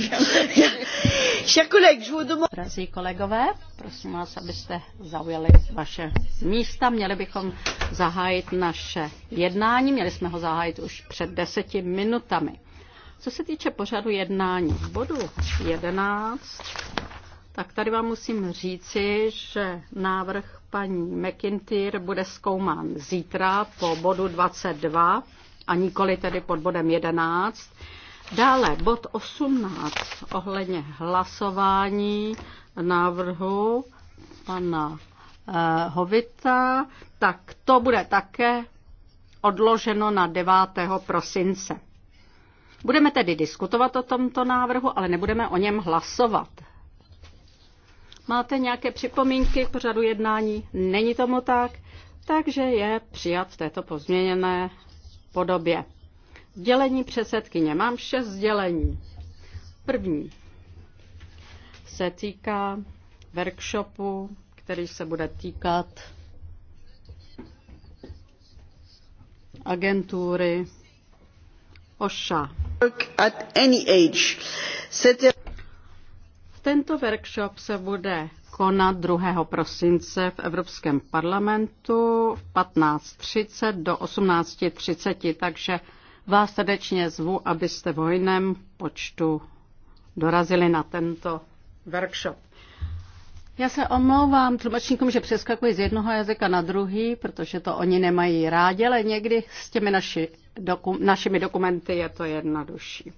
Drazí kolegové, prosím vás, abyste zaujali vaše místa. Měli bychom zahájit naše jednání. Měli jsme ho zahájit už před deseti minutami. Co se týče pořadu jednání bodu 11, tak tady vám musím říci, že návrh paní McIntyre bude zkoumán zítra po bodu 22 a nikoli tedy pod bodem 11. Dále bod 18 ohledně hlasování návrhu pana eh, Hovita, tak to bude také odloženo na 9. prosince. Budeme tedy diskutovat o tomto návrhu, ale nebudeme o něm hlasovat. Máte nějaké připomínky k pořadu jednání? Není tomu tak, takže je přijat v této pozměněné podobě. Dělení předsedkyně. Mám šest dělení. První se týká workshopu, který se bude týkat agentury OSHA. At any age. Tento workshop se bude konat 2. prosince v Evropském parlamentu v 15.30 do 18.30, takže vás srdečně zvu, abyste v hojném počtu dorazili na tento workshop. Já se omlouvám tlumočníkům, že přeskakuji z jednoho jazyka na druhý, protože to oni nemají rádi, ale někdy s těmi naši doku- našimi dokumenty je to jednodušší.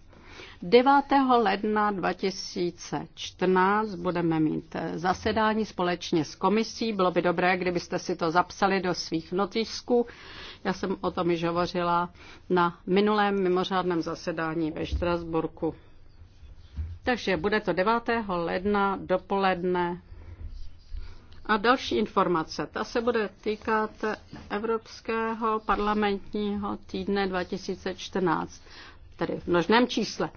9. ledna 2014 budeme mít eh, zasedání společně s komisí. Bylo by dobré, kdybyste si to zapsali do svých notisků. Já jsem o tom již hovořila na minulém mimořádném zasedání ve Štrasburku. Takže bude to 9. ledna dopoledne. A další informace, ta se bude týkat Evropského parlamentního týdne 2014 tedy v množném čísle.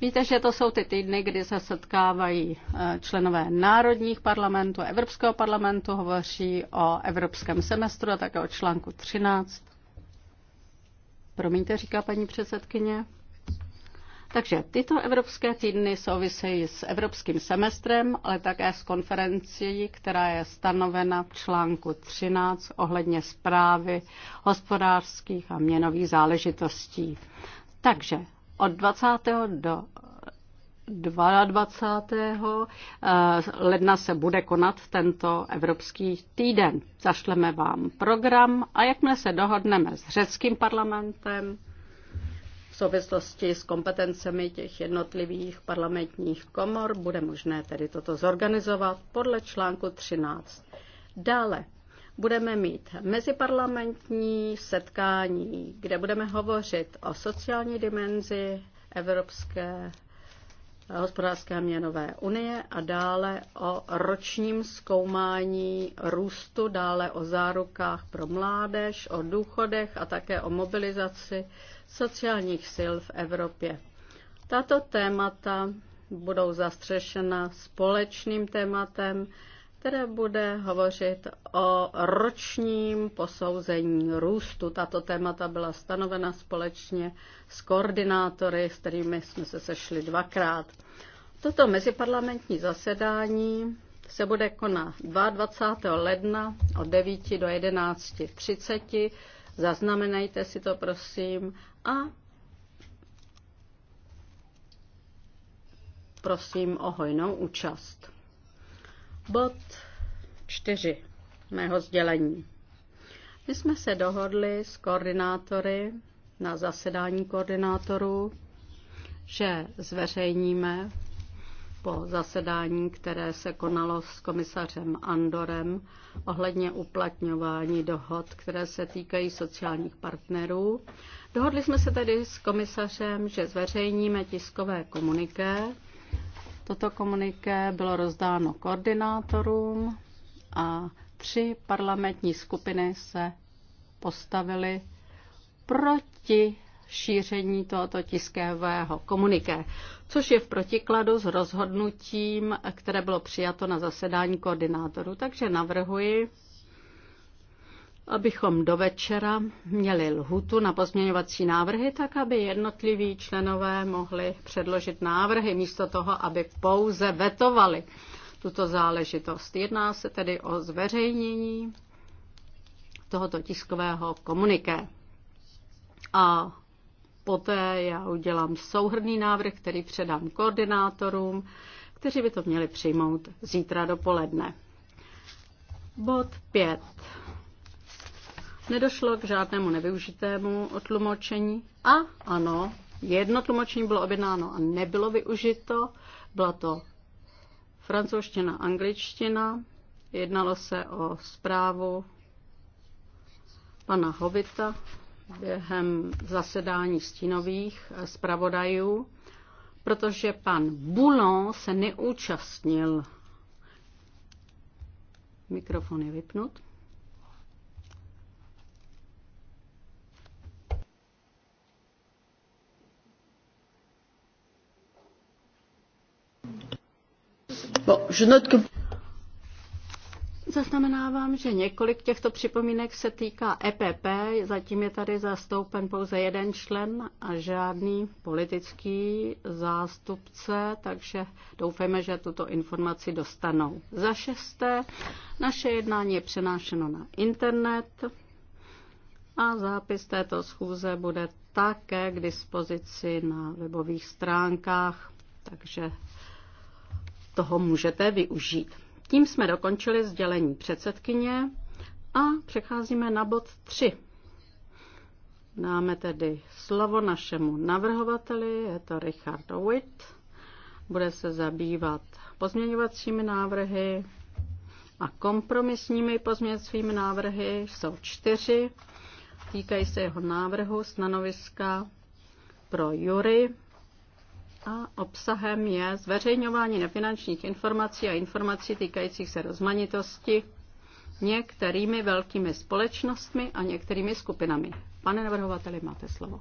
Víte, že to jsou ty týdny, kdy se setkávají eh, členové národních parlamentů, Evropského parlamentu, hovoří o evropském semestru a také o článku 13. Promiňte, říká paní předsedkyně. Takže tyto evropské týdny souvisejí s evropským semestrem, ale také s konferencí, která je stanovena v článku 13 ohledně zprávy hospodářských a měnových záležitostí. Takže od 20. do 22. Eh, ledna se bude konat tento Evropský týden. Zašleme vám program a jakmile se dohodneme s řeckým parlamentem v souvislosti s kompetencemi těch jednotlivých parlamentních komor, bude možné tedy toto zorganizovat podle článku 13. Dále budeme mít meziparlamentní setkání, kde budeme hovořit o sociální dimenzi Evropské hospodářské měnové unie a dále o ročním zkoumání růstu, dále o zárukách pro mládež, o důchodech a také o mobilizaci sociálních sil v Evropě. Tato témata budou zastřešena společným tématem které bude hovořit o ročním posouzení růstu. Tato témata byla stanovena společně s koordinátory, s kterými jsme se sešli dvakrát. Toto meziparlamentní zasedání se bude konat 22. ledna od 9 do 11.30. Zaznamenejte si to, prosím, a prosím o hojnou účast. Bod čtyři mého sdělení. My jsme se dohodli s koordinátory na zasedání koordinátorů, že zveřejníme po zasedání, které se konalo s komisařem Andorem ohledně uplatňování dohod, které se týkají sociálních partnerů. Dohodli jsme se tedy s komisařem, že zveřejníme tiskové komuniké Toto komuniké bylo rozdáno koordinátorům a tři parlamentní skupiny se postavily proti šíření tohoto tiskového komuniké, což je v protikladu s rozhodnutím, které bylo přijato na zasedání koordinátorů. Takže navrhuji, abychom do večera měli lhutu na pozměňovací návrhy, tak aby jednotliví členové mohli předložit návrhy místo toho, aby pouze vetovali tuto záležitost. Jedná se tedy o zveřejnění tohoto tiskového komuniké. A poté já udělám souhrný návrh, který předám koordinátorům, kteří by to měli přijmout zítra dopoledne. Bod 5 Nedošlo k žádnému nevyužitému tlumočení. A ano, jedno tlumočení bylo objednáno a nebylo využito. Byla to francouzština, angličtina. Jednalo se o zprávu pana Hovita během zasedání stínových zpravodajů, protože pan Boulon se neúčastnil. Mikrofon je vypnut. Zaznamenávám, že několik těchto připomínek se týká EPP, zatím je tady zastoupen pouze jeden člen a žádný politický zástupce, takže doufejme, že tuto informaci dostanou. Za šesté, naše jednání je přenášeno na internet a zápis této schůze bude také k dispozici na webových stránkách, takže toho můžete využít. Tím jsme dokončili sdělení předsedkyně a přecházíme na bod 3. Dáme tedy slovo našemu navrhovateli, je to Richard Witt. Bude se zabývat pozměňovacími návrhy a kompromisními pozměňovacími návrhy. Jsou čtyři. Týkají se jeho návrhu stanoviska pro jury a obsahem je zveřejňování nefinančních informací a informací týkajících se rozmanitosti některými velkými společnostmi a některými skupinami. Pane navrhovateli, máte slovo.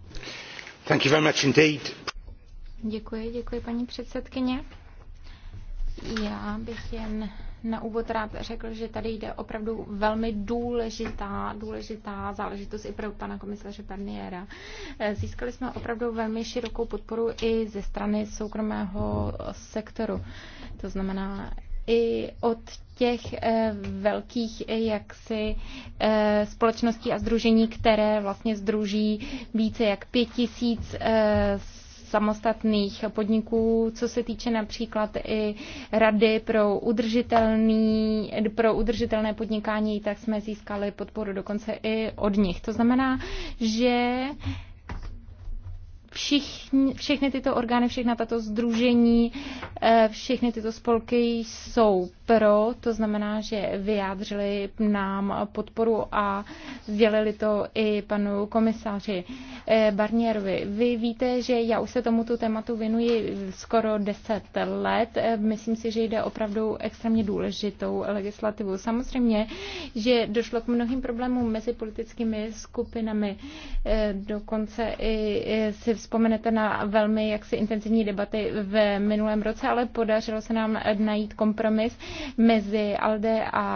Thank you very much indeed. Děkuji, děkuji paní předsedkyně. Já bych jen na úvod rád řekl, že tady jde opravdu velmi důležitá, důležitá záležitost i pro pana komisaře Barniera. Eh, Získali jsme opravdu velmi širokou podporu i ze strany soukromého sektoru. To znamená i od těch eh, velkých eh, jaksi společností a združení, které vlastně združí více jak pět tisíc samostatných podniků, co se týče například i rady pro, udržitelný, pro udržitelné podnikání, tak jsme získali podporu dokonce i od nich. To znamená, že všichni, všechny tyto orgány, všechna tato združení, eh, všechny tyto spolky jsou pro, to znamená, že vyjádřili nám podporu a sdělili to i panu komisáři eh, Barnierovi. Vy víte, že já už se tomuto tématu věnuji skoro 10 let. Eh, myslím si, že jde opravdu extrémně důležitou legislativu. Samozřejmě, že došlo k mnohým problémům mezi politickými skupinami. Eh, dokonce i si vzpomenete na velmi jaksi intenzivní debaty v minulém roce, ale podařilo se nám najít kompromis, mezi ALDE a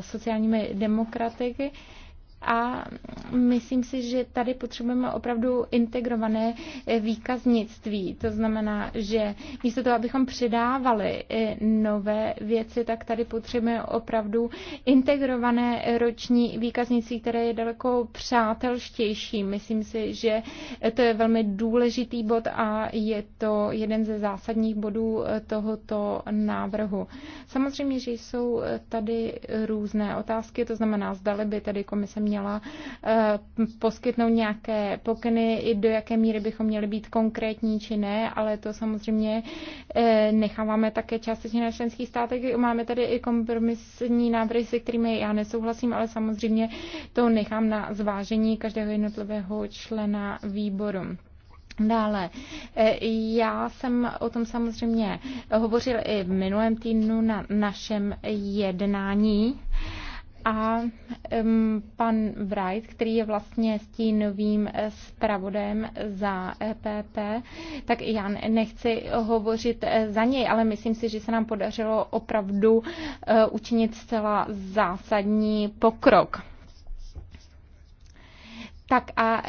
sociálními demokratiky a myslím si, že tady potřebujeme opravdu integrované eh, výkaznictví. To znamená, že místo toho, abychom přidávali eh, nové věci, tak tady potřebujeme opravdu integrované roční výkaznictví, které je daleko přátelštější. Myslím si, že to je velmi důležitý bod a je to jeden ze zásadních bodů eh, tohoto návrhu. Samozřejmě, že jsou tady různé otázky, to znamená, zdali by tady komise měla eh, poskytnout nějaké pokyny, i do jaké míry bychom měli být konkrétní či ne, ale to samozřejmě eh, necháváme také částečně na členských státech. Máme tady i kompromisní návrhy, se kterými já nesouhlasím, ale samozřejmě to nechám na zvážení každého jednotlivého člena výboru. Dále, eh, já jsem o tom samozřejmě hovořil i v minulém týdnu na našem jednání a um, pan Wright, který je vlastně s tím novým eh, zpravodem za EPP, tak já nechci hovořit eh, za něj, ale myslím si, že se nám podařilo opravdu uh, učinit zcela zásadní pokrok. Tak a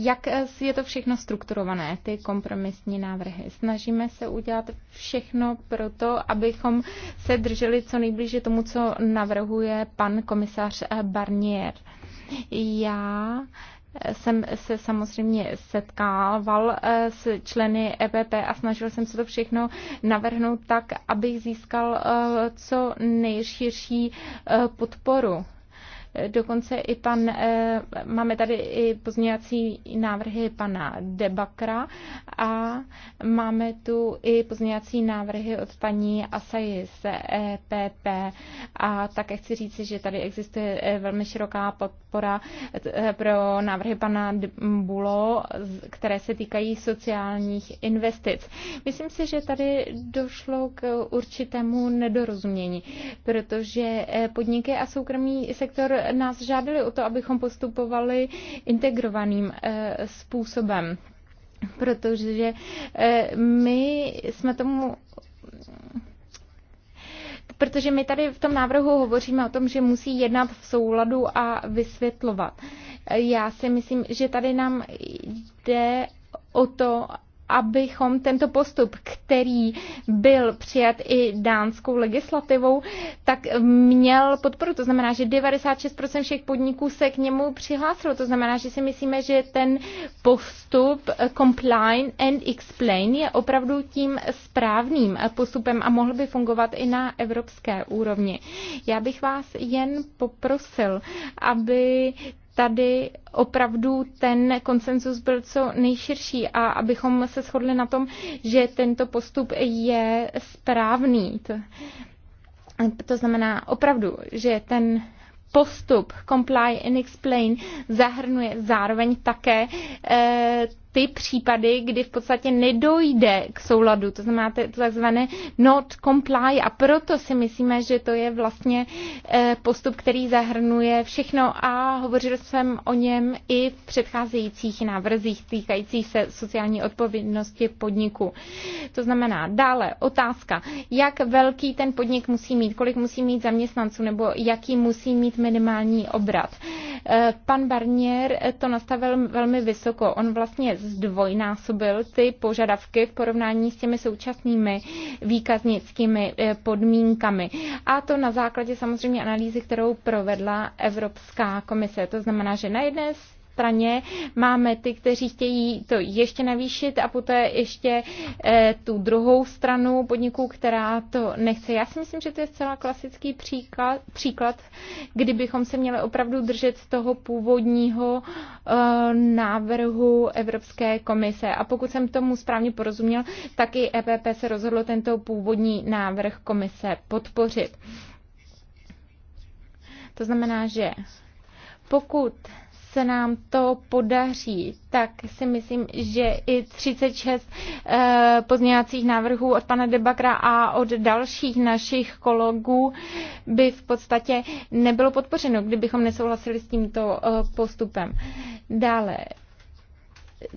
jak je to všechno strukturované, ty kompromisní návrhy? Snažíme se udělat všechno pro to, abychom se drželi co nejblíže tomu, co navrhuje pan komisař Barnier. Já jsem se samozřejmě setkával s členy EPP a snažil jsem se to všechno navrhnout tak, abych získal eh, co nejširší eh, podporu Dokonce i pan, eh, máme tady i pozměňovací návrhy pana Debakra a máme tu i pozměňovací návrhy od paní Asaji z EPP. A také chci říci, že tady existuje eh, velmi široká podpora eh, pro návrhy pana Bulo, které se týkají sociálních investic. Myslím si, že tady došlo k určitému nedorozumění, protože podniky a soukromý sektor nás žádali o to, abychom postupovali integrovaným eh, způsobem, protože eh, my jsme tomu protože my tady v tom návrhu hovoříme o tom, že musí jednat v souladu a vysvětlovat. Já si myslím, že tady nám jde o to, abychom tento postup, který byl přijat i dánskou legislativou, tak měl podporu. To znamená, že 96% všech podniků se k němu přihlásilo. To znamená, že si myslíme, že ten postup compline and explain je opravdu tím správným postupem a mohl by fungovat i na evropské úrovni. Já bych vás jen poprosil, aby tady opravdu ten konsenzus byl co nejširší a abychom se shodli na tom, že tento postup je správný. To, to znamená opravdu, že ten postup Comply and Explain zahrnuje zároveň také eh, ty případy, kdy v podstatě nedojde k souladu, to znamená takzvané not comply a proto si myslíme, že to je vlastně eh, postup, který zahrnuje všechno a hovořil jsem o něm i v předcházejících návrzích týkajících se sociální odpovědnosti podniku. To znamená dále otázka, jak velký ten podnik musí mít, kolik musí mít zaměstnanců nebo jaký musí mít minimální obrat. Eh, pan Barnier to nastavil velmi vysoko. On vlastně zdvojnásobil ty požadavky v porovnání s těmi současnými výkaznickými eh, podmínkami. A to na základě samozřejmě analýzy, kterou provedla Evropská komise. To znamená, že na jedné straně máme ty, kteří chtějí to ještě navýšit a poté ještě eh, tu druhou stranu podniků, která to nechce. Já si myslím, že to je zcela klasický příklad, příklad kdybychom se měli opravdu držet z toho původního eh, návrhu Evropské komise. A pokud jsem tomu správně porozuměl, tak i EPP se rozhodlo tento původní návrh komise podpořit. To znamená, že pokud se nám to podaří, tak si myslím, že i 36 eh, pozměňovacích návrhů od pana Debakra a od dalších našich kolegů by v podstatě nebylo podpořeno, kdybychom nesouhlasili s tímto eh, postupem. Dále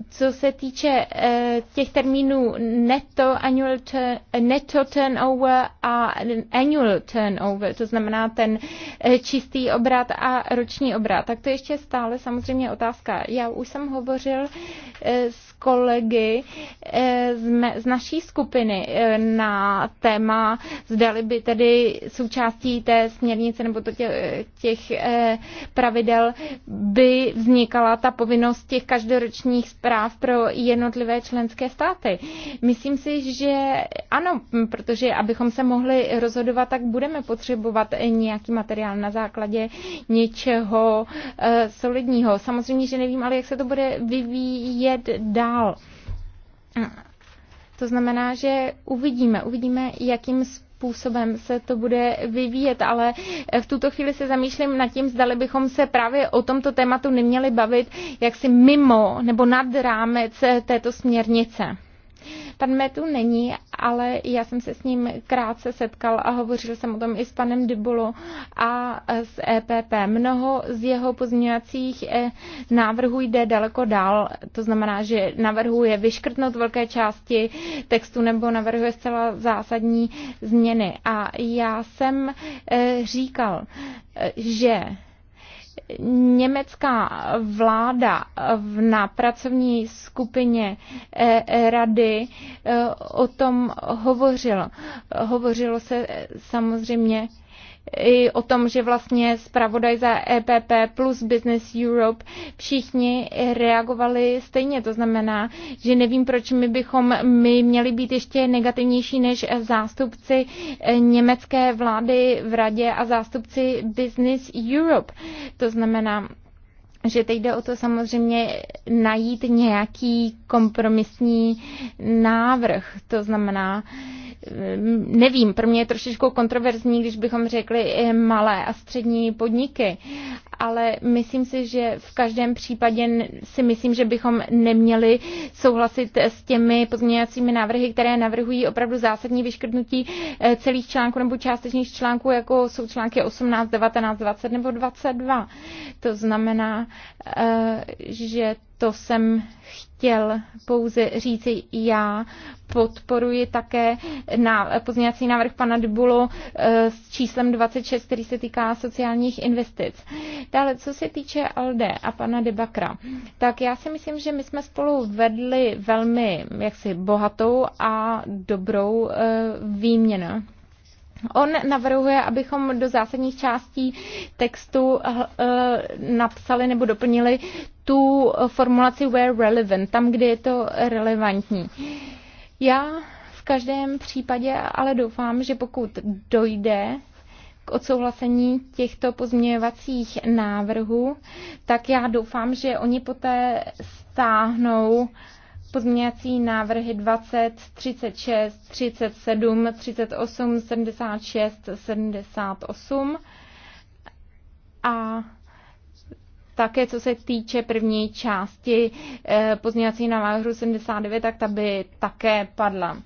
co se týče eh, těch termínů netto, annual turn, netto turnover a annual turnover, to znamená ten eh, čistý obrat a roční obrat, tak to ještě stále samozřejmě otázka. Já už jsem hovořil eh, s kolegy eh, z naší skupiny eh, na téma, zdali by tedy součástí té směrnice nebo to eh, těch pravidel by vznikala ta povinnost těch každoročních zpráv pro jednotlivé členské státy. Myslím si, že ano, protože abychom se mohli rozhodovat, tak budeme potřebovat nějaký materiál na základě něčeho solidního. Samozřejmě, že nevím, ale jak se to bude vyvíjet dál dál. To znamená, že uvidíme, uvidíme, jakým způsobem se to bude vyvíjet, ale v tuto chvíli se zamýšlím nad tím, zdali bychom se právě o tomto tématu neměli bavit jaksi mimo nebo nad rámec této směrnice. Pan Metu není, ale já jsem se s ním krátce setkal a hovořil jsem o tom i s panem Dybulu a s EPP. Mnoho z jeho pozměňovacích eh, návrhů jde daleko dál, to znamená, že navrhuje vyškrtnout velké části textu nebo navrhuje zcela zásadní změny. A já jsem eh, říkal, eh, že německá vláda na pracovní skupině eh, eh, rady eh, o tom hovořila. Hovořilo se samozřejmě i o tom, že vlastně zpravodaj za EPP plus Business Europe všichni reagovali stejně. To znamená, že nevím, proč my bychom my měli být ještě negativnější než zástupci eh, německé vlády v radě a zástupci Business Europe. To znamená, že teď jde o to samozřejmě najít nějaký kompromisní návrh. To znamená, nevím, pro mě je trošičku kontroverzní, když bychom řekli malé a střední podniky, ale myslím si, že v každém případě si myslím, že bychom neměli souhlasit s těmi pozměňovacími návrhy, které navrhují opravdu zásadní vyškrtnutí eh, celých článků nebo částečných článků, jako jsou články 18, 19, 20 nebo 22. To znamená, eh, že to jsem chtěl pouze říci já. Podporuji také na pozměňovací návrh pana Dbulu eh, s číslem 26, který se týká sociálních investic. Dále, co se týče Alde a pana Debakra, tak já si myslím, že my jsme spolu vedli velmi jaksi bohatou a dobrou eh, výměnu. On navrhuje, abychom do zásadních částí textu eh, napsali nebo doplnili tu formulaci where relevant, tam, kde je to relevantní. Já v každém případě ale doufám, že pokud dojde k odsouhlasení těchto pozměňovacích návrhů, tak já doufám, že oni poté stáhnou pozměňovací návrhy 20, 36, 37, 38, 76, 78 a také co se týče první části eh, pozměňovací návrhu 79, tak ta by také padla.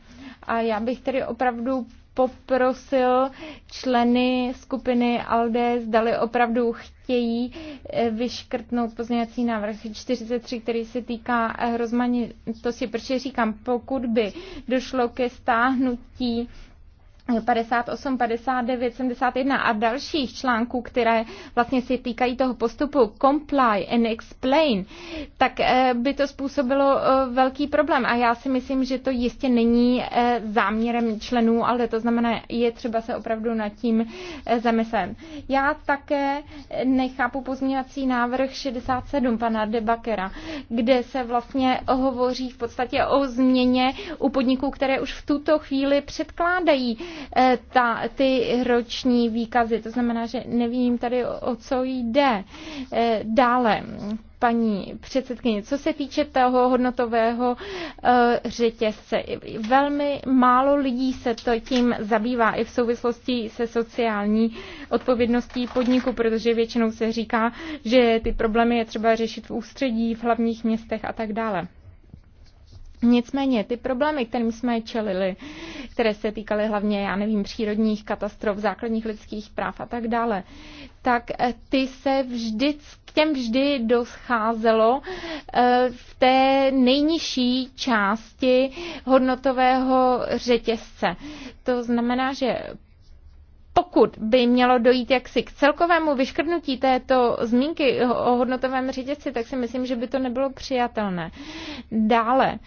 A já bych tedy opravdu poprosil členy skupiny ALDE, zdali opravdu chtějí eh, vyškrtnout pozměňovací návrh 43, který se týká eh, rozmanitosti, protože říkám, pokud by došlo ke stáhnutí 58, 59, 71 a dalších článků, které vlastně si týkají toho postupu comply and explain, tak eh, by to způsobilo eh, velký problém. A já si myslím, že to jistě není eh, záměrem členů, ale to znamená, je třeba se opravdu nad tím zamyslet. Já také nechápu pozměňovací návrh 67 pana Debakera, kde se vlastně hovoří v podstatě o změně u podniků, které už v tuto chvíli předkládají Eh, ta, ty roční výkazy. To znamená, že nevím tady, o co jde. Eh, dále, paní předsedkyně, co se týče toho hodnotového eh, řetězce, velmi málo lidí se to tím zabývá i v souvislosti se sociální odpovědností podniku, protože většinou se říká, že ty problémy je třeba řešit v ústředí, v hlavních městech a tak dále. Nicméně ty problémy, kterým jsme čelili, které se týkaly hlavně, já nevím, přírodních katastrof, základních lidských práv a tak dále, tak eh, ty se vždy, k těm vždy doscházelo eh, v té nejnižší části hodnotového řetězce. To znamená, že pokud by mělo dojít jaksi k celkovému vyškrtnutí této zmínky o hodnotovém řetězci, tak si myslím, že by to nebylo přijatelné. Dále,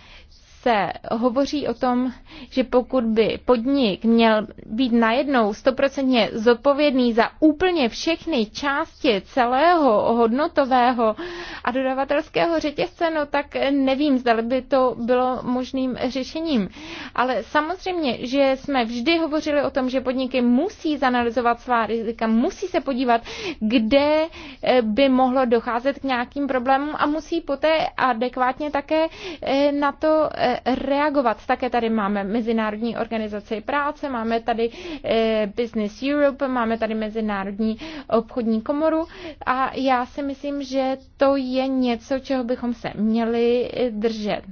se hovoří o tom, že pokud by podnik měl být najednou stoprocentně zodpovědný za úplně všechny části celého hodnotového a dodavatelského řetězce, no tak nevím, zda by to bylo možným řešením. Ale samozřejmě, že jsme vždy hovořili o tom, že podniky musí zanalizovat svá rizika, musí se podívat, kde eh, by mohlo docházet k nějakým problémům a musí poté adekvátně také eh, na to eh, reagovat. Také tady máme Mezinárodní organizaci práce, máme tady eh, Business Europe, máme tady Mezinárodní obchodní komoru a já si myslím, že to je něco, čeho bychom se měli držet.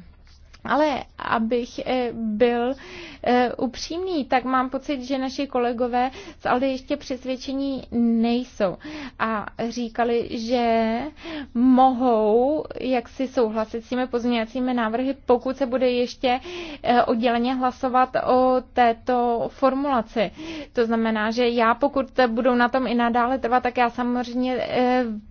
Ale abych eh, byl eh, upřímný, tak mám pocit, že naši kolegové z Aldy ještě přesvědčení nejsou. A říkali, že mohou jaksi souhlasit s těmi pozměňovacími návrhy, pokud se bude ještě eh, odděleně hlasovat o této formulaci. To znamená, že já, pokud budou na tom i nadále trvat, tak já samozřejmě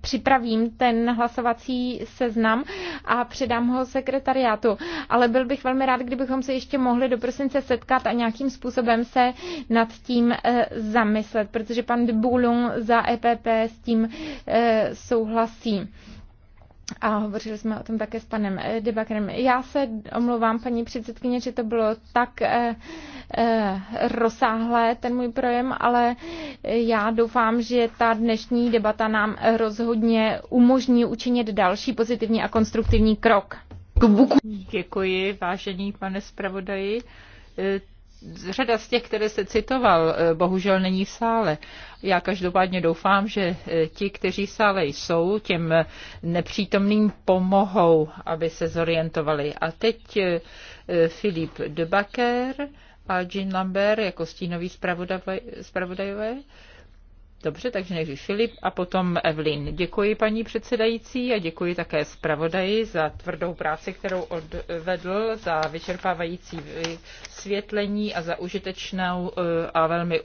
připravím ten hlasovací seznam a předám ho sekretariátu. Ale ale byl bych velmi rád, kdybychom se ještě mohli do prosince setkat a nějakým způsobem se nad tím eh, zamyslet, protože pan de Boulon za EPP s tím eh, souhlasí. A hovořili jsme o tom také s panem eh, Debakrem. Já se omlouvám, paní předsedkyně, že to bylo tak eh, rozsáhlé, ten můj projem, ale já doufám, že ta dnešní debata nám rozhodně umožní učinit další pozitivní a konstruktivní krok. Děkuji, vážený pane zpravodaji. E, řada z těch, které se citoval, e, bohužel není v sále. Já každopádně doufám, že e, ti, kteří v sále jsou, těm nepřítomným pomohou, aby se zorientovali. A teď Filip Debaker a Jean Lambert jako stínoví zpravodajové. Dobře, takže nejdřív Filip a potom Evelyn. Děkuji paní předsedající a děkuji také zpravodaji za tvrdou práci, kterou odvedl, za vyčerpávající světlení a za užitečnou eh, a velmi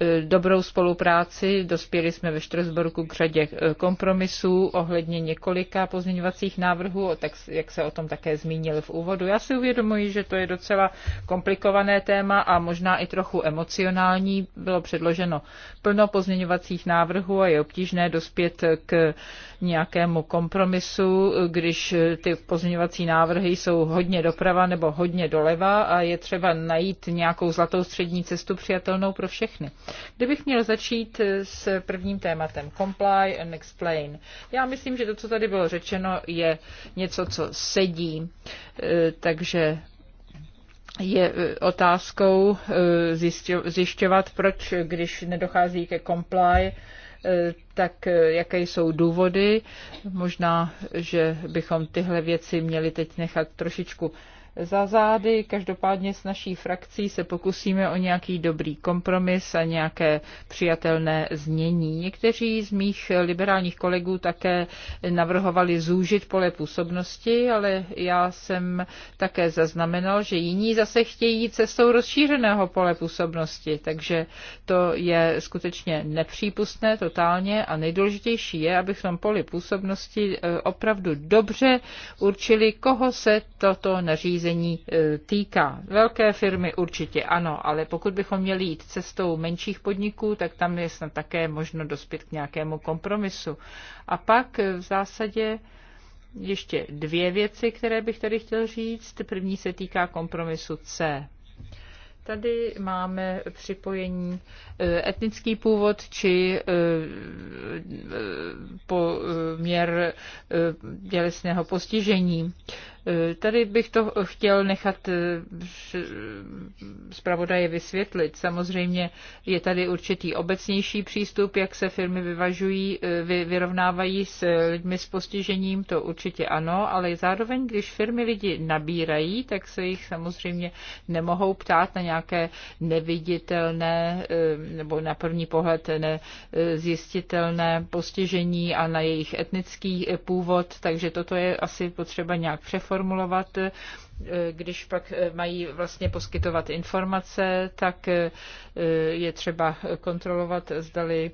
eh, dobrou spolupráci. Dospěli jsme ve Štrasburku k řadě eh, kompromisů ohledně několika pozměňovacích návrhů, tak jak se o tom také zmínil v úvodu. Já si uvědomuji, že to je docela komplikované téma a možná i trochu emocionální. Bylo předloženo plno pozměňovacích pozměňovacích návrhů a je obtížné dospět k nějakému kompromisu, když ty pozměňovací návrhy jsou hodně doprava nebo hodně doleva a je třeba najít nějakou zlatou střední cestu přijatelnou pro všechny. Kdybych měl začít s prvním tématem comply and explain. Já myslím, že to, co tady bylo řečeno, je něco, co sedí. E, takže je e, otázkou e, zjišťovat, proč, když nedochází ke comply, e, tak jaké jsou důvody. Možná, že bychom tyhle věci měli teď nechat trošičku za zády. Každopádně s naší frakcí se pokusíme o nějaký dobrý kompromis a nějaké přijatelné znění. Někteří z mých liberálních kolegů také navrhovali zúžit pole působnosti, ale já jsem také zaznamenal, že jiní zase chtějí cestou rozšířeného pole působnosti, takže to je skutečně nepřípustné totálně a nejdůležitější je, abychom poli působnosti eh, opravdu dobře určili, koho se toto nařízení řízení e, týká. Velké firmy určitě ano, ale pokud bychom měli jít cestou menších podniků, tak tam je snad také možno dospět k nějakému kompromisu. A pak e, v zásadě ještě dvě věci, které bych tady chtěl říct. První se týká kompromisu C. Tady máme připojení Eh, etnický původ či eh, poměr eh, tělesného postižení. Tady bych to chtěl nechat zpravodaje vysvětlit. Samozřejmě je tady určitý obecnější přístup, jak se firmy vyvažují, vy, vyrovnávají s lidmi s postižením, to určitě ano, ale zároveň, když firmy lidi nabírají, tak se jich samozřejmě nemohou ptát na nějaké neviditelné nebo na první pohled nezjistitelné postižení a na jejich etnický původ, takže toto je asi potřeba nějak přeformulovat když pak mají vlastně poskytovat informace, tak je třeba kontrolovat, zdali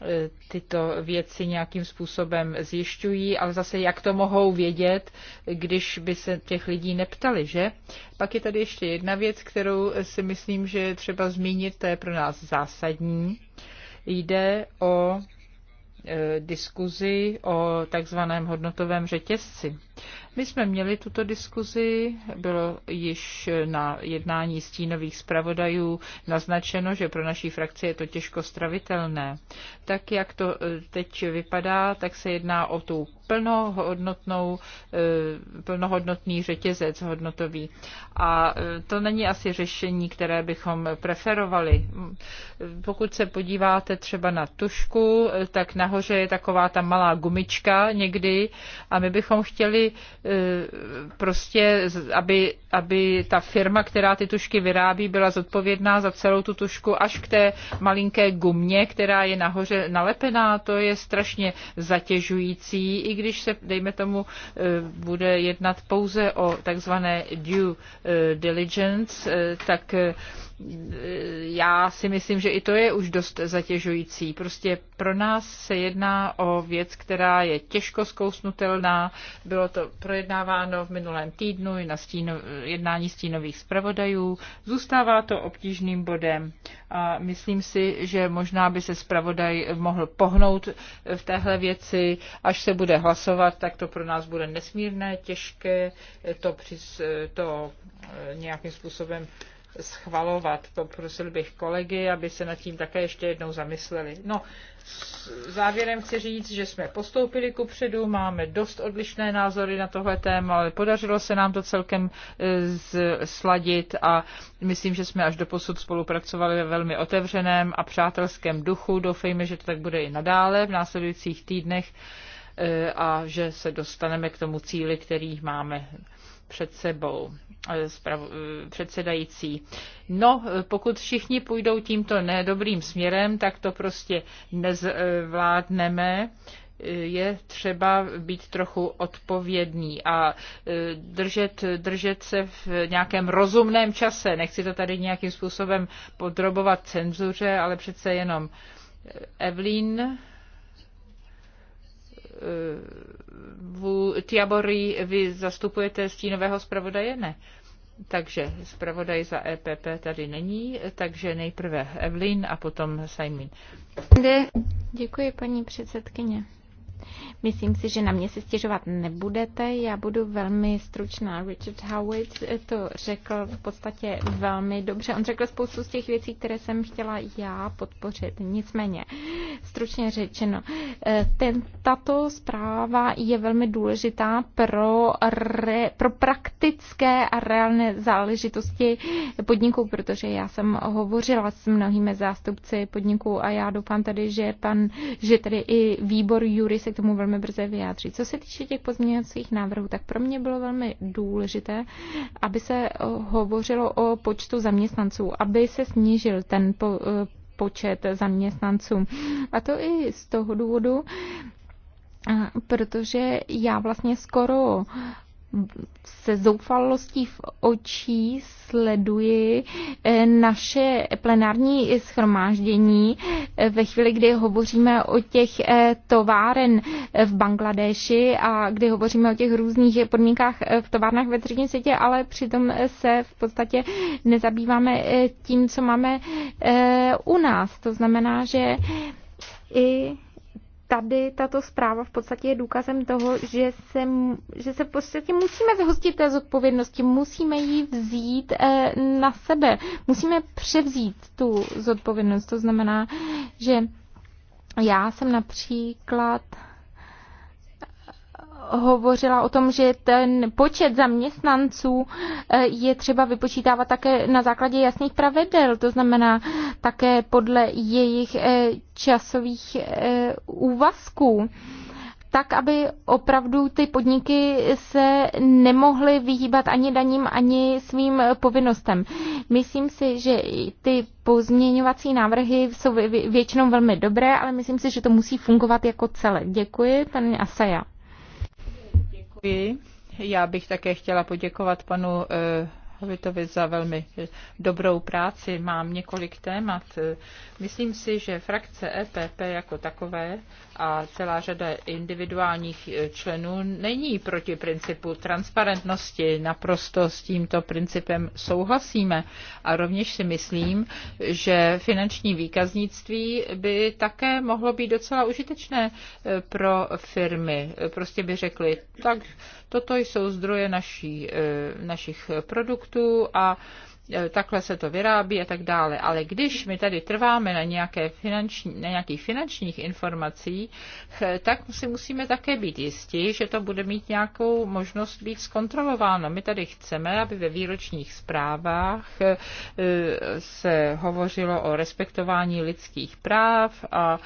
E, tyto věci nějakým způsobem zjišťují, ale zase jak to mohou vědět, když by se těch lidí neptali, že? Pak je tady ještě jedna věc, kterou si myslím, že je třeba zmínit, to je pro nás zásadní. Jde o e, diskuzi o takzvaném hodnotovém řetězci. My jsme měli tuto diskuzi, bylo již na jednání stínových zpravodajů naznačeno, že pro naší frakci je to těžko stravitelné. Tak jak to e, teď vypadá, tak se jedná o tu plnohodnotnou, e, plnohodnotný řetězec hodnotový. A e, to není asi řešení, které bychom preferovali. Pokud se podíváte třeba na tušku, tak nahoře je taková ta malá gumička někdy a my bychom chtěli E, prostě, aby, aby ta firma, která ty tušky vyrábí, byla zodpovědná za celou tu tušku až k té malinké gumě, která je nahoře nalepená. To je strašně zatěžující, i když se, dejme tomu, e, bude jednat pouze o takzvané due e, diligence, tak já si myslím, že i to je už dost zatěžující. Prostě pro nás se jedná o věc, která je těžko zkousnutelná. Bylo to projednáváno v minulém týdnu i na stíno, jednání stínových zpravodajů. Zůstává to obtížným bodem a myslím si, že možná by se zpravodaj mohl pohnout v téhle věci. Až se bude hlasovat, tak to pro nás bude nesmírné, těžké to, přiz, to nějakým způsobem schvalovat. Poprosil bych kolegy, aby se nad tím také ještě jednou zamysleli. No, závěrem chci říct, že jsme postoupili ku předu, máme dost odlišné názory na tohle téma, ale podařilo se nám to celkem e, sladit a myslím, že jsme až do posud spolupracovali ve velmi otevřeném a přátelském duchu. Doufejme, že to tak bude i nadále v následujících týdnech e, a že se dostaneme k tomu cíli, který máme před sebou eh, eh, předsedající. No, pokud všichni půjdou tímto nedobrým směrem, tak to prostě nezvládneme je třeba být trochu odpovědný a eh, držet, držet se v nějakém rozumném čase. Nechci to tady nějakým způsobem podrobovat cenzuře, ale přece jenom Evelyn Tiabory, vy zastupujete stínového zpravodaje? Ne. Takže zpravodaj za EPP tady není, takže nejprve Evelyn a potom Simon. Děkuji, paní předsedkyně. Myslím si, že na mě se stěžovat nebudete. Já budu velmi stručná. Richard Howitt to řekl v podstatě velmi dobře. On řekl spoustu z těch věcí, které jsem chtěla já podpořit. Nicméně, stručně řečeno, eh, ten, tato zpráva je velmi důležitá pro, re, pro praktické a reálné záležitosti podniků, protože já jsem hovořila s mnohými zástupci podniků a já doufám tady, že pan, že tady i výbor Juris se k tomu velmi brzy vyjádří. Co se týče těch pozměňovacích návrhů, tak pro mě bylo velmi důležité, aby se eh, hovořilo o počtu zaměstnanců, aby se snížil ten po, eh, počet zaměstnanců. A to i z toho důvodu, eh, protože já vlastně skoro se zoufalostí v očí sleduji eh, naše plenární schromáždění eh, ve chvíli, kdy hovoříme o těch eh, továren v Bangladeši a kdy hovoříme o těch různých podmínkách v továrnách ve třetím světě, ale přitom se v podstatě nezabýváme tím, co máme u nás. To znamená, že i tady tato zpráva v podstatě je důkazem toho, že se, že se v podstatě musíme zhostit té zodpovědnosti, musíme ji vzít eh, na sebe, musíme převzít tu zodpovědnost. To znamená, že já jsem například hovořila o tom, že ten počet zaměstnanců eh, je třeba vypočítávat také na základě jasných pravidel, to znamená také podle jejich eh, časových eh, úvazků tak, aby opravdu ty podniky se nemohly vyhýbat ani daním, ani svým povinnostem. Myslím si, že ty pozměňovací návrhy jsou většinou velmi dobré, ale myslím si, že to musí fungovat jako celé. Děkuji, paní Asaja. Já bych také chtěla poděkovat panu eh, Hovitovi za velmi dobrou práci. Mám několik témat. Myslím si, že frakce EPP jako takové a celá řada individuálních členů není proti principu transparentnosti. Naprosto s tímto principem souhlasíme. A rovněž si myslím, že finanční výkaznictví by také mohlo být docela užitečné eh, pro firmy. Prostě by řekli, tak toto jsou zdroje naší, eh, našich produktů, produktů a Eh, takhle se to vyrábí a tak dále. Ale když my tady trváme na, nějaké finanční, na nějakých finančních informací, eh, tak si musíme také být jistí, že to bude mít nějakou možnost být zkontrolováno. My tady chceme, aby ve výročních zprávách eh, se hovořilo o respektování lidských práv a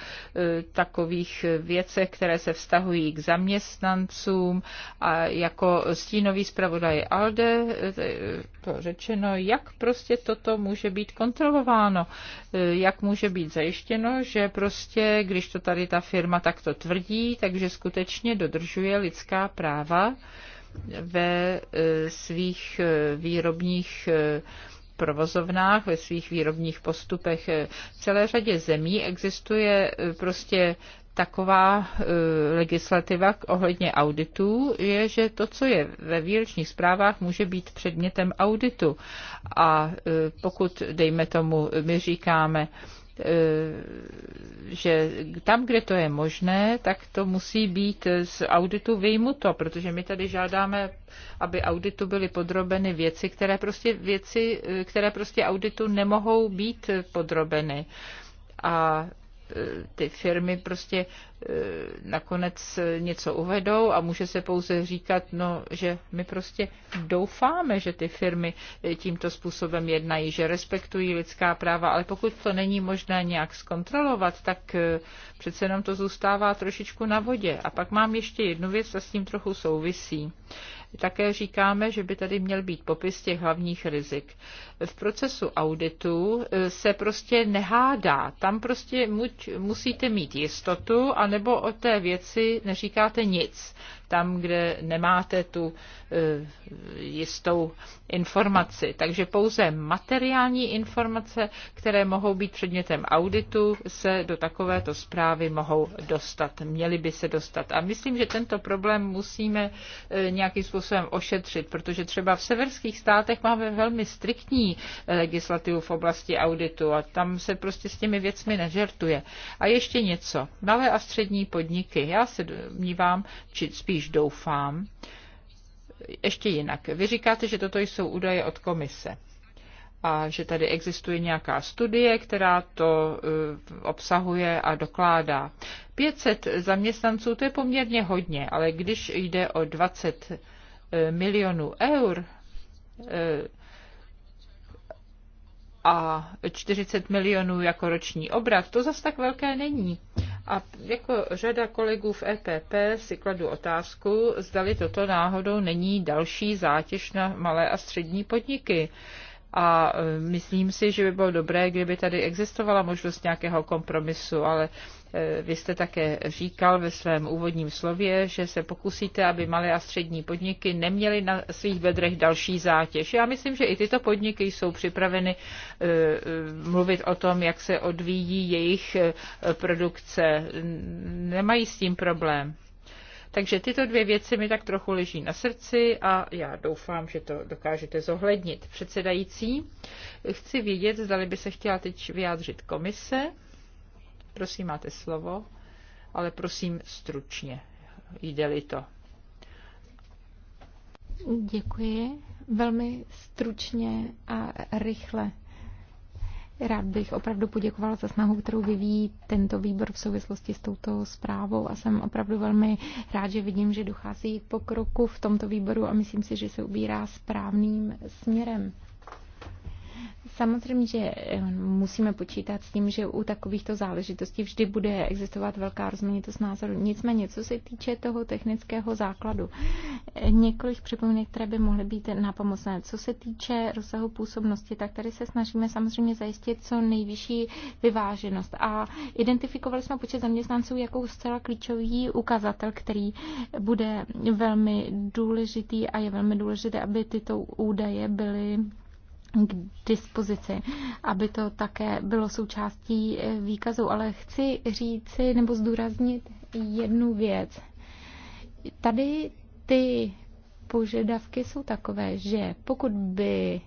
takových věcech, které se vztahují k zaměstnancům a jako stínový zpravodaj ALDE, to řečeno, jak prostě toto může být kontrolováno, e, jak může být zajištěno, že prostě, když to tady ta firma takto tvrdí, takže skutečně dodržuje lidská práva ve e, svých e, výrobních provozovnách, ve svých výrobních postupech. V celé řadě zemí existuje prostě taková e, legislativa ohledně auditů je, že to, co je ve výročních zprávách, může být předmětem auditu. A e, pokud, dejme tomu, my říkáme, e, že tam, kde to je možné, tak to musí být z auditu vyjmuto, protože my tady žádáme, aby auditu byly podrobeny věci, které prostě, věci, které prostě auditu nemohou být podrobeny. A Eh, ty firmy prostě eh, nakonec něco uvedou a může se pouze říkat, no, že my prostě doufáme, že ty firmy eh, tímto způsobem jednají, že respektují lidská práva, ale pokud to není možné nějak zkontrolovat, tak přece jenom to zůstává trošičku na vodě. A pak mám ještě jednu věc, a s tím trochu souvisí. Také říkáme, že by tady měl být popis těch hlavních rizik. V procesu auditu eh, se prostě nehádá. Tam prostě musíte mít jistotu, anebo o té věci neříkáte nic tam, kde nemáte tu eh, jistou informaci. Takže pouze materiální informace, které mohou být předmětem auditu, se do takovéto zprávy mohou dostat, měly by se dostat. A myslím, že tento problém musíme eh, nějakým způsobem ošetřit, protože třeba v severských státech máme velmi striktní eh, legislativu v oblasti auditu a tam se prostě s těmi věcmi nežertuje. A ještě něco. Malé a střední podniky. Já se domnívám, či spíš spíš doufám, ještě jinak. Vy říkáte, že toto jsou údaje od komise a že tady existuje nějaká studie, která to eh, obsahuje a dokládá. 500 zaměstnanců to je poměrně hodně, ale když jde o 20 eh, milionů eur eh, a 40 milionů jako roční obrat, to zas tak velké není. A jako řada kolegů v EPP si kladu otázku, zdali toto náhodou není další zátěž na malé a střední podniky. A e, myslím si, že by bylo dobré, kdyby tady existovala možnost nějakého kompromisu, ale Eh, vy jste také říkal ve svém úvodním slově, že se pokusíte, aby malé a střední podniky neměly na svých bedrech další zátěž. Já myslím, že i tyto podniky jsou připraveny eh, eh, mluvit o tom, jak se odvíjí jejich produkce. Nemají s tím problém. Takže tyto dvě věci mi tak trochu leží na srdci a já doufám, že to dokážete zohlednit. Předsedající, chci vědět, zdali by se chtěla teď vyjádřit komise. Prosím, máte slovo, ale prosím stručně, jde-li to. Děkuji. Velmi stručně a rychle. Rád bych opravdu poděkovala za snahu, kterou vyvíjí tento výbor v souvislosti s touto zprávou a jsem opravdu velmi rád, že vidím, že dochází k pokroku v tomto výboru a myslím si, že se ubírá správným směrem. Samozřejmě, že eh, musíme počítat s tím, že u takovýchto záležitostí vždy bude existovat velká rozmanitost názorů. Nicméně, co se týče toho technického základu, eh, několik připomínek, které by mohly být napomocné. Co se týče rozsahu působnosti, tak tady se snažíme samozřejmě zajistit co nejvyšší vyváženost. A identifikovali jsme počet zaměstnanců jako zcela klíčový ukazatel, který bude velmi důležitý a je velmi důležité, aby tyto údaje byly k dispozici, aby to také bylo součástí eh, výkazu. Ale chci říci nebo zdůraznit jednu věc. Tady ty požadavky jsou takové, že pokud by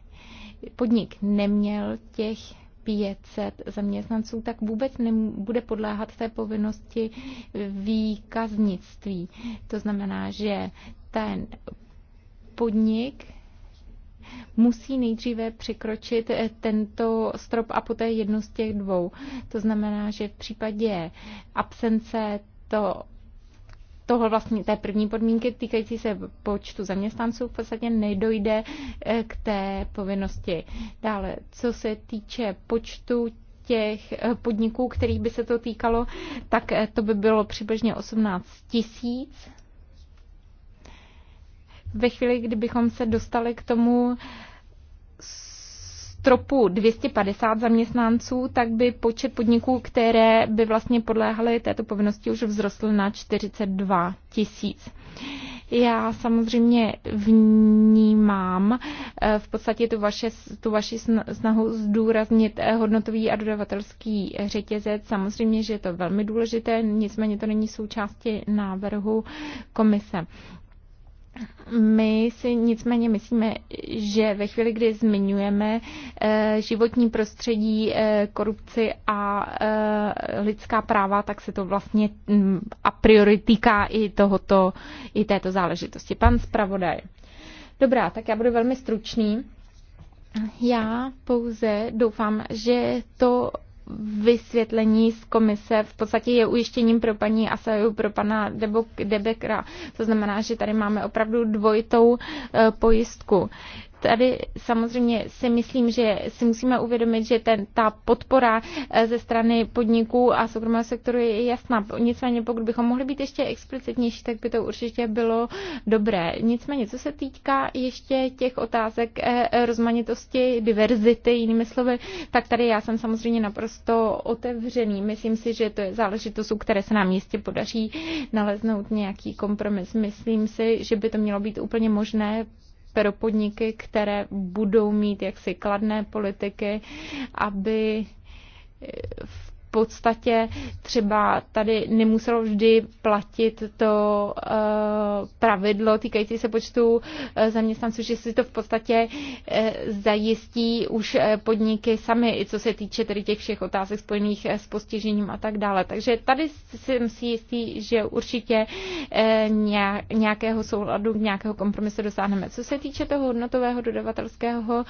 podnik neměl těch 500 zaměstnanců, tak vůbec nebude podléhat té povinnosti výkaznictví. To znamená, že ten podnik musí nejdříve překročit eh, tento strop a poté jednu z těch dvou. To znamená, že v případě absence to toho vlastně té první podmínky týkající se počtu zaměstnanců v podstatě nedojde eh, k té povinnosti. Dále, co se týče počtu těch eh, podniků, kterých by se to týkalo, tak to by bylo přibližně 18 tisíc ve chvíli, kdybychom se dostali k tomu stropu 250 zaměstnanců, tak by počet podniků, které by vlastně podléhaly této povinnosti, už vzrostl na 42 tisíc. Já samozřejmě vnímám eh, v podstatě tu, vaše, tu vaši snahu zdůraznit eh, hodnotový a dodavatelský řetězec. Samozřejmě, že je to velmi důležité, nicméně to není součástí návrhu komise. My si nicméně myslíme, že ve chvíli, kdy zmiňujeme eh, životní prostředí, eh, korupci a eh, lidská práva, tak se to vlastně mm, a priori týká i, tohoto, i této záležitosti. Pan zpravodaj. Dobrá, tak já budu velmi stručný. Já pouze doufám, že to vysvětlení z komise v podstatě je ujištěním pro paní Asaju, pro pana Debekra. To znamená, že tady máme opravdu dvojitou eh, pojistku tady samozřejmě si myslím, že si musíme uvědomit, že ten, ta podpora eh, ze strany podniků a soukromého sektoru je jasná. Nicméně, pokud bychom mohli být ještě explicitnější, tak by to určitě bylo dobré. Nicméně, co se týká ještě těch otázek eh, rozmanitosti, diverzity, jinými slovy, tak tady já jsem samozřejmě naprosto otevřený. Myslím si, že to je záležitost, u které se nám jistě podaří naleznout nějaký kompromis. Myslím si, že by to mělo být úplně možné pro podniky, které budou mít jaksi kladné politiky, aby v podstatě třeba tady nemuselo vždy platit to eh, pravidlo týkající se počtu eh, zaměstnanců, že si to v podstatě eh, zajistí už podniky sami, i co se týče tedy těch všech otázek spojených s postižením a tak dále. Takže tady jsem si jistý, že určitě nějakého souladu, nějakého kompromisu dosáhneme. Co se týče toho hodnotového dodavatelského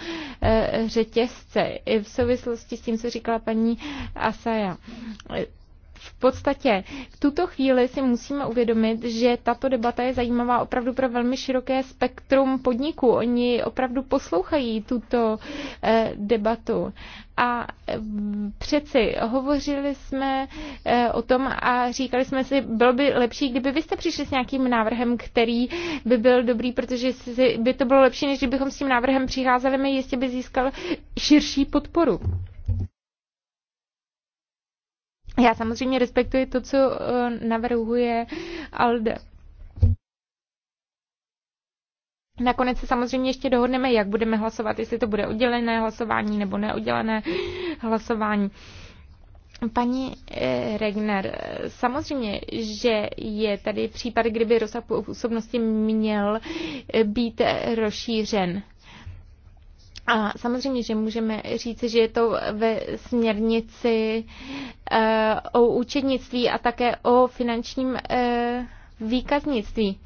řetězce, i v souvislosti s tím, co říkala paní Asaja, v podstatě v tuto chvíli si musíme uvědomit, že tato debata je zajímavá opravdu pro velmi široké spektrum podniků. Oni opravdu poslouchají tuto eh, debatu. A eh, přeci hovořili jsme eh, o tom a říkali jsme si, bylo by lepší, kdyby vy jste přišli s nějakým návrhem, který by byl dobrý, protože by to bylo lepší, než kdybychom s tím návrhem přicházeli, my jistě by získal širší podporu. Já samozřejmě respektuji to, co eh, navrhuje Alde. Nakonec se samozřejmě ještě dohodneme, jak budeme hlasovat, jestli to bude oddělené hlasování nebo neoddělené hlasování. Paní eh, Regner, samozřejmě, že je tady případ, kdyby rozsah působnosti měl být rozšířen. A samozřejmě, že můžeme říci, že je to ve směrnici eh, o účetnictví a také o finančním eh, výkaznictví.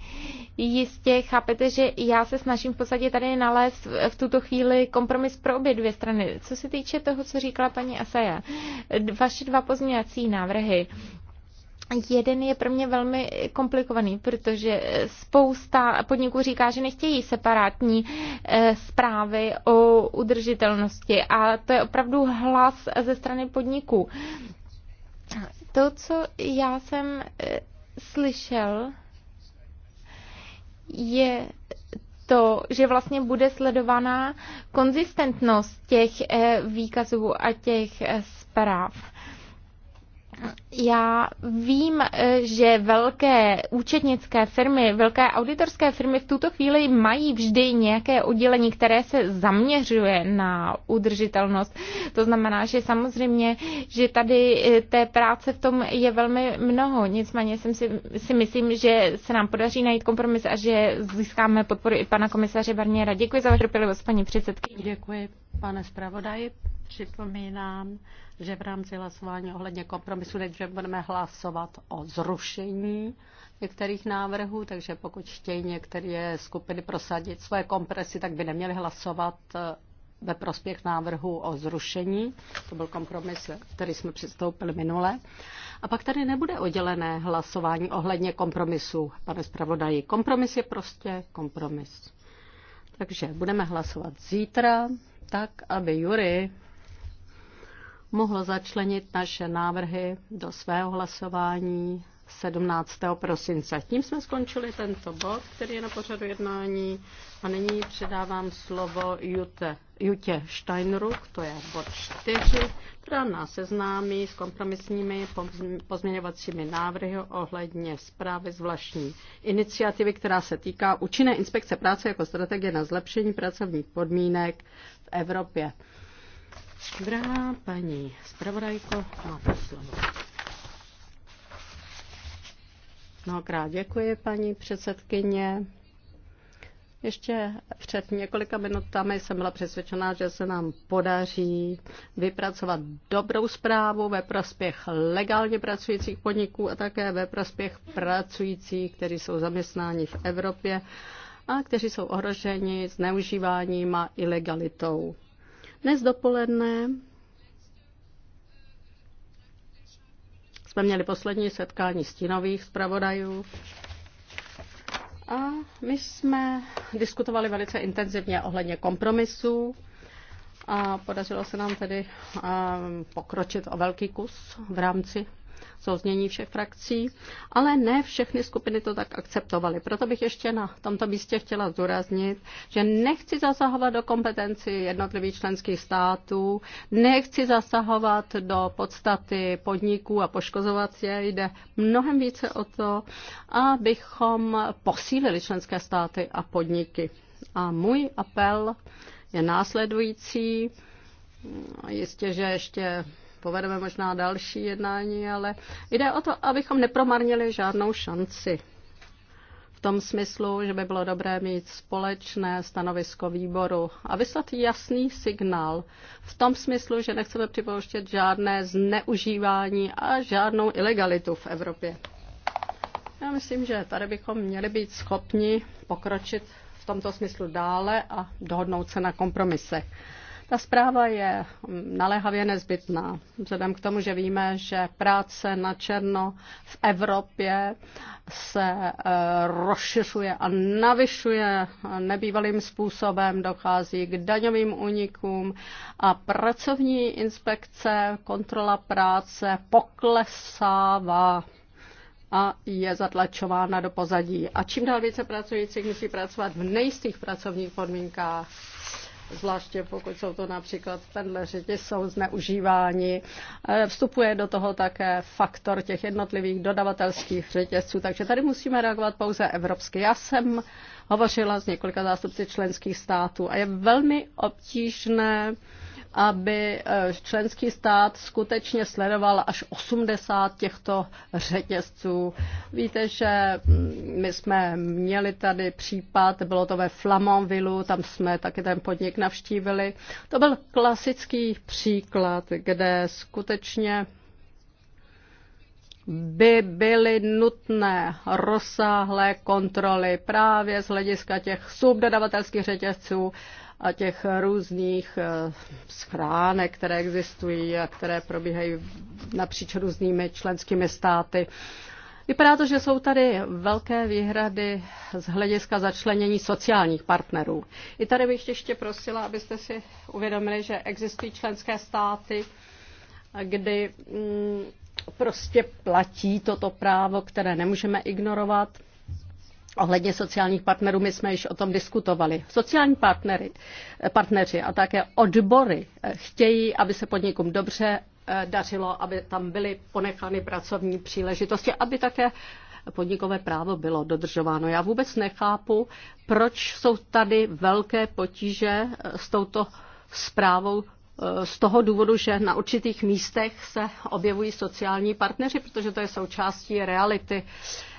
Jistě chápete, že já se snažím v podstatě tady nalézt v tuto chvíli kompromis pro obě dvě strany. Co se týče toho, co říkala paní Asaja, vaše dva pozměňovací návrhy, Jeden je pro mě velmi komplikovaný, protože spousta podniků říká, že nechtějí separátní eh, zprávy o udržitelnosti a to je opravdu hlas ze strany podniků. To, co já jsem eh, slyšel, je to, že vlastně bude sledovaná konzistentnost těch eh, výkazů a těch zpráv já vím, eh, že velké účetnické firmy, velké auditorské firmy v tuto chvíli mají vždy nějaké oddělení, které se zaměřuje na udržitelnost. To znamená, že samozřejmě, že tady eh, té práce v tom je velmi mnoho. Nicméně jsem si, si myslím, že se nám podaří najít kompromis a že získáme podporu i pana komisaře Barniera. Děkuji za vaši trpělivost, paní předsedkyně. Děkuji. Pane zpravodaji, připomínám, že v rámci hlasování ohledně kompromisu nejdříve budeme hlasovat o zrušení některých návrhů, takže pokud chtějí některé skupiny prosadit svoje kompresy, tak by neměli hlasovat eh, ve prospěch návrhu o zrušení. To byl kompromis, který jsme přistoupili minule. A pak tady nebude oddělené hlasování ohledně kompromisu, pane zpravodaji. Kompromis je prostě kompromis. Takže budeme hlasovat zítra tak, aby Jury mohl začlenit naše návrhy do svého hlasování 17. prosince. Tím jsme skončili tento bod, který je na pořadu jednání a nyní předávám slovo Jute, Jutě Steinruck, to je bod 4, která nás seznámí s kompromisními pozměňovacími návrhy ohledně zprávy zvláštní iniciativy, která se týká účinné inspekce práce jako strategie na zlepšení pracovních podmínek Evropě. Drahá paní zpravodajko, máte slovo. Mnohokrát děkuji, paní předsedkyně. Ještě před několika minutami jsem byla přesvědčená, že se nám podaří vypracovat dobrou zprávu ve prospěch legálně pracujících podniků a také ve prospěch pracujících, kteří jsou zaměstnáni v Evropě a kteří jsou ohroženi zneužíváním a ilegalitou. Dnes dopoledne jsme měli poslední setkání stínových zpravodajů a my jsme diskutovali velice intenzivně ohledně kompromisů a podařilo se nám tedy pokročit o velký kus v rámci souznění všech frakcí, ale ne všechny skupiny to tak akceptovaly. Proto bych ještě na tomto místě chtěla zdůraznit, že nechci zasahovat do kompetenci jednotlivých členských států, nechci zasahovat do podstaty podniků a poškozovat je. Jde mnohem více o to, abychom posílili členské státy a podniky. A můj apel je následující. Jistě, že ještě povedeme možná další jednání, ale jde o to, abychom nepromarnili žádnou šanci. V tom smyslu, že by bylo dobré mít společné stanovisko výboru a vyslat jasný signál. V tom smyslu, že nechceme připouštět žádné zneužívání a žádnou ilegalitu v Evropě. Já myslím, že tady bychom měli být schopni pokročit v tomto smyslu dále a dohodnout se na kompromisech. Ta zpráva je naléhavě nezbytná, vzhledem k tomu, že víme, že práce na černo v Evropě se e, rozšiřuje a navyšuje nebývalým způsobem, dochází k daňovým únikům a pracovní inspekce, kontrola práce poklesává a je zatlačována do pozadí. A čím dál více pracujících musí pracovat v nejistých pracovních podmínkách zvláště pokud jsou to například pendleři, jsou zneužíváni. E, vstupuje do toho také faktor těch jednotlivých dodavatelských řetězců, takže tady musíme reagovat pouze evropsky. Já jsem hovořila s několika zástupci členských států a je velmi obtížné aby eh, členský stát skutečně sledoval až 80 těchto řetězců. Víte, že mm, my jsme měli tady případ, bylo to ve Flamonville, tam jsme taky ten podnik navštívili. To byl klasický příklad, kde skutečně by byly nutné rozsáhlé kontroly právě z hlediska těch subdodavatelských řetězců, a těch různých eh, schránek, které existují a které probíhají napříč různými členskými státy. Vypadá to, že jsou tady velké výhrady z hlediska začlenění sociálních partnerů. I tady bych ještě prosila, abyste si uvědomili, že existují členské státy, kdy mm, prostě platí toto právo, které nemůžeme ignorovat. Ohledně sociálních partnerů, my jsme již o tom diskutovali. Sociální partnery, partneři a také odbory eh, chtějí, aby se podnikům dobře eh, dařilo, aby tam byly ponechány pracovní příležitosti, aby také podnikové právo bylo dodržováno. Já vůbec nechápu, proč jsou tady velké potíže eh, s touto zprávou z toho důvodu, že na určitých místech se objevují sociální partneři, protože to je součástí reality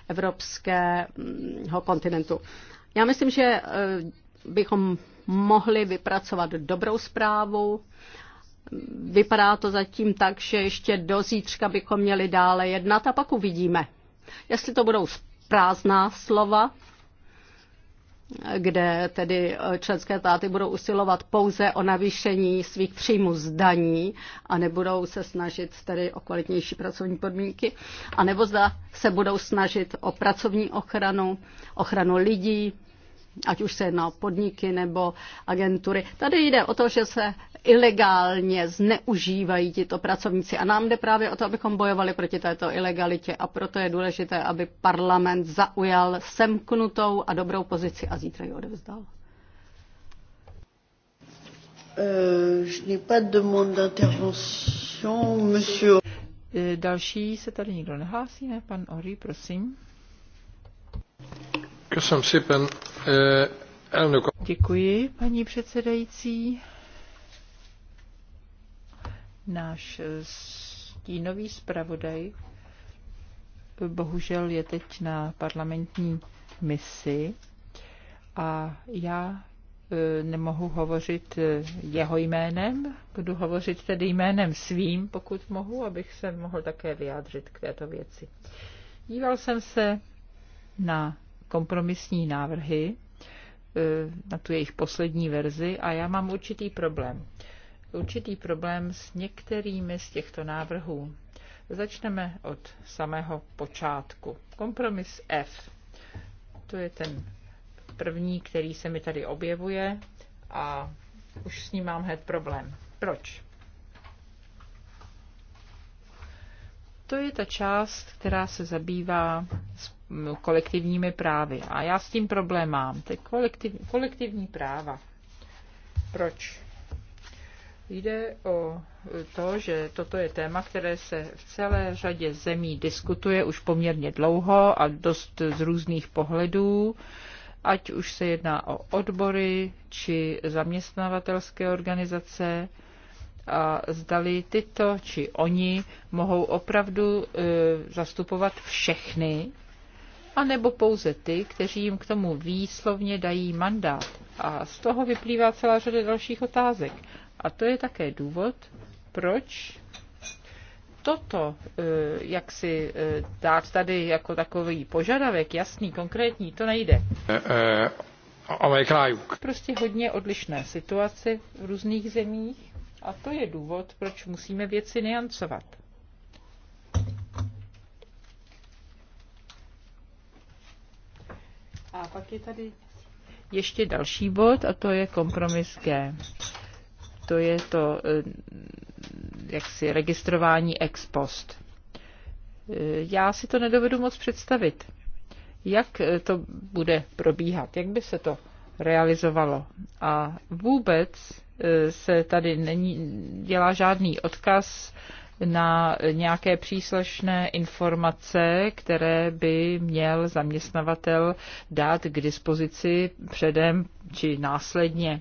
evropského kontinentu. Já myslím, že eh, bychom mohli vypracovat dobrou zprávu. Vypadá to zatím tak, že ještě do zítřka bychom měli dále jednat a pak uvidíme. Jestli to budou prázdná slova, kde tedy eh, členské státy budou usilovat pouze o navýšení svých příjmů z daní a nebudou se snažit tedy o kvalitnější pracovní podmínky, a nebo zda se budou snažit o pracovní ochranu, ochranu lidí, ať už se jedná o podniky nebo agentury. Tady jde o to, že se ilegálně zneužívají tito pracovníci. A nám jde právě o to, abychom bojovali proti této ilegalitě a proto je důležité, aby parlament zaujal semknutou a dobrou pozici a zítra ji odevzdal. Euh, eh, další se tady nikdo nehlásí, ne? Pan Ori, prosím. Eh, Děkuji, paní předsedající. Náš eh, stínový zpravodaj bohužel je teď na parlamentní misi a já eh, nemohu hovořit eh, jeho jménem, budu hovořit tedy jménem svým, pokud mohu, abych se mohl také vyjádřit k této věci. Díval jsem se na kompromisní návrhy, na tu jejich poslední verzi a já mám určitý problém určitý problém s některými z těchto návrhů. Začneme od samého počátku. Kompromis F. To je ten první, který se mi tady objevuje a už s ním mám hned problém. Proč? To je ta část, která se zabývá s kolektivními právy. A já s tím problém mám. To je kolektiv, kolektivní práva. Proč? Jde o to, že toto je téma, které se v celé řadě zemí diskutuje už poměrně dlouho a dost z různých pohledů, ať už se jedná o odbory či zaměstnavatelské organizace a zdali tyto či oni mohou opravdu e, zastupovat všechny, anebo pouze ty, kteří jim k tomu výslovně dají mandát. A z toho vyplývá celá řada dalších otázek. A to je také důvod, proč toto, eh, jak si eh, dát tady jako takový požadavek, jasný, konkrétní, to nejde. Eh, ale Prostě hodně odlišné situace v různých zemích a to je důvod, proč musíme věci niancovat. A pak je tady ještě další bod a to je kompromis G to je to eh, jaksi registrování ex post. Eh, já si to nedovedu moc představit. Jak eh, to bude probíhat? Jak by se to realizovalo? A vůbec se tady není, dělá žádný odkaz na nějaké příslušné informace, které by měl zaměstnavatel dát k dispozici předem či následně eh,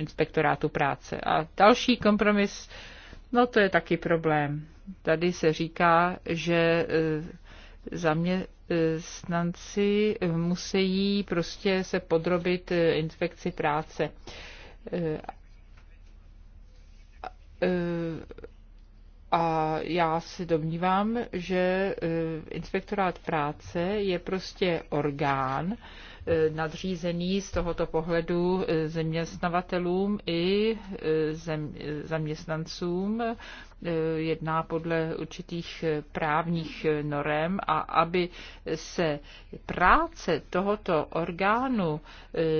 inspektorátu práce. A další kompromis, no to je taky problém. Tady se říká, že eh, zaměstnanci musí prostě se podrobit eh, inspekci práce. A já se domnívám, že e, inspektorát práce je prostě orgán e, nadřízený z tohoto pohledu e, zaměstnavatelům i zaměstnancům Eh, jedná podle určitých eh, právních eh, norem a aby se práce tohoto orgánu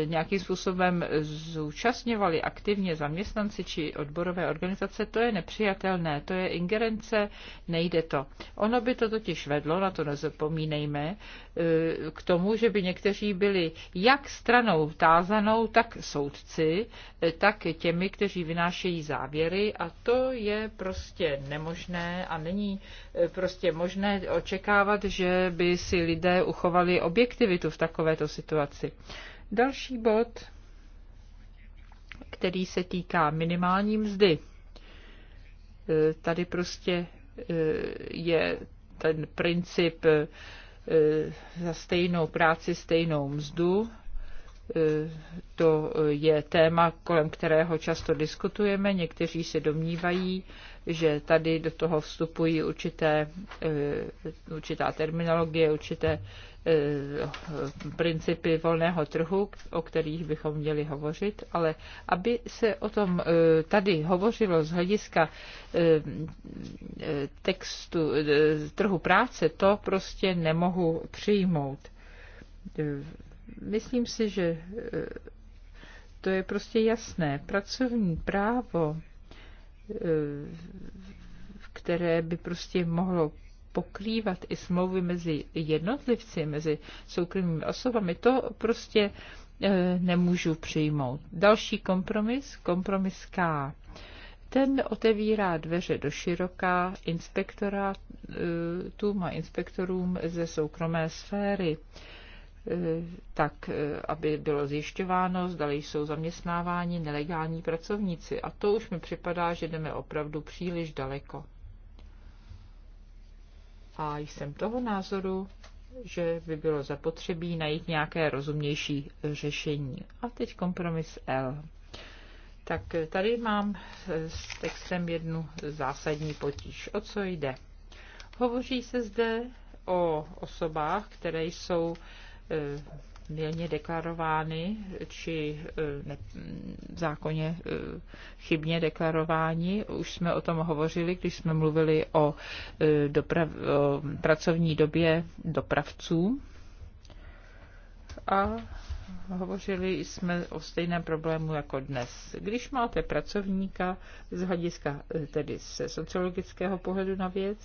nějakým způsobem zúčastňovali aktivně zaměstnanci či odborové organizace, to je nepřijatelné, to je ingerence, nejde to. Ono by to totiž vedlo, na to nezapomínejme, k tomu, že by někteří byli jak stranou tázanou, tak soudci, tak těmi, kteří vynášejí závěry a to je prostě prostě nemožné a není eh, prostě možné očekávat, že by si lidé uchovali objektivitu v takovéto situaci. Další bod, který se týká minimální mzdy. Eh, tady prostě eh, je ten princip za stejnou práci, stejnou mzdu, to je téma, kolem kterého často diskutujeme. Někteří se domnívají, že tady do toho vstupují určité, eh, určitá terminologie, určité eh, principy volného trhu, o kterých bychom měli hovořit, ale aby se o tom eh, tady hovořilo z hlediska textu trhu práce, to prostě nemohu přijmout. Myslím si, že to je prostě jasné. Pracovní právo které by prostě mohlo pokrývat i smlouvy mezi jednotlivci, mezi soukromými osobami, to prostě eh, nemůžu přijmout. Další kompromis, kompromis K. Ten otevírá dveře do široká inspektorátům a inspektorům ze soukromé sféry tak eh, aby bylo zjišťováno, zda jsou zaměstnáváni nelegální pracovníci. A to už mi připadá, že jdeme opravdu příliš daleko. A jsem toho názoru, že by bylo zapotřebí najít nějaké rozumnější řešení. A teď kompromis L. Tak eh, tady mám eh, s textem jednu zásadní potíž. O co jde? Hovoří se zde o osobách, které jsou Eh, milně deklarovány či eh, ne, zákonně eh, chybně deklarováni. Už jsme o tom hovořili, když jsme mluvili o, doprav, o pracovní době dopravců. A Hovořili jsme o stejném problému jako dnes. Když máte pracovníka z hlediska, eh, tedy z sociologického pohledu na věc,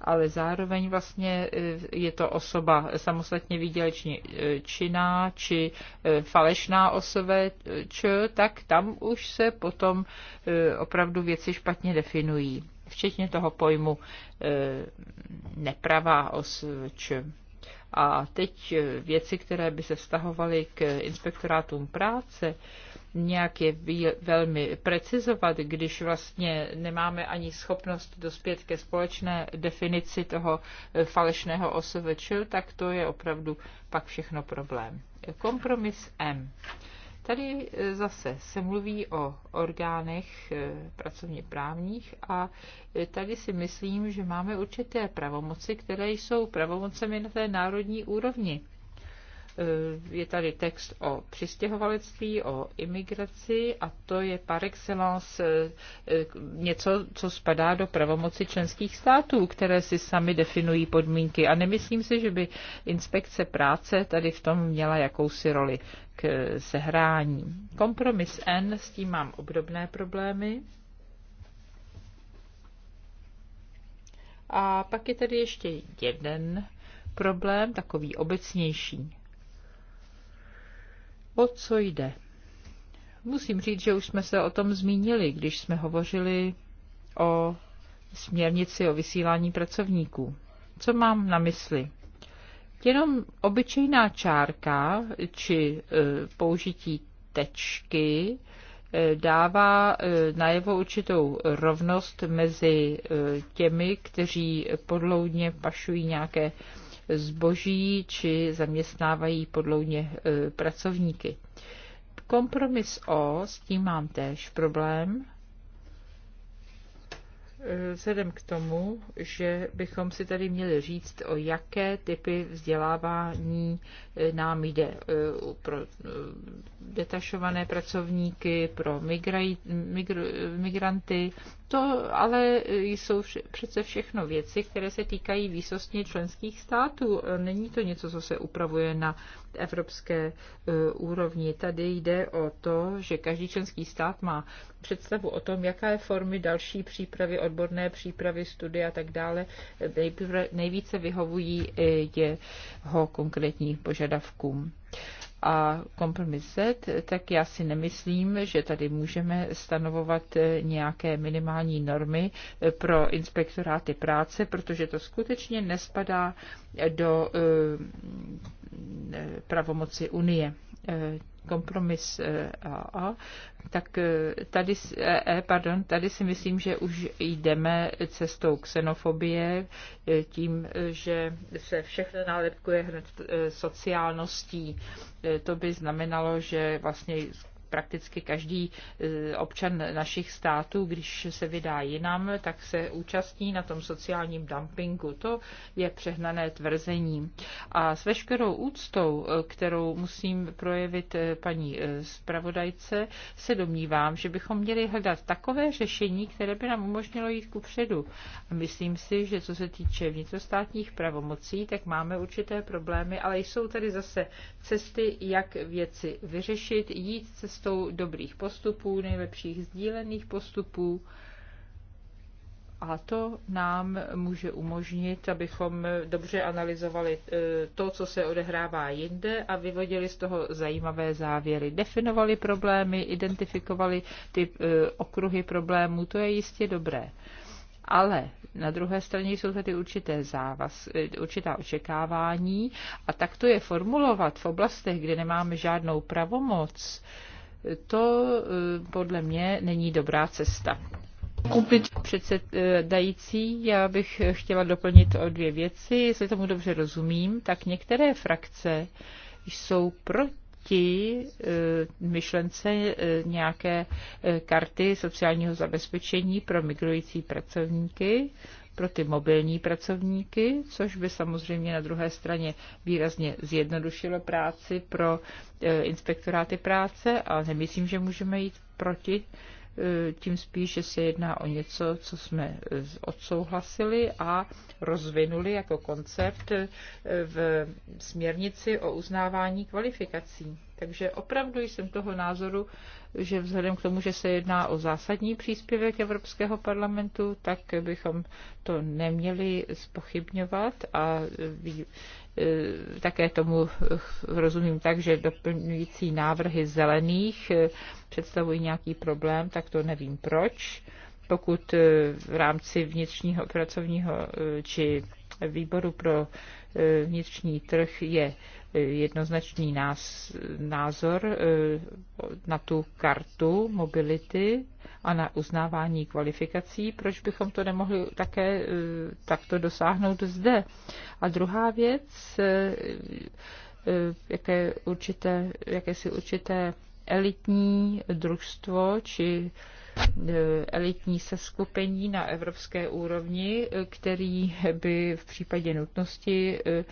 ale zároveň vlastně eh, je to osoba samostatně výdělečně eh, činná či falešná osoba, tak tam už se potom opravdu věci špatně definují. Včetně toho pojmu nepravá osvč. A teď eh, věci, které by se vztahovaly k inspektorátům práce, nějak je velmi precizovat, když vlastně nemáme ani schopnost dospět ke společné definici toho eh, falešného OSVČ, tak to je opravdu pak všechno problém. Kompromis M. Tady eh, zase se mluví o orgánech eh, pracovně právních a eh, tady si myslím, že máme určité pravomoci, které jsou pravomocemi na té národní úrovni. Eh, je tady text o přistěhovalectví, o imigraci a to je par excellence eh, eh, něco, co spadá do pravomoci členských států, které si sami definují podmínky. A nemyslím si, že by inspekce práce tady v tom měla jakousi roli k sehrání. Kompromis N, s tím mám obdobné problémy. A pak je tady ještě jeden problém, takový obecnější o co jde? Musím říct, že už jsme se o tom zmínili, když jsme hovořili o směrnici o vysílání pracovníků. Co mám na mysli? Jenom obyčejná čárka či e, použití tečky e, dává e, najevo určitou rovnost mezi e, těmi, kteří podloudně pašují nějaké e, zboží či zaměstnávají podlouně e, pracovníky. Kompromis O, s tím mám též problém, e, vzhledem k tomu, že bychom si tady měli říct, o jaké typy vzdělávání e, nám jde. Pro detašované pracovníky, pro migra- migr, migranty, to ale jsou přece všechno věci, které se týkají výsostně členských států. Není to něco, co se upravuje na evropské e, úrovni. Tady jde o to, že každý členský stát má představu o tom, jaké formy další přípravy, odborné přípravy, studie a tak dále nejvíce vyhovují e, jeho konkrétním požadavkům a kompromiset tak já si nemyslím, že tady můžeme stanovovat eh, nějaké minimální normy eh, pro inspektoráty práce, protože to skutečně nespadá do eh, pravomoci Unie. Eh, kompromis AA, eh, tak eh, tady, e, pardon, tady si myslím, že už jdeme cestou ksenofobie tím, že se všechno nálepkuje hned sociálností. To by znamenalo, že vlastně prakticky každý e, občan našich států, když se vydá jinam, tak se účastní na tom sociálním dumpingu. To je přehnané tvrzení. A s veškerou úctou, e, kterou musím projevit e, paní zpravodajce, se domnívám, že bychom měli hledat takové řešení, které by nám umožnilo jít ku předu. A myslím si, že co se týče vnitrostátních pravomocí, tak máme určité problémy, ale jsou tady zase cesty, jak věci vyřešit, jít cestou cestou dobrých postupů, nejlepších sdílených postupů. A to nám může umožnit, abychom dobře analyzovali eh, to, co se odehrává jinde a vyvodili z toho zajímavé závěry. Definovali problémy, identifikovali ty eh, okruhy problémů, to je jistě dobré. Ale na druhé straně jsou tady určité závaz, eh, určitá očekávání a tak to je formulovat v oblastech, kde nemáme žádnou pravomoc, to eh, podle mě není dobrá cesta. Předsedající, já bych chtěla doplnit o dvě věci. Jestli tomu dobře rozumím, tak některé frakce jsou proti eh, myšlence eh, nějaké karty sociálního zabezpečení pro migrující pracovníky pro ty mobilní pracovníky, což by samozřejmě na druhé straně výrazně zjednodušilo práci pro e, inspektoráty práce a nemyslím, že můžeme jít proti e, tím spíš, že se jedná o něco, co jsme odsouhlasili a rozvinuli jako koncept e, v směrnici o uznávání kvalifikací. Takže opravdu jsem toho názoru, že vzhledem k tomu, že se jedná o zásadní příspěvek Evropského parlamentu, tak bychom to neměli spochybňovat a e, e, také tomu rozumím tak, že doplňující návrhy zelených e, představují nějaký problém, tak to nevím proč. Pokud v rámci vnitřního pracovního či výboru pro vnitřní trh je jednoznačný názor eh, na tu kartu mobility a na uznávání kvalifikací, proč bychom to nemohli také eh, takto dosáhnout zde. A druhá věc, eh, jaké určité, jakési určité elitní družstvo či E, elitní seskupení na evropské úrovni, e, který by v případě nutnosti e,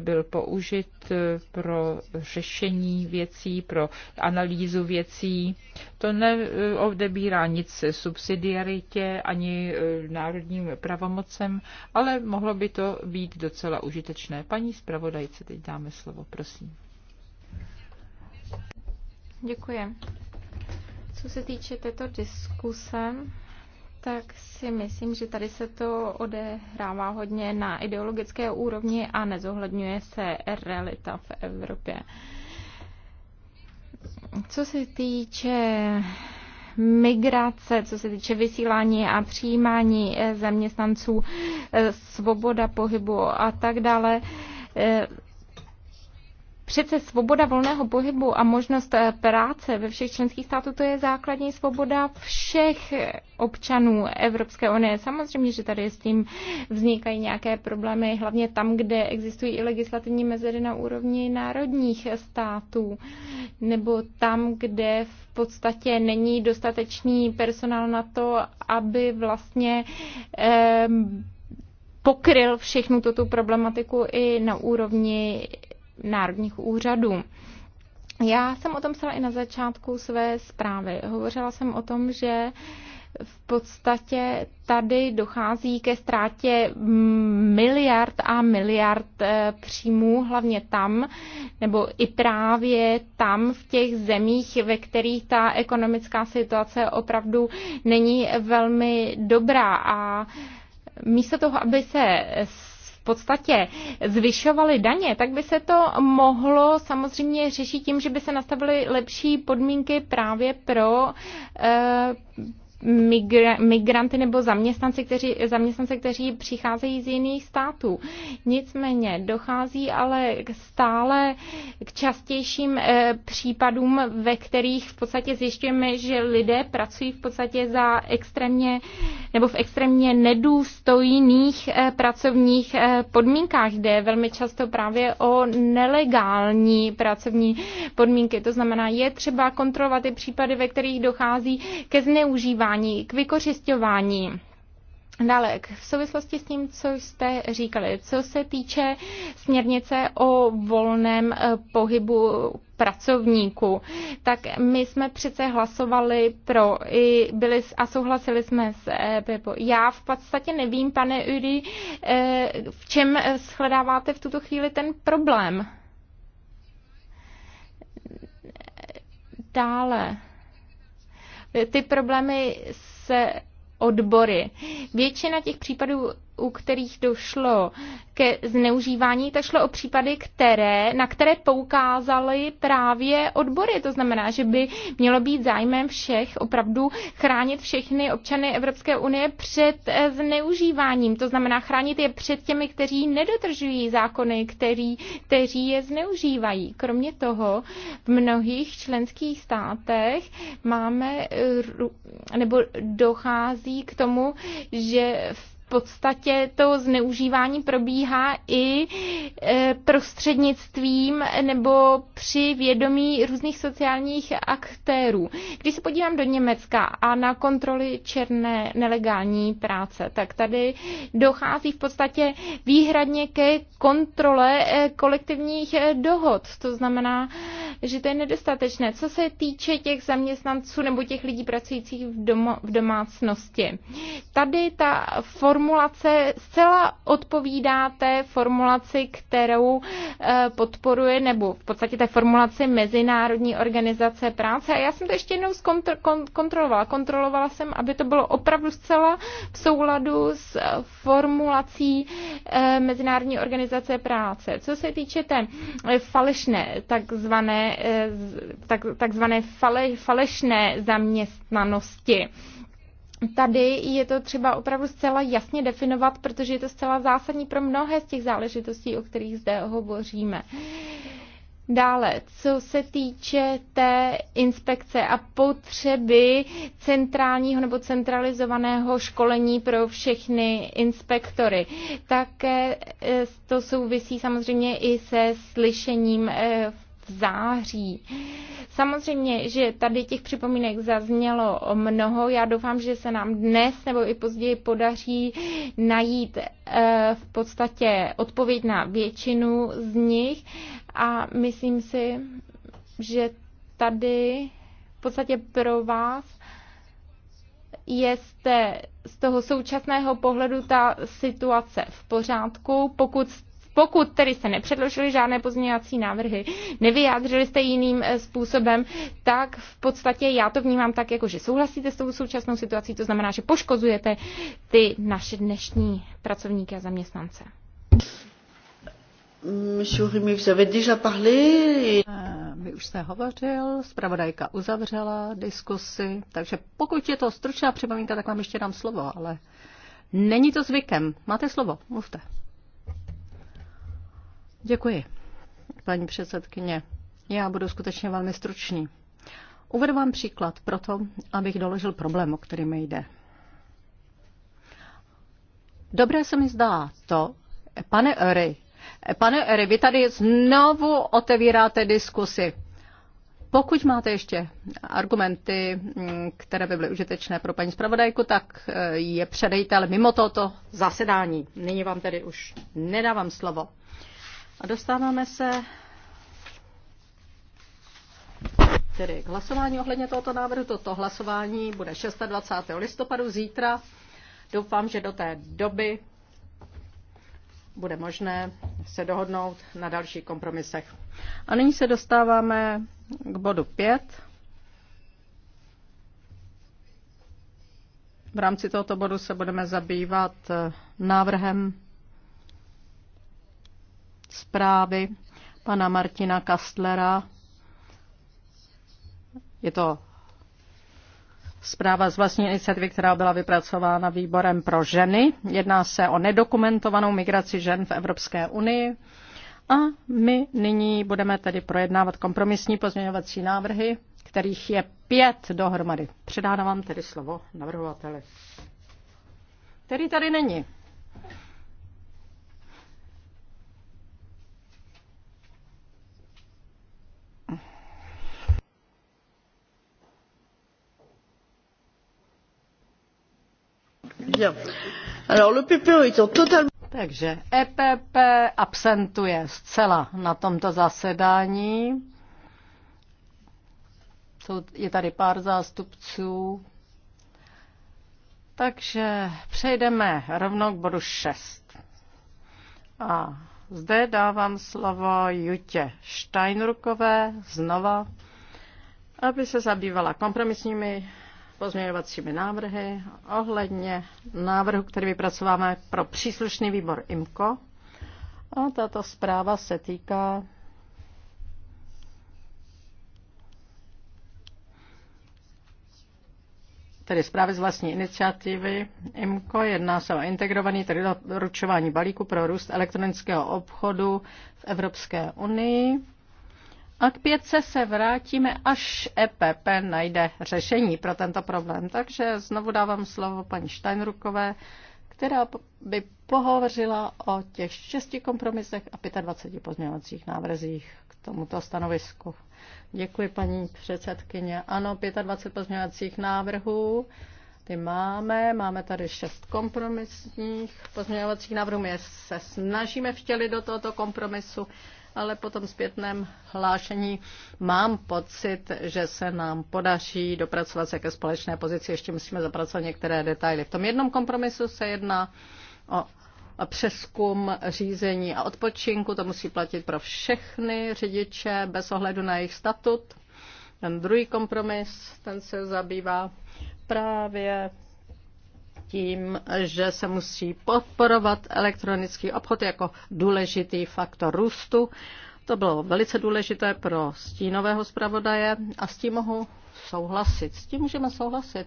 byl použit pro řešení věcí, pro analýzu věcí. To neodebírá nic subsidiaritě ani národním pravomocem, ale mohlo by to být docela užitečné. Paní zpravodajce, teď dáme slovo, prosím. Děkuji. Co se týče této diskuse, tak si myslím, že tady se to odehrává hodně na ideologické úrovni a nezohledňuje se realita v Evropě. Co se týče migrace, co se týče vysílání a přijímání eh, zaměstnanců, eh, svoboda pohybu a tak dále, eh, Přece svoboda volného pohybu a možnost eh, práce ve všech členských států, to je základní svoboda všech občanů Evropské unie. Samozřejmě, že tady s tím vznikají nějaké problémy, hlavně tam, kde existují i legislativní mezery na úrovni národních států, nebo tam, kde v podstatě není dostatečný personál na to, aby vlastně eh, pokryl všechnu tuto problematiku i na úrovni národních úřadů. Já jsem o tom psala i na začátku své zprávy. Hovořila jsem o tom, že v podstatě tady dochází ke ztrátě miliard a miliard eh, příjmů, hlavně tam, nebo i právě tam v těch zemích, ve kterých ta ekonomická situace opravdu není velmi dobrá. A místo toho, aby se podstatě zvyšovaly daně, tak by se to mohlo samozřejmě řešit tím, že by se nastavily lepší podmínky právě pro eh, migra- migranty nebo zaměstnanci kteří, zaměstnance, kteří přicházejí z jiných států. Nicméně dochází ale k stále k častějším eh, případům, ve kterých v podstatě zjišťujeme, že lidé pracují v podstatě za extrémně nebo v extrémně nedůstojných eh, pracovních eh, podmínkách, kde je velmi často právě o nelegální pracovní podmínky. To znamená, je třeba kontrolovat ty případy, ve kterých dochází ke zneužívání zneužívání, k vykořišťování. Dále, v souvislosti s tím, co jste říkali, co se týče směrnice o volném eh, pohybu pracovníků, tak my jsme přece hlasovali pro i byli a souhlasili jsme s eh, Pepo. Já v podstatě nevím, pane Uri, eh, v čem shledáváte v tuto chvíli ten problém. Dále ty problémy se odbory. Většina těch případů u kterých došlo ke zneužívání, tak šlo o případy, které, na které poukázaly právě odbory. To znamená, že by mělo být zájmem všech opravdu chránit všechny občany Evropské unie před eh, zneužíváním. To znamená chránit je před těmi, kteří nedodržují zákony, který, kteří je zneužívají. Kromě toho v mnohých členských státech máme nebo dochází k tomu, že v podstatě to zneužívání probíhá i e, prostřednictvím nebo při vědomí různých sociálních aktérů. Když se podívám do Německa a na kontroly černé nelegální práce, tak tady dochází v podstatě výhradně ke kontrole e, kolektivních e, dohod. To znamená, že to je nedostatečné. Co se týče těch zaměstnanců nebo těch lidí pracujících v, doma, v domácnosti, tady ta forma formulace zcela odpovídá té formulaci, kterou eh, podporuje, nebo v podstatě té formulaci Mezinárodní organizace práce. A já jsem to ještě jednou zkontrolovala. Kontrolovala jsem, aby to bylo opravdu zcela v souladu s eh, formulací eh, Mezinárodní organizace práce. Co se týče té falešné, takzvané, tak, takzvané fale, falešné zaměstnanosti, tady je to třeba opravdu zcela jasně definovat, protože je to zcela zásadní pro mnohé z těch záležitostí, o kterých zde hovoříme. Dále, co se týče té inspekce a potřeby centrálního nebo centralizovaného školení pro všechny inspektory, tak eh, to souvisí samozřejmě i se slyšením eh, v září. Samozřejmě, že tady těch připomínek zaznělo mnoho. Já doufám, že se nám dnes nebo i později podaří najít eh, v podstatě odpověď na většinu z nich a myslím si, že tady v podstatě pro vás je z, z toho současného pohledu ta situace v pořádku. Pokud pokud tedy jste nepředložili žádné pozměňovací návrhy, nevyjádřili jste jiným eh, způsobem, tak v podstatě já to vnímám tak, jako že souhlasíte s tou současnou situací, to znamená, že poškozujete ty naše dnešní pracovníky a zaměstnance. Monsieur Rimi, vous avez déjà parlé. Eh, vy už jste hovořil, zpravodajka uzavřela diskusi, takže pokud je to stručná připomínka, tak vám ještě dám slovo, ale není to zvykem. Máte slovo, mluvte. Děkuji, paní předsedkyně. Já budu skutečně velmi stručný. Uvedu vám příklad proto, abych doložil problém, o který mi jde. Dobré se mi zdá to, pane Ery, pane Ery, vy tady znovu otevíráte diskusy. Pokud máte ještě argumenty, mm, které by byly užitečné pro paní zpravodajku, tak eh, je předejte, ale mimo toto zasedání. Nyní vám tedy už nedávám slovo. A dostáváme se tedy k hlasování ohledně tohoto návrhu. Toto hlasování bude 26. listopadu zítra. Doufám, že do té doby bude možné se dohodnout na dalších kompromisech. A nyní se dostáváme k bodu 5. V rámci tohoto bodu se budeme zabývat eh, návrhem zprávy pana Martina Kastlera. Je to zpráva z vlastní iniciativy, která byla vypracována výborem pro ženy. Jedná se o nedokumentovanou migraci žen v Evropské unii. A my nyní budeme tedy projednávat kompromisní pozměňovací návrhy, kterých je pět dohromady. Předávám vám tedy slovo navrhovateli, který tady není. E Takže EPP absentuje zcela na tomto zasedání. Je tady pár zástupců. Takže přejdeme rovnou k bodu 6. A zde dávám slovo Jutě Steinrukové znova, aby se zabývala kompromisními pozměňovacími návrhy ohledně návrhu, který vypracováme pro příslušný výbor IMCO. A tato zpráva se týká tedy zprávy z vlastní iniciativy IMCO. Jedná se o integrovaný tedy doručování balíku pro růst elektronického obchodu v Evropské unii. A k pětce se vrátíme, až EPP najde řešení pro tento problém. Takže znovu dávám slovo paní Steinrukové, která by pohovořila o těch šesti kompromisech a 25 pozměňovacích návrzích k tomuto stanovisku. Děkuji, paní předsedkyně. Ano, 25 pozměňovacích návrhů. Ty máme, máme tady šest kompromisních pozměňovacích návrhů, my se snažíme vtělit do tohoto kompromisu ale po tom zpětném hlášení mám pocit, že se nám podaří dopracovat se ke společné pozici. Ještě musíme zapracovat některé detaily. V tom jednom kompromisu se jedná o přeskum řízení a odpočinku. To musí platit pro všechny řidiče bez ohledu na jejich statut. Ten druhý kompromis, ten se zabývá právě tím, že se musí podporovat elektronický obchod jako důležitý faktor růstu. To bylo velice důležité pro stínového zpravodaje a s tím mohu souhlasit. S tím můžeme souhlasit,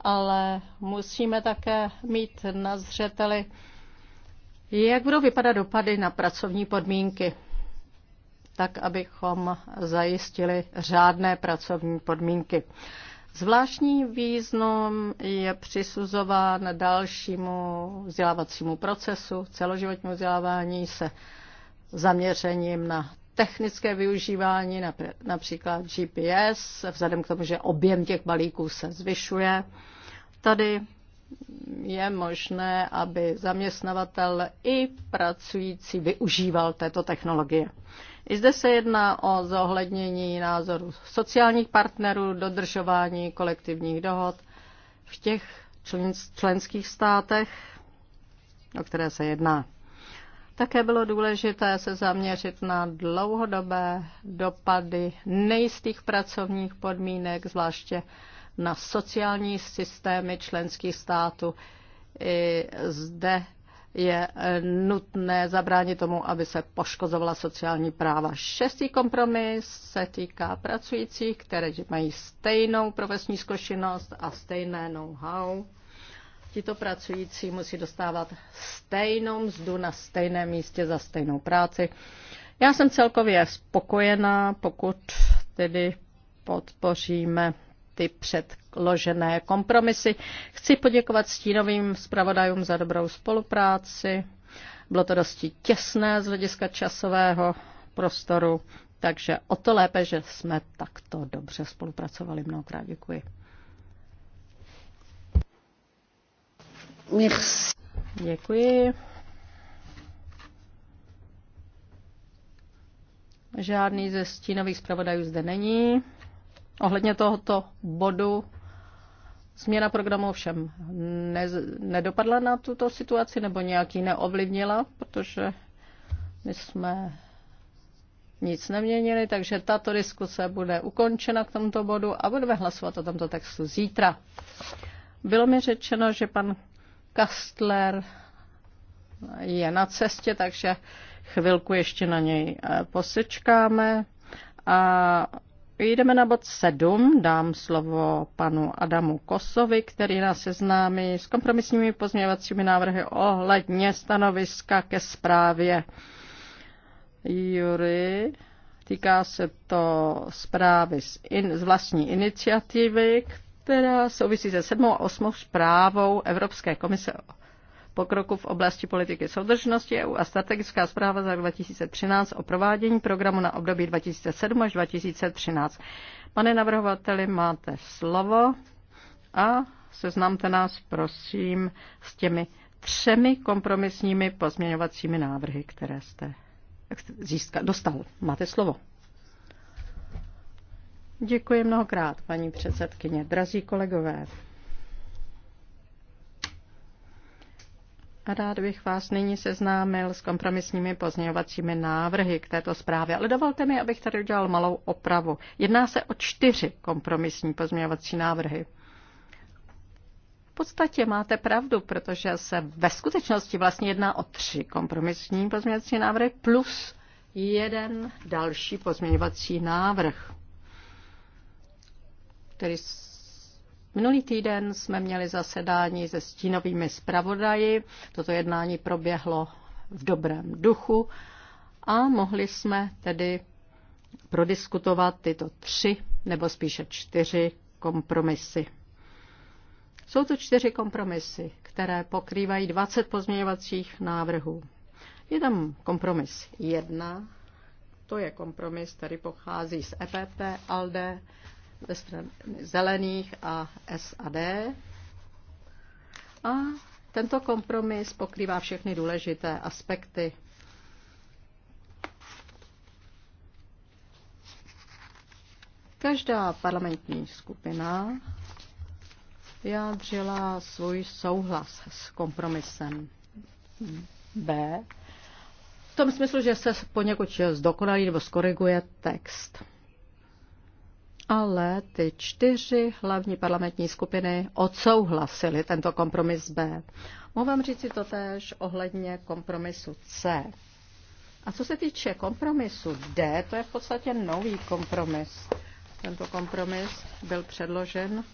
ale musíme také mít na zřeteli, jak budou vypadat dopady na pracovní podmínky, tak abychom zajistili řádné pracovní podmínky. Zvláštní význam je přisuzován dalšímu vzdělávacímu procesu, celoživotnímu vzdělávání se zaměřením na technické využívání, například GPS, vzhledem k tomu, že objem těch balíků se zvyšuje. Tady je možné, aby zaměstnavatel i pracující využíval této technologie. I zde se jedná o zohlednění názoru sociálních partnerů, dodržování kolektivních dohod v těch členských státech, o které se jedná. Také bylo důležité se zaměřit na dlouhodobé dopady nejistých pracovních podmínek, zvláště na sociální systémy členských států. I zde je nutné zabránit tomu, aby se poškozovala sociální práva. Šestý kompromis se týká pracujících, které mají stejnou profesní zkušenost a stejné know-how. Tito pracující musí dostávat stejnou mzdu na stejném místě za stejnou práci. Já jsem celkově spokojená, pokud tedy podpoříme ty předložené kompromisy. Chci poděkovat stínovým zpravodajům za dobrou spolupráci. Bylo to dosti těsné z hlediska časového prostoru, takže o to lépe, že jsme takto dobře spolupracovali. Mnohokrát děkuji. Děkuji. Žádný ze stínových zpravodajů zde není. Ohledně tohoto bodu změna programu všem ne, nedopadla na tuto situaci nebo nějaký neovlivnila, protože my jsme nic neměnili, takže tato diskuse bude ukončena k tomuto bodu a budeme hlasovat o tomto textu zítra. Bylo mi řečeno, že pan Kastler je na cestě, takže chvilku ještě na něj eh, posečkáme a Jdeme na bod 7, dám slovo panu Adamu Kosovi, který nás seznámí s kompromisními pozměňovacími návrhy ohledně stanoviska ke zprávě Jury. Týká se to zprávy z, in, z vlastní iniciativy, která souvisí se sedmou a osmou zprávou Evropské komise pokroku v oblasti politiky soudržnosti EU a strategická zpráva za 2013 o provádění programu na období 2007 až 2013. Pane navrhovateli, máte slovo a seznamte nás, prosím, s těmi třemi kompromisními pozměňovacími návrhy, které jste získal, dostal. Máte slovo. Děkuji mnohokrát, paní předsedkyně. Drazí kolegové, Rád bych vás nyní seznámil s kompromisními pozměňovacími návrhy k této zprávě, ale dovolte mi, abych tady udělal malou opravu. Jedná se o čtyři kompromisní pozměňovací návrhy. V podstatě máte pravdu, protože se ve skutečnosti vlastně jedná o tři kompromisní pozměňovací návrhy plus jeden další pozměňovací návrh, který Minulý týden jsme měli zasedání se stínovými zpravodaji. Toto jednání proběhlo v dobrém duchu a mohli jsme tedy prodiskutovat tyto tři nebo spíše čtyři kompromisy. Jsou to čtyři kompromisy, které pokrývají 20 pozměňovacích návrhů. Je tam kompromis jedna. to je kompromis, který pochází z EPP, ALDE, ze strany zelených a SAD. A tento kompromis pokrývá všechny důležité aspekty. Každá parlamentní skupina vyjádřila svůj souhlas s kompromisem B v tom smyslu, že se poněkud zdokonalí nebo skoriguje text ale ty čtyři hlavní parlamentní skupiny odsouhlasily tento kompromis B. Mohu vám říct si to též ohledně kompromisu C. A co se týče kompromisu D, to je v podstatě nový kompromis. Tento kompromis byl předložen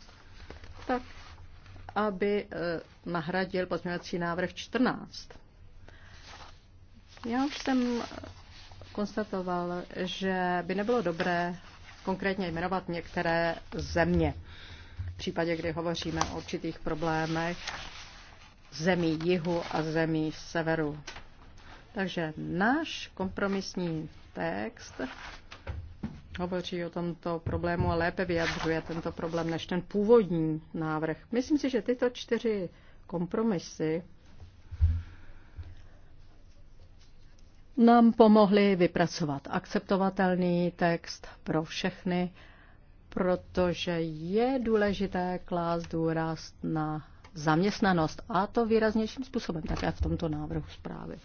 tak, aby eh, nahradil pozměňovací návrh 14. Já už jsem konstatoval, že by nebylo dobré konkrétně jmenovat některé země. V případě, kdy hovoříme o určitých problémech zemí jihu a zemí severu. Takže náš kompromisní text hovoří o tomto problému a lépe vyjadřuje tento problém než ten původní návrh. Myslím si, že tyto čtyři kompromisy nám pomohli vypracovat akceptovatelný text pro všechny, protože je důležité klást důraz na zaměstnanost a to výraznějším způsobem také v tomto návrhu zprávy.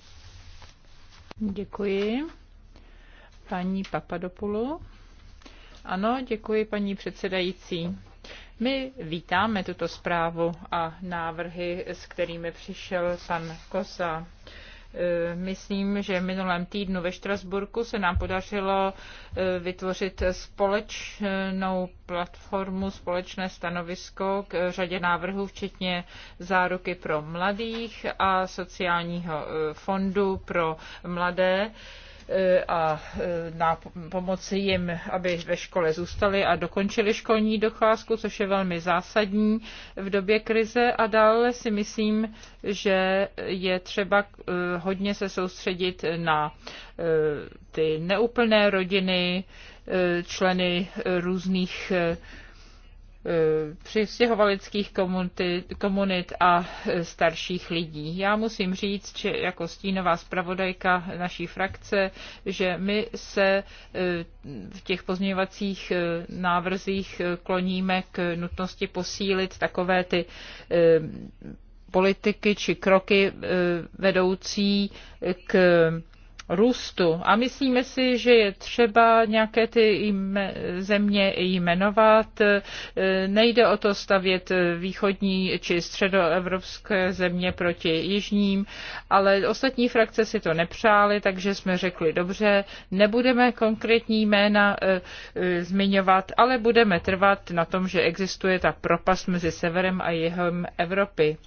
Děkuji. Paní Papadopulu. Ano, děkuji paní předsedající. My vítáme tuto zprávu a návrhy, s kterými přišel pan Kosa. Eh, myslím, že minulém týdnu ve Štrasburku se nám podařilo eh, vytvořit společnou platformu, společné stanovisko k řadě návrhů, včetně záruky pro mladých a sociálního eh, fondu pro mladé. E, a e, na pomoci jim, aby ve škole zůstali a dokončili školní docházku, což je velmi zásadní v době krize. A dále si myslím, že je třeba e, hodně se soustředit na ty neúplné rodiny, členy různých Eh, přistěhovalických komunit a eh, starších lidí. Já musím říct, že jako stínová zpravodajka naší frakce, že my se eh, v těch pozměňovacích návrzích kloníme k nutnosti posílit takové ty politiky či kroky vedoucí k růstu. A myslíme si, že je třeba nějaké ty země jmenovat. E, nejde o to stavět východní či středoevropské země proti jižním, ale ostatní frakce si to nepřáli, takže jsme řekli, dobře, nebudeme konkrétní jména e, e, zmiňovat, ale budeme trvat na tom, že existuje ta propast mezi severem a jihem Evropy.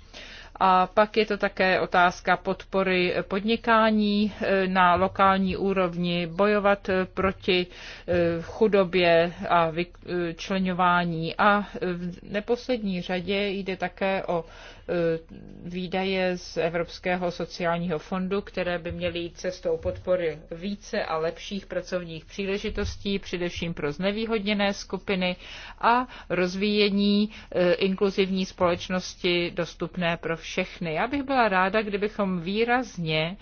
A pak je to také otázka podpory podnikání eh, na lokální úrovni, bojovat eh, proti eh, chudobě a vyčlenování. A v neposlední řadě jde také o Eh, výdaje z Evropského sociálního fondu, které by měly jít cestou podpory více a lepších pracovních příležitostí, především pro znevýhodněné skupiny a rozvíjení eh, inkluzivní společnosti dostupné pro všechny. Já bych byla ráda, kdybychom výrazně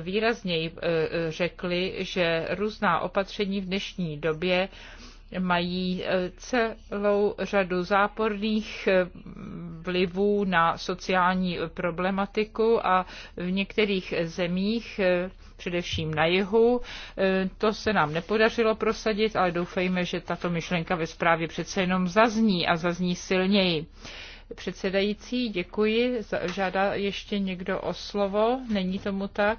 výrazněji eh, řekli, že různá opatření v dnešní době mají eh, celou řadu záporných eh, vlivů na sociální problematiku a v některých zemích, eh, především na jihu, to se nám nepodařilo prosadit, ale doufejme, že tato myšlenka ve zprávě přece jenom zazní a zazní silněji. Předsedající, děkuji. Žádá ještě někdo o slovo? Není tomu tak?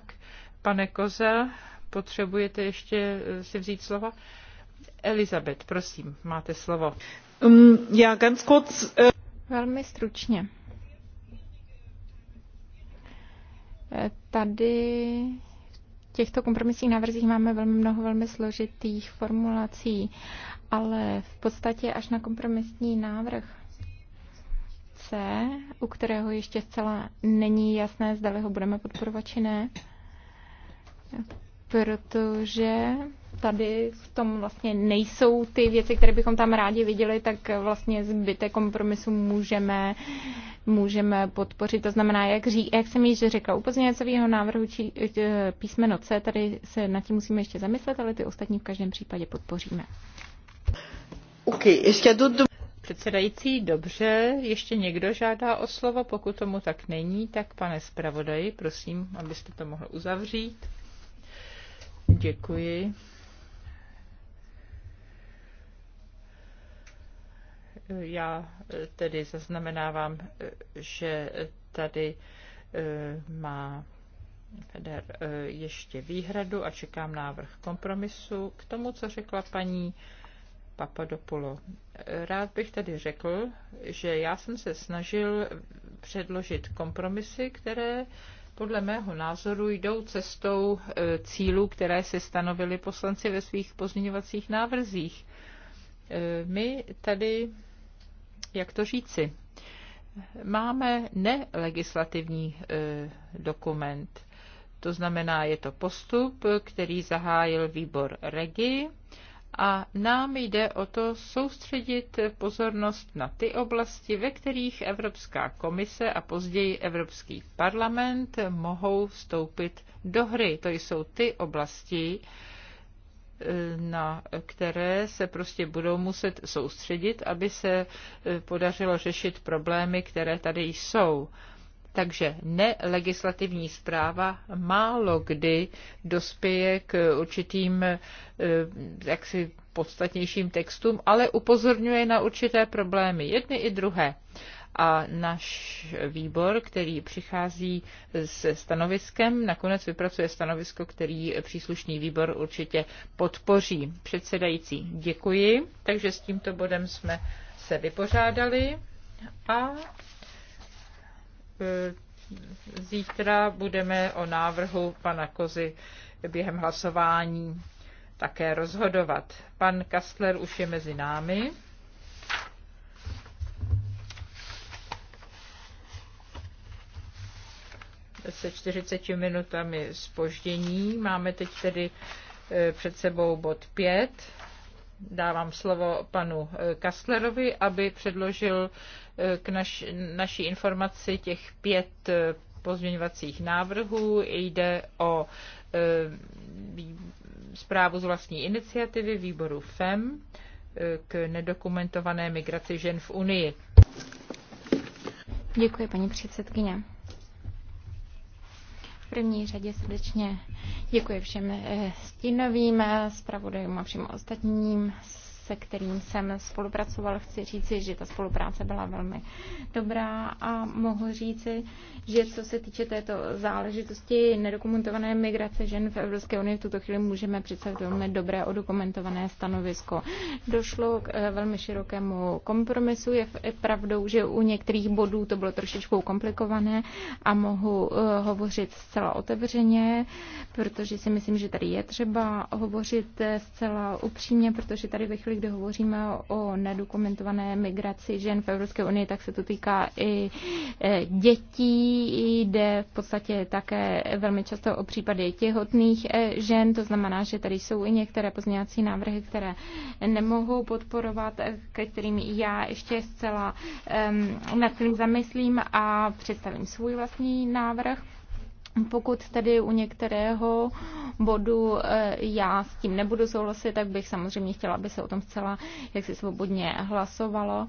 Pane Kozel, potřebujete ještě si vzít slova? Elizabeth, prosím, máte slovo. Um, já ganz kurz, uh... Velmi stručně. Eh, tady v těchto kompromisních návrzích máme velmi mnoho velmi složitých formulací, ale v podstatě až na kompromisní návrh C, u kterého ještě zcela není jasné, zda ho budeme podporovat či ne, protože tady v tom vlastně nejsou ty věci, které bychom tam rádi viděli, tak vlastně zbytek kompromisu můžeme, můžeme podpořit. To znamená, jak, ří, jak jsem již řekla, u pozměňovacího návrhu či, e, písmeno C, tady se nad tím musíme ještě zamyslet, ale ty ostatní v každém případě podpoříme. Ok, ještě do... Předsedající, dobře, ještě někdo žádá o slovo, pokud tomu tak není, tak pane zpravodaji, prosím, abyste to mohl uzavřít. Děkuji. Já eh, tedy zaznamenávám, eh, že tady eh, má Feder ještě výhradu a čekám návrh kompromisu k tomu, co řekla paní Papadopulo. Rád bych tady řekl, že já jsem se snažil předložit kompromisy, které podle mého názoru jdou cestou cílů, které si stanovili poslanci ve svých pozměňovacích návrzích. My tady jak to říci, máme nelegislativní e, dokument. To znamená, je to postup, který zahájil výbor REGI a nám jde o to soustředit pozornost na ty oblasti, ve kterých Evropská komise a později Evropský parlament mohou vstoupit do hry. To jsou ty oblasti, na které se prostě budou muset soustředit, aby se e, podařilo řešit problémy, které tady jsou. Takže nelegislativní zpráva málo kdy dospěje k určitým e, jaksi podstatnějším textům, ale upozorňuje na určité problémy, jedny i druhé. A náš výbor, který přichází se stanoviskem, nakonec vypracuje stanovisko, který příslušný výbor určitě podpoří. Předsedající, děkuji. Takže s tímto bodem jsme se vypořádali a e, zítra budeme o návrhu pana Kozy během hlasování také rozhodovat. Pan Kastler už je mezi námi. se 40 minutami spoždění. Máme teď tedy e, před sebou bod 5. Dávám slovo panu e, Kastlerovi, aby předložil e, k naš, naší informaci těch pět pozměňovacích návrhů. Jde o zprávu z vlastní iniciativy výboru FEM eh, k nedokumentované migraci žen v Unii. Děkuji, paní předsedkyně. V první řadě srdečně děkuji všem eh, stínovým eh, zpravodajům a všem ostatním se kterým jsem spolupracoval. Chci říci, že ta spolupráce byla velmi dobrá a mohu říci, že co se týče této záležitosti nedokumentované migrace žen v Evropské unii, v tuto chvíli můžeme přece velmi dobré odokumentované stanovisko. Došlo k eh, velmi širokému kompromisu. Je pravdou, že u některých bodů to bylo trošičku komplikované a mohu eh, hovořit zcela otevřeně, protože si myslím, že tady je třeba hovořit eh, zcela upřímně, protože tady ve chvíli chvíli, kdy hovoříme o nedokumentované migraci žen v Evropské unii, tak se to týká i e, dětí, jde v podstatě také velmi často o případy těhotných e, žen, to znamená, že tady jsou i některé pozměňovací návrhy, které nemohou podporovat, e, ke kterým já ještě zcela nad tím zamyslím a představím svůj vlastní návrh. Pokud tedy u některého bodu eh, já s tím nebudu souhlasit, tak bych samozřejmě chtěla, aby se o tom zcela jak si svobodně hlasovalo.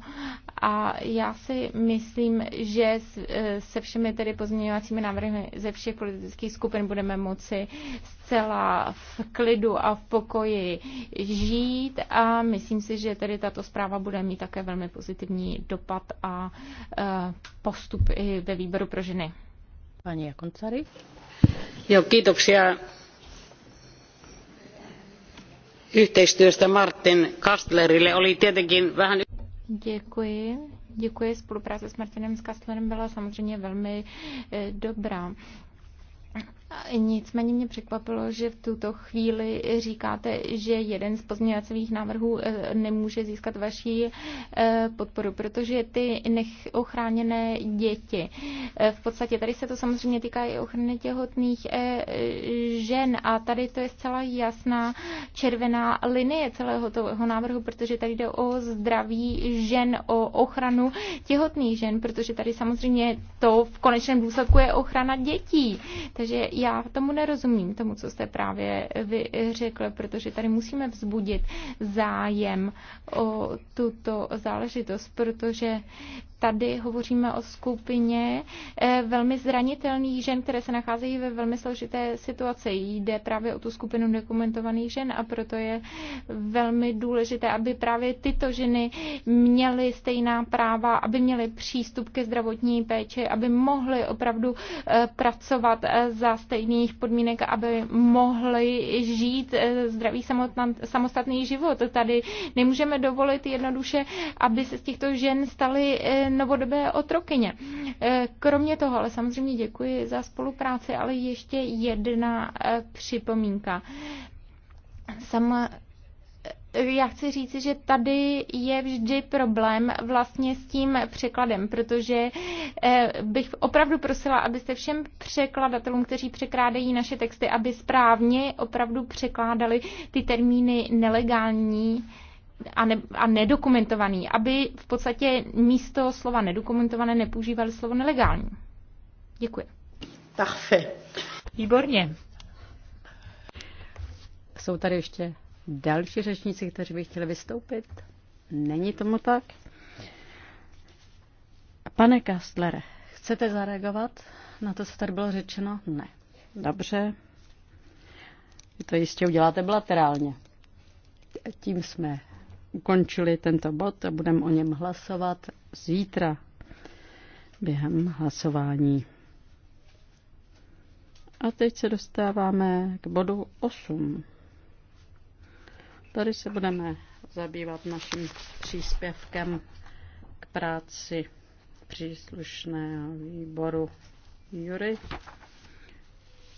A já si myslím, že eh, se všemi tedy pozměňovacími návrhy ze všech politických skupin budeme moci zcela v klidu a v pokoji žít a myslím si, že tedy tato zpráva bude mít také velmi pozitivní dopad a eh, postup i ve výboru pro ženy. Paní Jakoncari. Jo, kiitoksia yhteistyöstä Martin Kastlerille. Oli tietenkin vähän... Děkuji. Děkuji. Spolupráce s Martinem Kastlerem byla samozřejmě velmi eh, dobrá. Nicméně mě překvapilo, že v tuto chvíli říkáte, že jeden z pozměňovacích návrhů eh, nemůže získat vaši eh, podporu, protože ty neochráněné děti. Eh, v podstatě tady se to samozřejmě týká i ochrany těhotných žen a tady to je zcela jasná červená linie celého toho návrhu, protože tady jde o zdraví žen, o ochranu těhotných žen, protože tady samozřejmě to v konečném důsledku je ochrana dětí. Takže já tomu nerozumím, tomu, co jste právě eh, vy eh, řekl, protože tady musíme vzbudit zájem o tuto záležitost, protože tady hovoříme o skupině eh, velmi zranitelných žen, které se nacházejí ve velmi složité situaci. Jde právě o tu skupinu dokumentovaných žen a proto je velmi důležité, aby právě tyto ženy měly stejná práva, aby měly přístup ke zdravotní péči, aby mohly opravdu pracovat za stejných podmínek, aby mohli žít eh, zdravý samostatný život. Tady nemůžeme dovolit jednoduše, aby se z těchto žen staly eh, novodobé otrokyně. Eh, kromě toho, ale samozřejmě děkuji za spolupráci, ale ještě jedna připomínka. Sama Eh, já chci říci, že tady je vždy problém vlastně s tím překladem, protože eh, bych opravdu prosila, abyste všem překladatelům, kteří překrádají naše texty, aby správně opravdu překládali ty termíny nelegální a, ne, a nedokumentovaný, aby v podstatě místo slova nedokumentované nepoužívali slovo nelegální. Děkuji. Parfait. Výborně. Jsou tady ještě další řečníci, kteří by chtěli vystoupit? Není tomu tak? Pane Kastlere, chcete zareagovat na to, co tady bylo řečeno? Ne. Dobře. Vy to jistě uděláte bilaterálně. Tím jsme ukončili tento bod a budeme o něm hlasovat zítra během hlasování. A teď se dostáváme k bodu 8. Tady se budeme zabývat naším příspěvkem k práci příslušného výboru Jury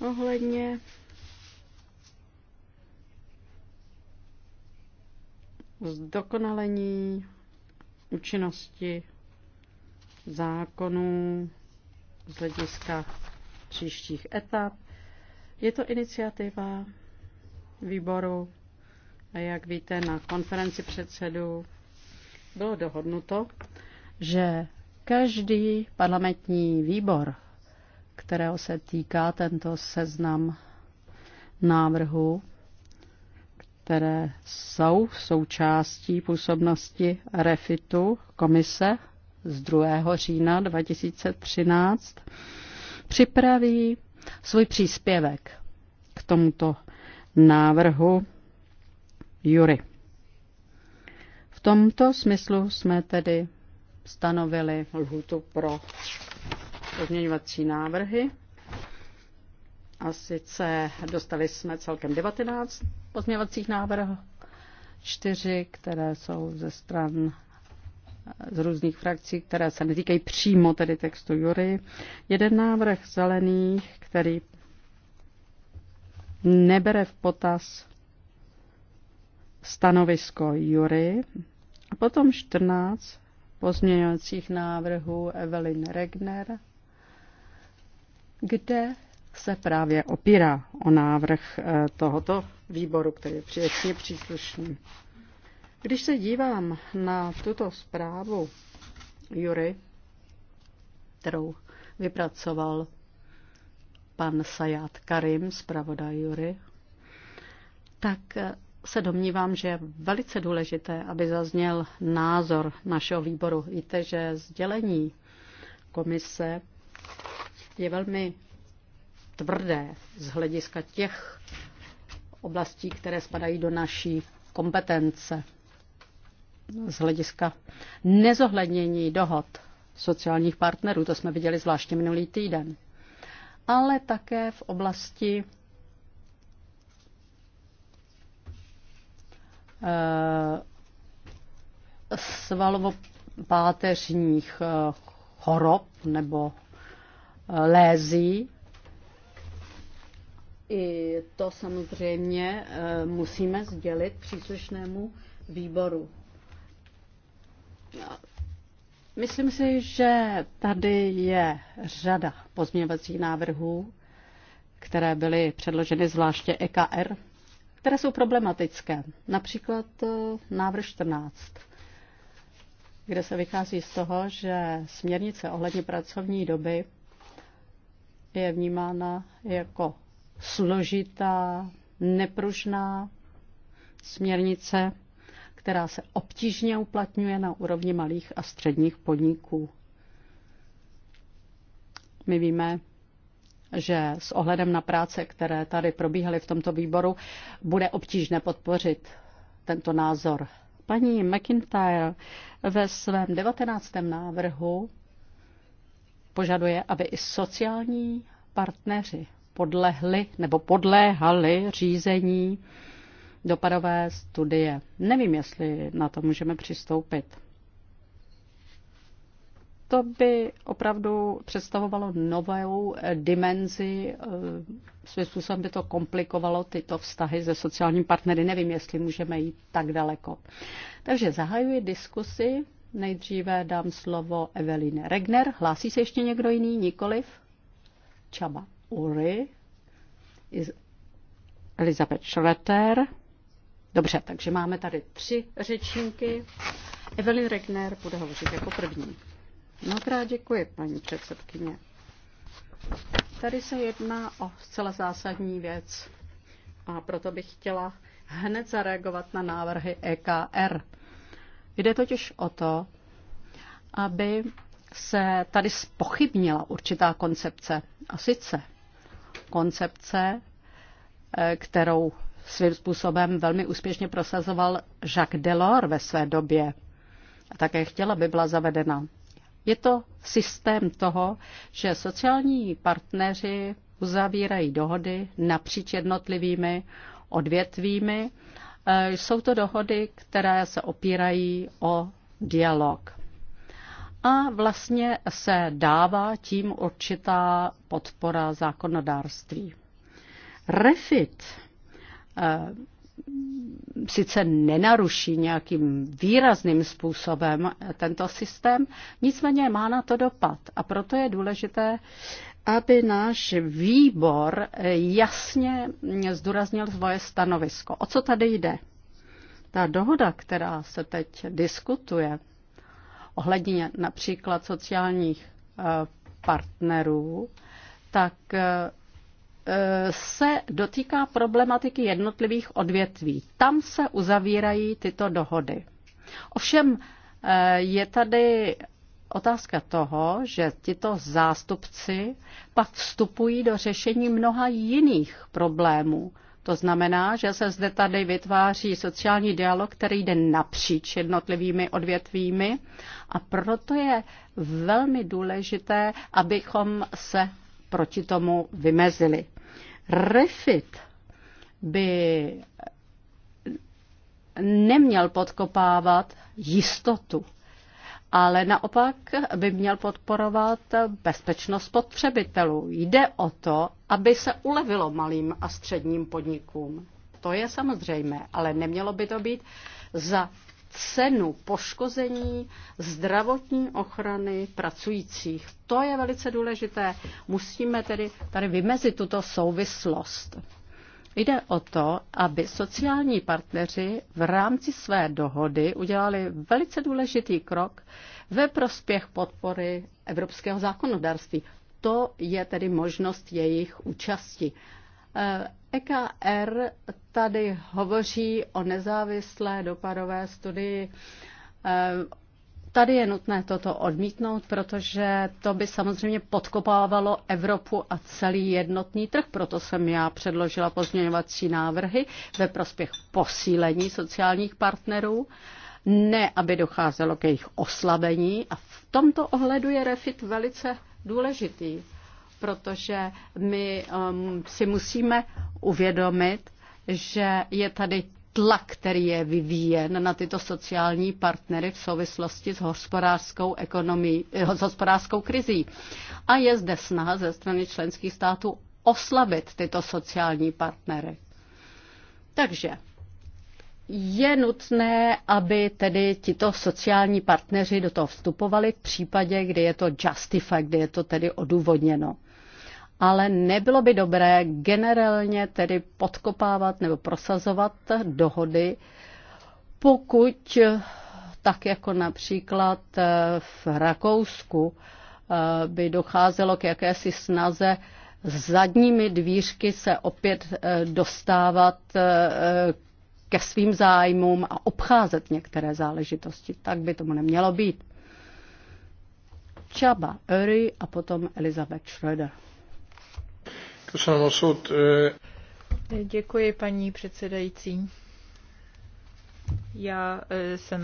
ohledně zdokonalení účinnosti zákonů z hlediska příštích etap. Je to iniciativa výboru a jak víte, na konferenci předsedů bylo dohodnuto, že každý parlamentní výbor, kterého se týká tento seznam návrhů, které jsou součástí působnosti refitu komise z 2. října 2013, připraví svůj příspěvek k tomuto návrhu Jury. V tomto smyslu jsme tedy stanovili lhůtu pro pozměňovací návrhy. A sice dostali jsme celkem 19 pozměňovacích návrhů, čtyři, které jsou ze stran eh, z různých frakcí, které se netýkají přímo tedy textu Jury. Jeden návrh zelených, který nebere v potaz stanovisko Jury a potom 14 pozměňovacích návrhů Evelyn Regner, kde se právě opírá o návrh eh, tohoto výboru, který je přijetně příslušný. Když se dívám na tuto zprávu Jury, kterou vypracoval pan Saját Karim, zpravodaj Jury, tak eh, se domnívám, že je velice důležité, aby zazněl názor našeho výboru. Víte, že sdělení komise je velmi tvrdé z hlediska těch oblastí, které spadají do naší kompetence. Z hlediska nezohlednění dohod sociálních partnerů, to jsme viděli zvláště minulý týden, ale také v oblasti Eh, svalovopáteřních eh, chorob nebo eh, lézí. I to samozřejmě musíme sdělit příslušnému výboru. Myslím si, že tady je řada pozměňovacích návrhů, které byly předloženy zvláště EKR které jsou problematické. Například eh, návrh 14 kde se vychází z toho, že směrnice ohledně pracovní doby je vnímána jako složitá, nepružná směrnice, která se obtížně uplatňuje na úrovni malých a středních podniků. My víme, že s ohledem na práce, které tady probíhaly v tomto výboru, bude obtížné podpořit tento názor. Paní McIntyre ve svém 19. návrhu požaduje, aby i sociální partneři podlehli nebo podléhali řízení dopadové studie. Nevím, jestli na to můžeme přistoupit. To by opravdu představovalo novou dimenzi, eh, svým způsobem by to komplikovalo tyto vztahy se sociálním partnery. Nevím, jestli můžeme jít tak daleko. Takže zahajuji diskusi. Nejdříve dám slovo Eveline Regner. Hlásí se ještě někdo jiný? Nikoliv? Čaba Uri. Elizabeth Schroeter. Dobře, takže máme tady tři řečníky. Evelyn Regner bude hovořit jako první. Mnohokrát děkuji, paní předsedkyně. Tady se jedná o zcela zásadní věc a proto bych chtěla hned zareagovat na návrhy EKR. Jde totiž o to, aby se tady spochybnila určitá koncepce. A sice koncepce, eh, kterou svým způsobem velmi úspěšně prosazoval Jacques Delors ve své době. A také chtěla, aby byla zavedena. Je to systém toho, že sociální partneři uzavírají dohody napříč jednotlivými odvětvími. Eh, jsou to dohody, které se opírají o dialog. A vlastně se dává tím určitá podpora zákonodárství. Refit eh, sice nenaruší nějakým výrazným způsobem tento systém, nicméně má na to dopad. A proto je důležité, aby náš výbor jasně zdůraznil svoje stanovisko. O co tady jde? Ta dohoda, která se teď diskutuje, ohledně například sociálních eh, partnerů, tak eh, se dotýká problematiky jednotlivých odvětví. Tam se uzavírají tyto dohody. Ovšem eh, je tady otázka toho, že tito zástupci pak vstupují do řešení mnoha jiných problémů. To znamená, že se zde tady vytváří sociální dialog, který jde napříč jednotlivými odvětvími a proto je velmi důležité, abychom se proti tomu vymezili. Refit by neměl podkopávat jistotu, ale naopak by měl podporovat bezpečnost spotřebitelů. Jde o to, aby se ulevilo malým a středním podnikům. To je samozřejmé, ale nemělo by to být za cenu poškození zdravotní ochrany pracujících. To je velice důležité. Musíme tedy tady vymezit tuto souvislost. Jde o to, aby sociální partneři v rámci své dohody udělali velice důležitý krok ve prospěch podpory evropského zákonodárství. To je tedy možnost jejich účasti. EKR eh, e tady hovoří o nezávislé dopadové studii. Eh, tady je nutné toto odmítnout, protože to by samozřejmě podkopávalo Evropu a celý jednotný trh. Proto jsem já předložila pozměňovací návrhy ve prospěch posílení sociálních partnerů, ne aby docházelo k jejich oslabení. A v tomto ohledu je refit velice důležitý protože my um, si musíme uvědomit, že je tady tlak, který je vyvíjen na tyto sociální partnery v souvislosti s hospodářskou, ekonomii, s hospodářskou krizí. A je zde snaha ze strany členských států oslabit tyto sociální partnery. Takže je nutné, aby tedy tito sociální partneři do toho vstupovali v případě, kdy je to justified, kdy je to tedy odůvodněno ale nebylo by dobré generálně tedy podkopávat nebo prosazovat dohody, pokud tak jako například eh, v Rakousku eh, by docházelo k jakési snaze zadními dvířky se opět eh, dostávat ke svým zájmům a obcházet některé záležitosti. Tak by tomu nemělo být. Chaba, Öry a potom Elizabeth Schröder. Eh, Děkuji, paní předsedající. Já eh, jsem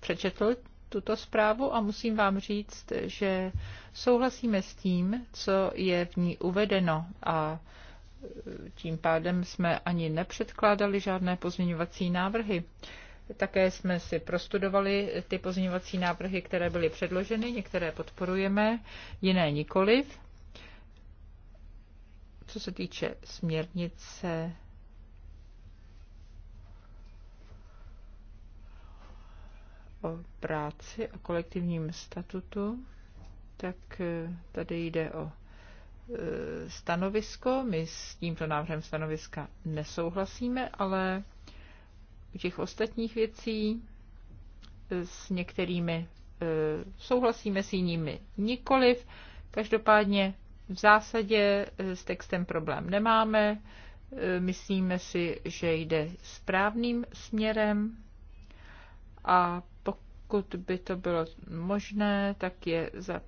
přečetl tuto zprávu a musím vám říct, že souhlasíme s tím, co je v ní uvedeno a eh, tím pádem jsme ani nepředkládali žádné pozměňovací návrhy. Také jsme si prostudovali ty pozměňovací návrhy, které byly předloženy, některé podporujeme, jiné nikoliv co se týče směrnice o práci a kolektivním statutu, tak eh, tady jde o eh, stanovisko. My s tímto návrhem stanoviska nesouhlasíme, ale u těch ostatních věcí eh, s některými souhlasíme, s jinými nikoliv. Každopádně v zásadě eh, s textem problém nemáme. Eh, myslíme si, že jde správným směrem a pokud by to bylo možné, tak je za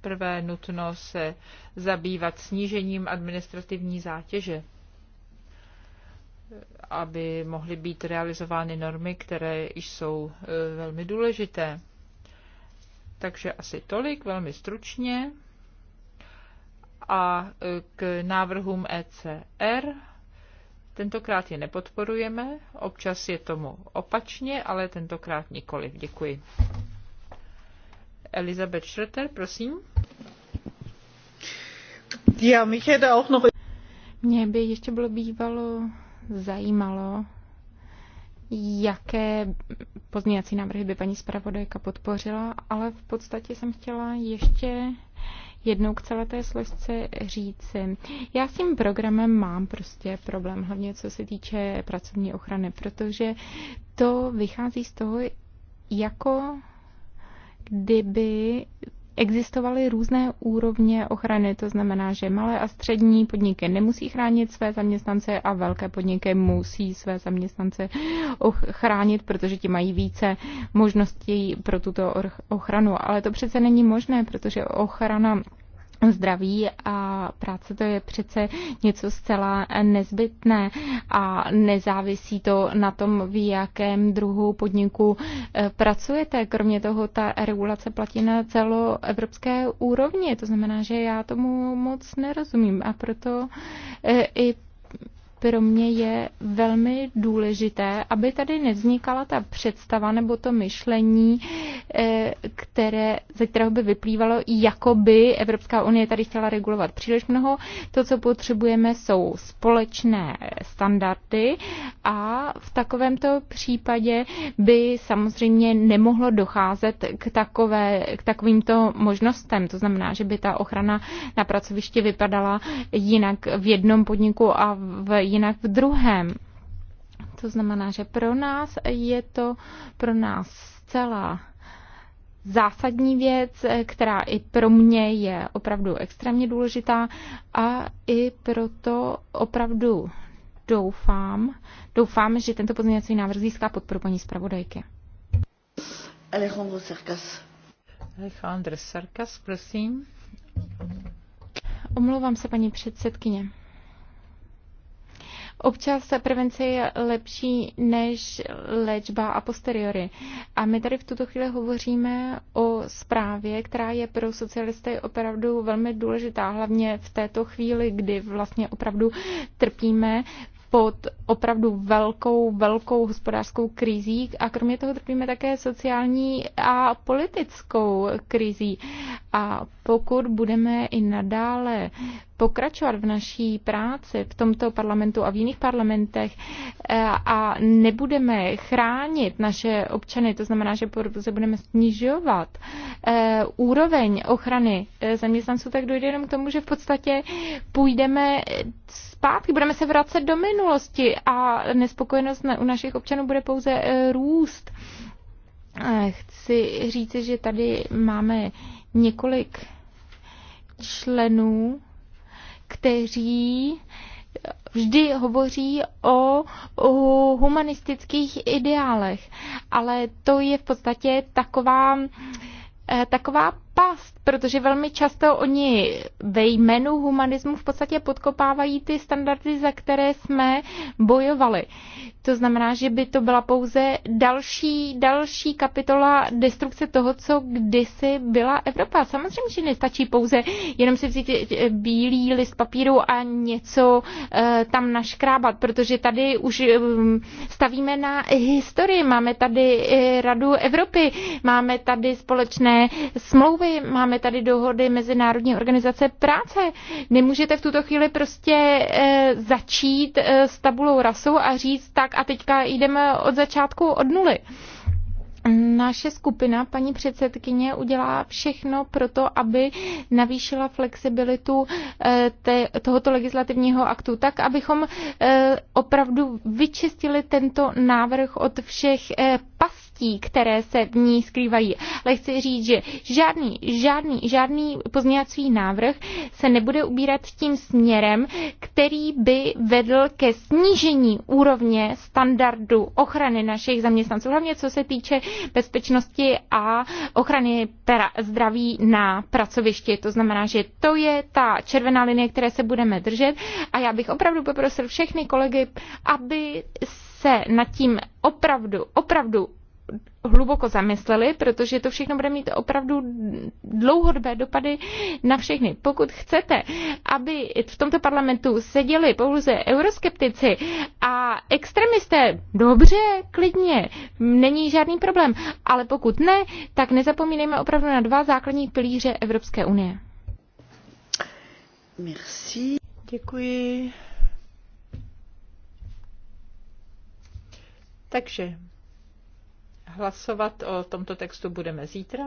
prvé nutno se zabývat snížením administrativní zátěže, aby mohly být realizovány normy, které jsou eh, velmi důležité. Takže asi tolik, velmi stručně. A e, k návrhům ECR. Tentokrát je nepodporujeme, občas je tomu opačně, ale tentokrát nikoli. Děkuji. Elizabeth Schröter, prosím. Já mich auch noch... Mě by ještě bylo bývalo zajímalo, jaké pozměňovací návrhy by paní zpravodajka podpořila, ale v podstatě jsem chtěla ještě jednou k celé té složce říci. Já s tím programem mám prostě problém, hlavně co se týče pracovní ochrany, protože to vychází z toho, jako kdyby existovaly různé úrovně ochrany. To znamená, že malé a střední podniky nemusí chránit své zaměstnance a velké podniky musí své zaměstnance chránit, protože ti mají více možností pro tuto ochranu. Ale to přece není možné, protože ochrana Zdraví a práce to je přece něco zcela nezbytné a nezávisí to na tom, v jakém druhu podniku eh, pracujete. Kromě toho ta regulace platí na celoevropské úrovni, to znamená, že já tomu moc nerozumím a proto eh, i pro mě je velmi důležité, aby tady nevznikala ta představa nebo to myšlení, eh, které, ze kterého by vyplývalo, jako by Evropská unie tady chtěla regulovat příliš mnoho. To, co potřebujeme, jsou společné standardy a v takovémto případě by samozřejmě nemohlo docházet k, takové, k takovýmto možnostem. To znamená, že by ta ochrana na pracovišti vypadala jinak v jednom podniku a v jinak v druhém. To znamená, že pro nás je to pro nás zcela zásadní věc, která i pro mě je opravdu extrémně důležitá a i proto opravdu doufám, doufám, že tento pozměňovací návrh získá podporu paní zpravodajky. Alejandro Sarkas. Alejandro Sarkas, prosím. Omlouvám se, paní předsedkyně. Občas prevence je lepší než léčba a posteriori. A my tady v tuto chvíli hovoříme o zprávě, která je pro socialisty opravdu velmi důležitá, hlavně v této chvíli, kdy vlastně opravdu trpíme pod opravdu velkou, velkou hospodářskou krizí a kromě toho trpíme také sociální a politickou krizí. A pokud budeme i nadále pokračovat v naší práci v tomto parlamentu a v jiných parlamentech eh, a nebudeme chránit naše občany, to znamená, že se budeme snižovat eh, úroveň ochrany eh, zaměstnanců, tak dojde jenom k tomu, že v podstatě půjdeme zpátky, budeme se vracet do minulosti a nespokojenost u našich občanů bude pouze e, růst. E, chci říct, že tady máme několik členů, kteří e, vždy hovoří o, o humanistických ideálech, ale to je v podstatě taková taková past, protože velmi často oni ve jménu humanismu v podstatě podkopávají ty standardy, za které jsme bojovali. To znamená, že by to byla pouze další, další kapitola destrukce toho, co kdysi byla Evropa. Samozřejmě, že nestačí pouze jenom si vzít eh, bílý list papíru a něco eh, tam naškrábat, protože tady už eh, stavíme na historii. Máme tady Radu Evropy, máme tady společné smlouvy, smlouvy, máme tady dohody Mezinárodní organizace práce. Nemůžete v tuto chvíli prostě eh, začít eh, s tabulou rasou a říct tak a teďka jdeme od začátku od nuly. Naše skupina, paní předsedkyně, udělá všechno pro to, aby navýšila flexibilitu eh, te, tohoto legislativního aktu, tak abychom opravdu vyčistili tento návrh od všech pastí možností, které se v ní skrývají. Ale chci říct, že žádný, žádný, žádný pozměňovací návrh se nebude ubírat tím směrem, který by vedl ke snížení úrovně standardu ochrany našich zaměstnanců, hlavně co se týče bezpečnosti a ochrany zdraví na pracovišti. To znamená, že to je ta červená linie, které se budeme držet a já bych opravdu poprosil všechny kolegy, aby se nad tím opravdu, opravdu hluboko zamysleli, protože to všechno bude mít opravdu dlouhodobé dopady na všechny. Pokud chcete, aby v tomto parlamentu seděli pouze euroskeptici a extremisté, dobře, klidně, není žádný problém, ale pokud ne, tak nezapomínejme opravdu na dva základní pilíře Evropské unie. Merci. Děkuji. Takže Hlasovat o tomto textu budeme zítra.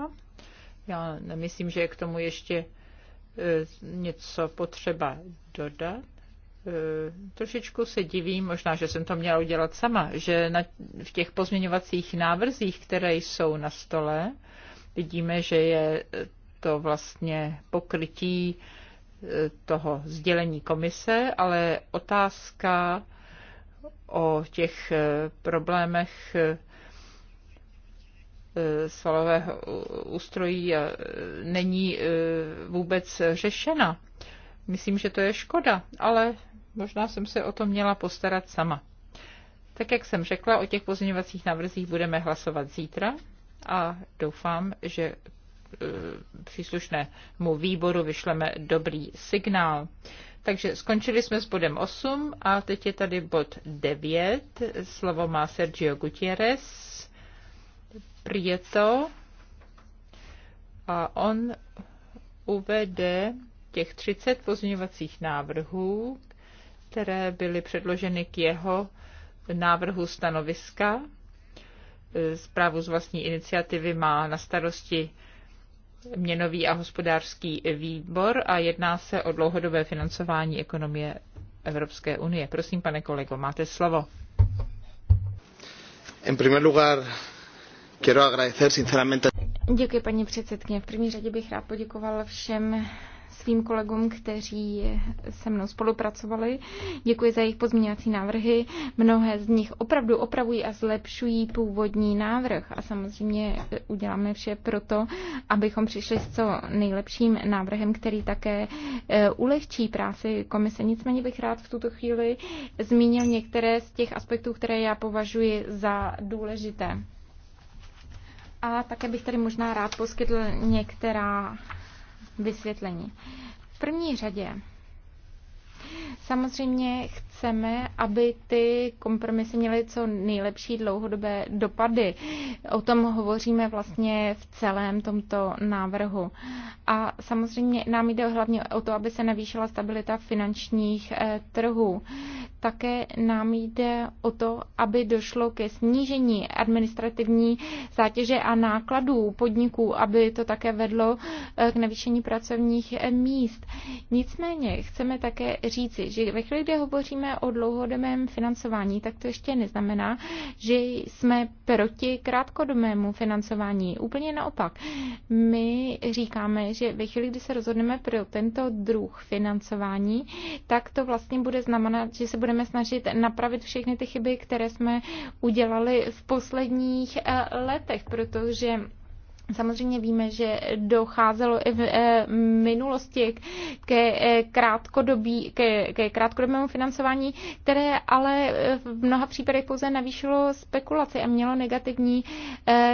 Já nemyslím, že je k tomu ještě e, něco potřeba dodat. E, trošičku se divím, možná, že jsem to měla udělat sama, že na, v těch pozměňovacích návrzích, které jsou na stole, vidíme, že je to vlastně pokrytí e, toho sdělení komise, ale otázka o těch problémech Eh, svalového ústrojí eh, není eh, vůbec řešena. Myslím, že to je škoda, ale možná jsem se o to měla postarat sama. Tak jak jsem řekla, o těch pozměňovacích návrzích budeme hlasovat zítra a doufám, že příslušnému výboru vyšleme dobrý signál. Takže skončili jsme s bodem 8 a teď je tady bod 9. Slovo má Sergio Gutierrez Prieto a on uvede těch 30 pozměňovacích návrhů, které byly předloženy k jeho návrhu stanoviska. Zprávu z vlastní iniciativy má na starosti měnový a hospodářský výbor a jedná se o dlouhodobé financování ekonomie Evropské unie. Prosím, pane kolego, máte slovo. En primer lugar, Děkuji, paní předsedkyně. V první řadě bych rád poděkoval všem svým kolegům, kteří se mnou spolupracovali. Děkuji za jejich pozměňovací návrhy. Mnohé z nich opravdu opravují a zlepšují původní návrh a samozřejmě uděláme vše proto, abychom přišli s co nejlepším návrhem, který také eh, ulehčí práci komise. Nicméně bych rád v tuto chvíli zmínil některé z těch aspektů, které já považuji za důležité. A také bych tady možná rád poskytl některá vysvětlení. V první řadě Samozřejmě chceme, aby ty kompromisy měly co nejlepší dlouhodobé dopady. O tom hovoříme vlastně v celém tomto návrhu. A samozřejmě nám jde hlavně o to, aby se navýšila stabilita finančních eh, trhů. Také nám jde o to, aby došlo ke snížení administrativní zátěže a nákladů podniků, aby to také vedlo eh, k navýšení pracovních eh, míst. Nicméně chceme také říct, říci, že ve chvíli, kdy hovoříme o dlouhodobém financování, tak to ještě neznamená, že jsme proti krátkodobému financování. Úplně naopak. My říkáme, že ve chvíli, kdy se rozhodneme pro tento druh financování, tak to vlastně bude znamenat, že se budeme snažit napravit všechny ty chyby, které jsme udělali v posledních eh, letech, protože Samozřejmě víme, že docházelo i v eh, minulosti ke, eh, krátkodobí, ke, ke krátkodobému financování, které ale eh, v mnoha případech pouze navýšilo spekulaci a mělo negativní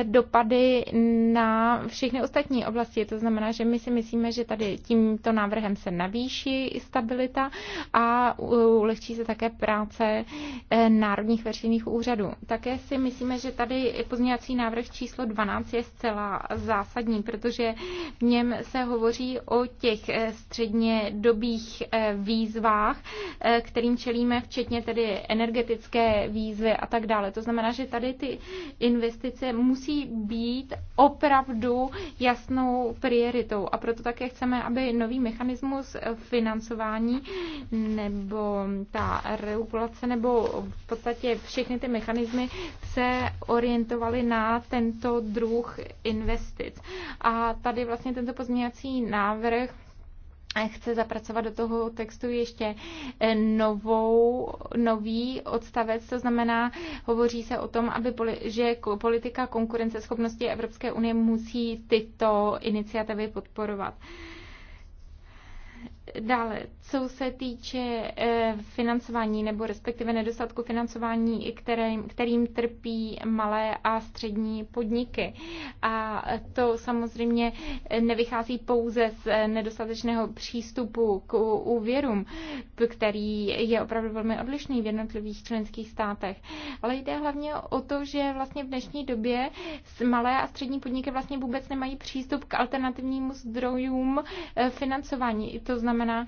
dopady na všechny ostatní oblasti. To znamená, že my si myslíme, že tady tímto návrhem se navýší stabilita a ulehčí se také práce národních veřejných úřadů. Také si myslíme, že tady pozměňovací návrh číslo 12 je zcela zásadní, protože v něm se hovoří o těch eh, středně dobých eh, výzvách, eh, kterým čelíme, včetně tedy energetické výzvy a tak dále. To znamená, že tady ty investice musí být opravdu jasnou prioritou a proto také chceme, aby nový mechanismus financování nebo ta regulace nebo v podstatě všechny ty mechanismy se orientovaly na tento druh investic investic. A tady vlastně tento pozměňovací návrh chce zapracovat do toho textu ještě eh, novou, nový odstavec, to znamená, hovoří se o tom, aby poli, že politika konkurenceschopnosti Evropské unie musí tyto iniciativy podporovat. Dále, co se týče eh, financování nebo respektive nedostatku financování, kterým, kterým trpí malé a střední podniky. A to samozřejmě nevychází pouze z nedostatečného přístupu k úvěrům, který je opravdu velmi odlišný v jednotlivých členských státech. Ale jde hlavně o to, že vlastně v dnešní době malé a střední podniky vlastně vůbec nemají přístup k alternativním zdrojům eh, financování. To znamená, znamená,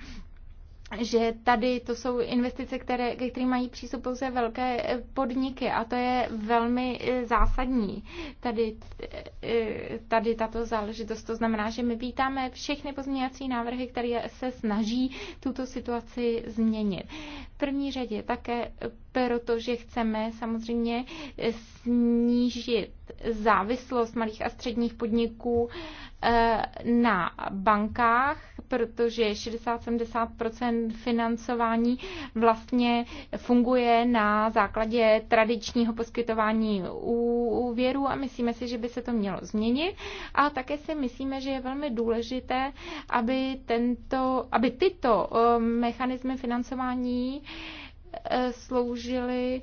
že tady to jsou investice, které, ke kterým mají přístup pouze velké eh, podniky a to je velmi eh, zásadní. Tady, eh, tady tato záležitost, to znamená, že my vítáme všechny pozměňovací návrhy, které se snaží tuto situaci změnit. V první řadě také protože chceme samozřejmě snížit závislost malých a středních podniků Eh, na bankách, protože 60-70 financování vlastně funguje na základě tradičního poskytování úvěru a myslíme si, že by se to mělo změnit. A také si myslíme, že je velmi důležité, aby, tento, aby tyto eh, mechanismy financování Eh, sloužily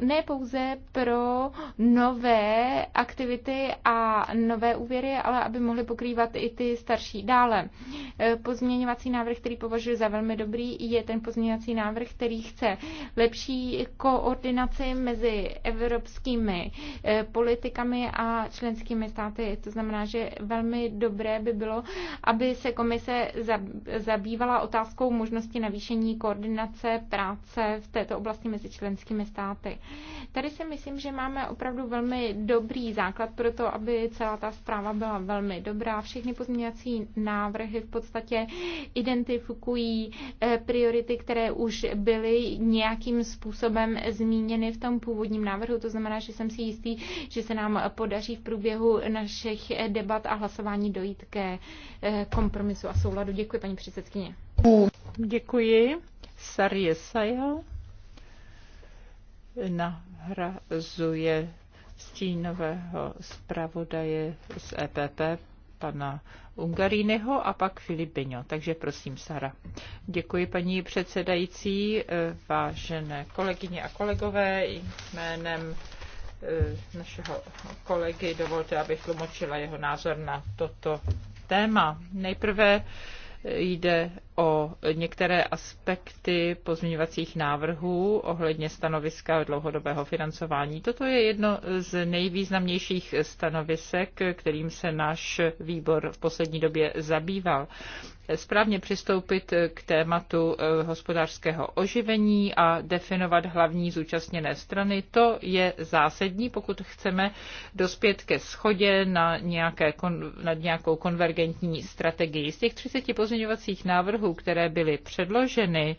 ne pouze pro nové aktivity a nové úvěry, ale aby mohly pokrývat i ty starší. Dále, eh, pozměňovací návrh, který považuji za velmi dobrý, je ten pozměňovací návrh, který chce lepší koordinaci mezi evropskými eh, politikami a členskými státy. To znamená, že velmi dobré by bylo, aby se komise zabývala otázkou možnosti navýšení koordinace práce v té této oblasti mezi členskými státy. Tady si myslím, že máme opravdu velmi dobrý základ pro to, aby celá ta zpráva byla velmi dobrá. Všechny pozměňovací návrhy v podstatě identifikují eh, priority, které už byly nějakým způsobem zmíněny v tom původním návrhu. To znamená, že jsem si jistý, že se nám podaří v průběhu našich eh, debat a hlasování dojít ke eh, kompromisu a souladu. Děkuji, paní předsedkyně. Děkuji. Sarje Saja nahrazuje stínového zpravodaje z EPP, pana Ungarínyho a pak Filip Takže prosím, Sara. Děkuji, paní předsedající, vážené kolegyně a kolegové, jménem eh, našeho kolegy dovolte, abych tlumočila jeho názor na toto téma. Nejprve jde o některé aspekty pozměňovacích návrhů ohledně stanoviska dlouhodobého financování. Toto je jedno z nejvýznamnějších stanovisek, kterým se náš výbor v poslední době zabýval. Správně přistoupit k tématu eh, hospodářského oživení a definovat hlavní zúčastněné strany, to je zásadní, pokud chceme dospět ke schodě na, nějaké, na nějakou konvergentní strategii. Z těch 30 pozměňovacích návrhů návrhů, které byly předloženy,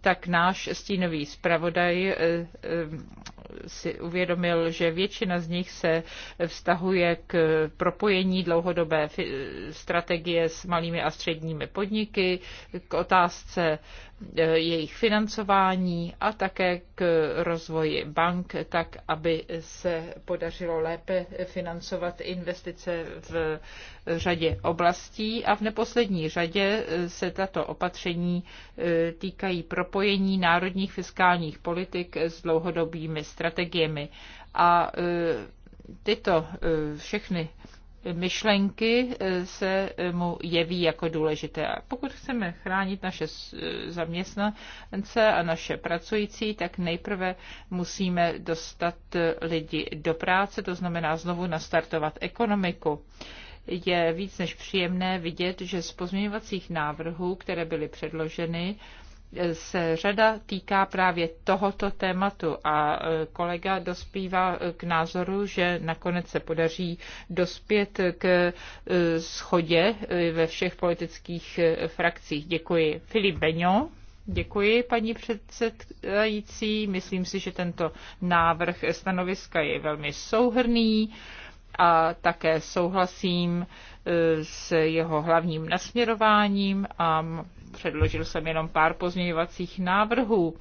tak náš stínový zpravodaj eh, eh, si uvědomil, že většina z nich se vztahuje k propojení dlouhodobé strategie s malými a středními podniky, k otázce eh, jejich financování a také k rozvoji bank, tak aby se podařilo lépe financovat investice v řadě oblastí. A v neposlední řadě se tato opatření týkají znamenají propojení národních fiskálních politik s dlouhodobými strategiemi. A e, tyto e, všechny myšlenky e, se mu jeví jako důležité. A pokud chceme chránit naše zaměstnance a naše pracující, tak nejprve musíme dostat lidi do práce, to znamená znovu nastartovat ekonomiku je víc než příjemné vidět, že z pozměňovacích návrhů, které byly předloženy, se řada týká právě tohoto tématu a e, kolega dospívá e, k názoru, že nakonec se podaří dospět k e, schodě ve všech politických frakcích. Děkuji. Filip Beňo. Děkuji, paní předsedající. Myslím si, že tento návrh stanoviska je velmi souhrný a také souhlasím s jeho hlavním nasměrováním a předložil jsem jenom pár pozměňovacích návrhů.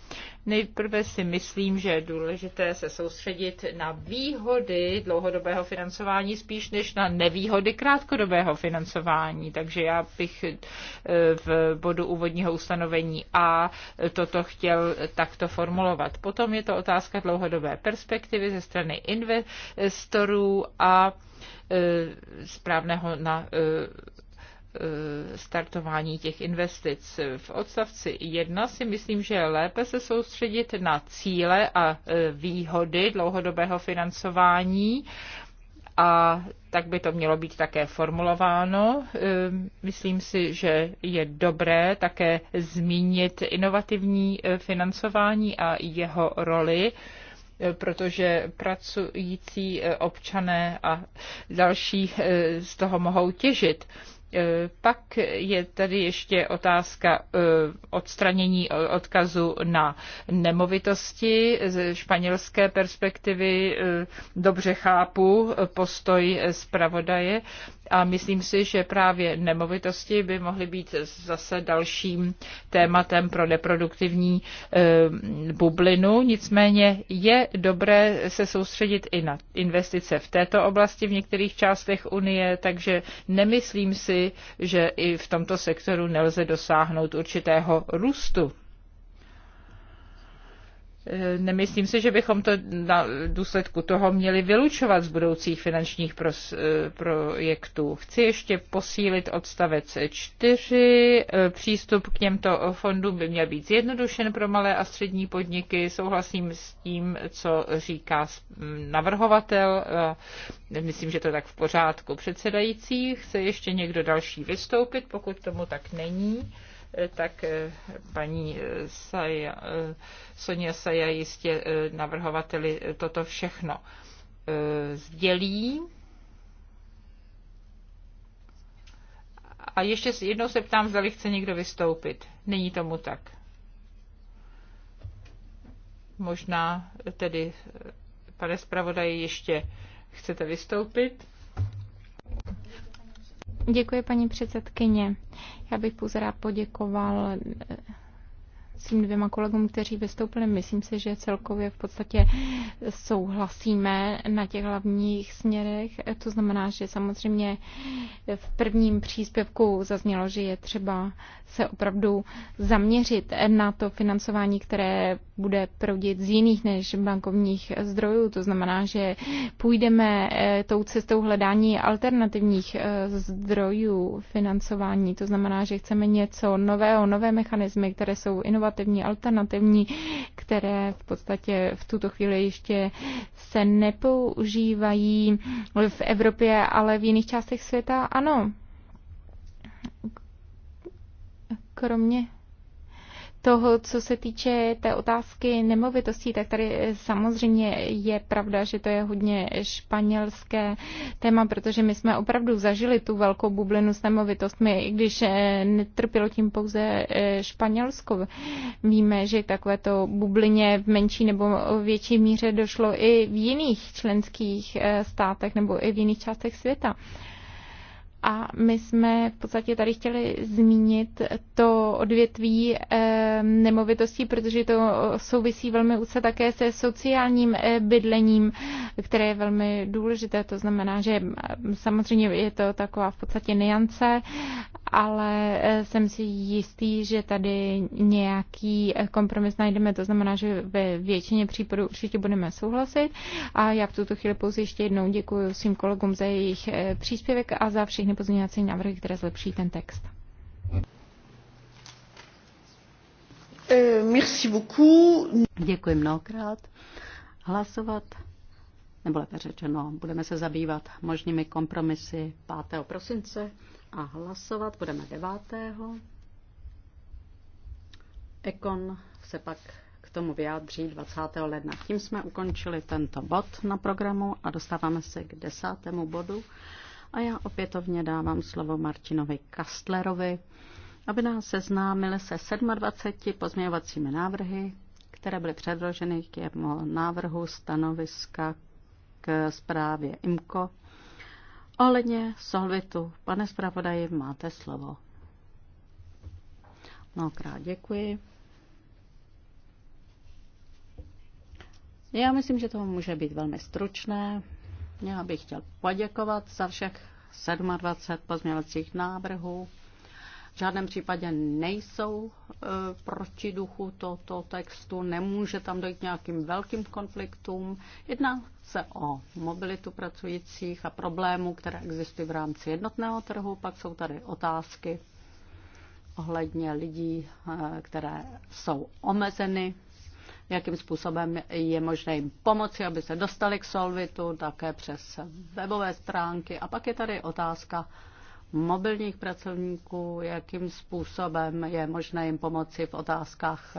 Nejprve si myslím, že je důležité se soustředit na výhody dlouhodobého financování spíš než na nevýhody krátkodobého financování. Takže já bych e, v bodu úvodního ustanovení A toto chtěl takto formulovat. Potom je to otázka dlouhodobé perspektivy ze strany investorů a Eh, správného na eh, eh, startování těch investic. V odstavci 1 si myslím, že je lépe se soustředit na cíle a výhody dlouhodobého financování a tak by to mělo být také formulováno. Myslím si, že je dobré také zmínit inovativní financování a jeho roli Eh, protože pracující eh, občané a další eh, z toho mohou těžit. Pak je tady ještě otázka odstranění odkazu na nemovitosti. Ze španělské perspektivy dobře chápu postoj zpravodaje, a myslím si, že právě nemovitosti by mohly být zase dalším tématem pro neproduktivní eh, bublinu. Nicméně je dobré se soustředit i na investice v této oblasti v některých částech Unie, takže nemyslím si, že i v tomto sektoru nelze dosáhnout určitého růstu. Eh, nemyslím si, že bychom to na důsledku toho měli vylučovat z budoucích finančních eh, projektů. Chci ještě posílit odstavec 4. Eh, přístup k těmto fondům by měl být zjednodušen pro malé a střední podniky. Souhlasím s tím, co říká navrhovatel. Myslím, že to je tak v pořádku předsedající. Chce ještě někdo další vystoupit, pokud tomu tak není? tak eh, paní eh, Saja, eh, Sonia Saja jistě navrhovateli toto všechno sdělí. A ještě jednou se ptám, zda chce někdo vystoupit. Není tomu tak. Možná tedy, pane zpravodaji, ještě chcete vystoupit? Děkuji, paní předsedkyně. Já bych pouze rád poděkoval eh, svým dvěma kolegům, kteří vystoupili. Myslím si, že celkově v podstatě souhlasíme na těch hlavních směrech. Eh, to znamená, že samozřejmě v prvním příspěvku zaznělo, že je třeba se opravdu zaměřit na to financování, které bude proudit z jiných než bankovních zdrojů. To znamená, že půjdeme eh, tou cestou hledání alternativních eh, zdrojů financování. To znamená, že chceme něco nového, nové mechanismy, které jsou inovativní, alternativní, které v podstatě v tuto chvíli ještě se nepoužívají v Evropě, ale v jiných částech světa ano. Kromě toho, co se týče té otázky nemovitostí, tak tady eh, samozřejmě je pravda, že to je hodně španělské téma, protože my jsme opravdu zažili tu velkou bublinu s nemovitostmi, i když eh, netrpělo tím pouze eh, Španělsko. Víme, že takovéto bublině v menší nebo větší míře došlo i v jiných členských státech nebo i v jiných částech světa. A my jsme v podstatě tady chtěli zmínit to odvětví eh, nemovitostí, protože to souvisí velmi úce také se sociálním eh, bydlením, které je velmi důležité. To znamená, že eh, samozřejmě je to taková v podstatě niance, ale jsem si jistý, že tady nějaký kompromis najdeme. To znamená, že ve většině případů určitě budeme souhlasit. A já v tuto chvíli pouze ještě jednou děkuji svým kolegům za jejich příspěvek a za všechny všechny pozměňovací návrhy, které zlepší ten text. Eh, merci beaucoup. Děkuji mnohokrát. Hlasovat, nebo lépe řečeno, budeme se zabývat možnými kompromisy 5. prosince a hlasovat budeme 9. Ekon se pak k tomu vyjádří 20. ledna. Tím jsme ukončili tento bod na programu a dostáváme se k desátému bodu. A já opětovně dávám slovo Martinovi Kastlerovi, aby nás seznámil se 27 pozměňovacími návrhy, které byly předloženy k jeho návrhu stanoviska k zprávě IMCO. Ohledně Solvitu, pane zpravodaji, máte slovo. Mnohokrát děkuji. Já myslím, že to může být velmi stručné. Já bych chtěl poděkovat za všech 27 pozměňovacích návrhů. V žádném případě nejsou e, proti duchu tohoto textu, nemůže tam dojít nějakým velkým konfliktům. Jedná se o mobilitu pracujících a problémů, které existují v rámci jednotného trhu. Pak jsou tady otázky ohledně lidí, e, které jsou omezeny jakým způsobem je možné jim pomoci, aby se dostali k Solvitu, také přes webové stránky. A pak je tady otázka mobilních pracovníků, jakým způsobem je možné jim pomoci v otázkách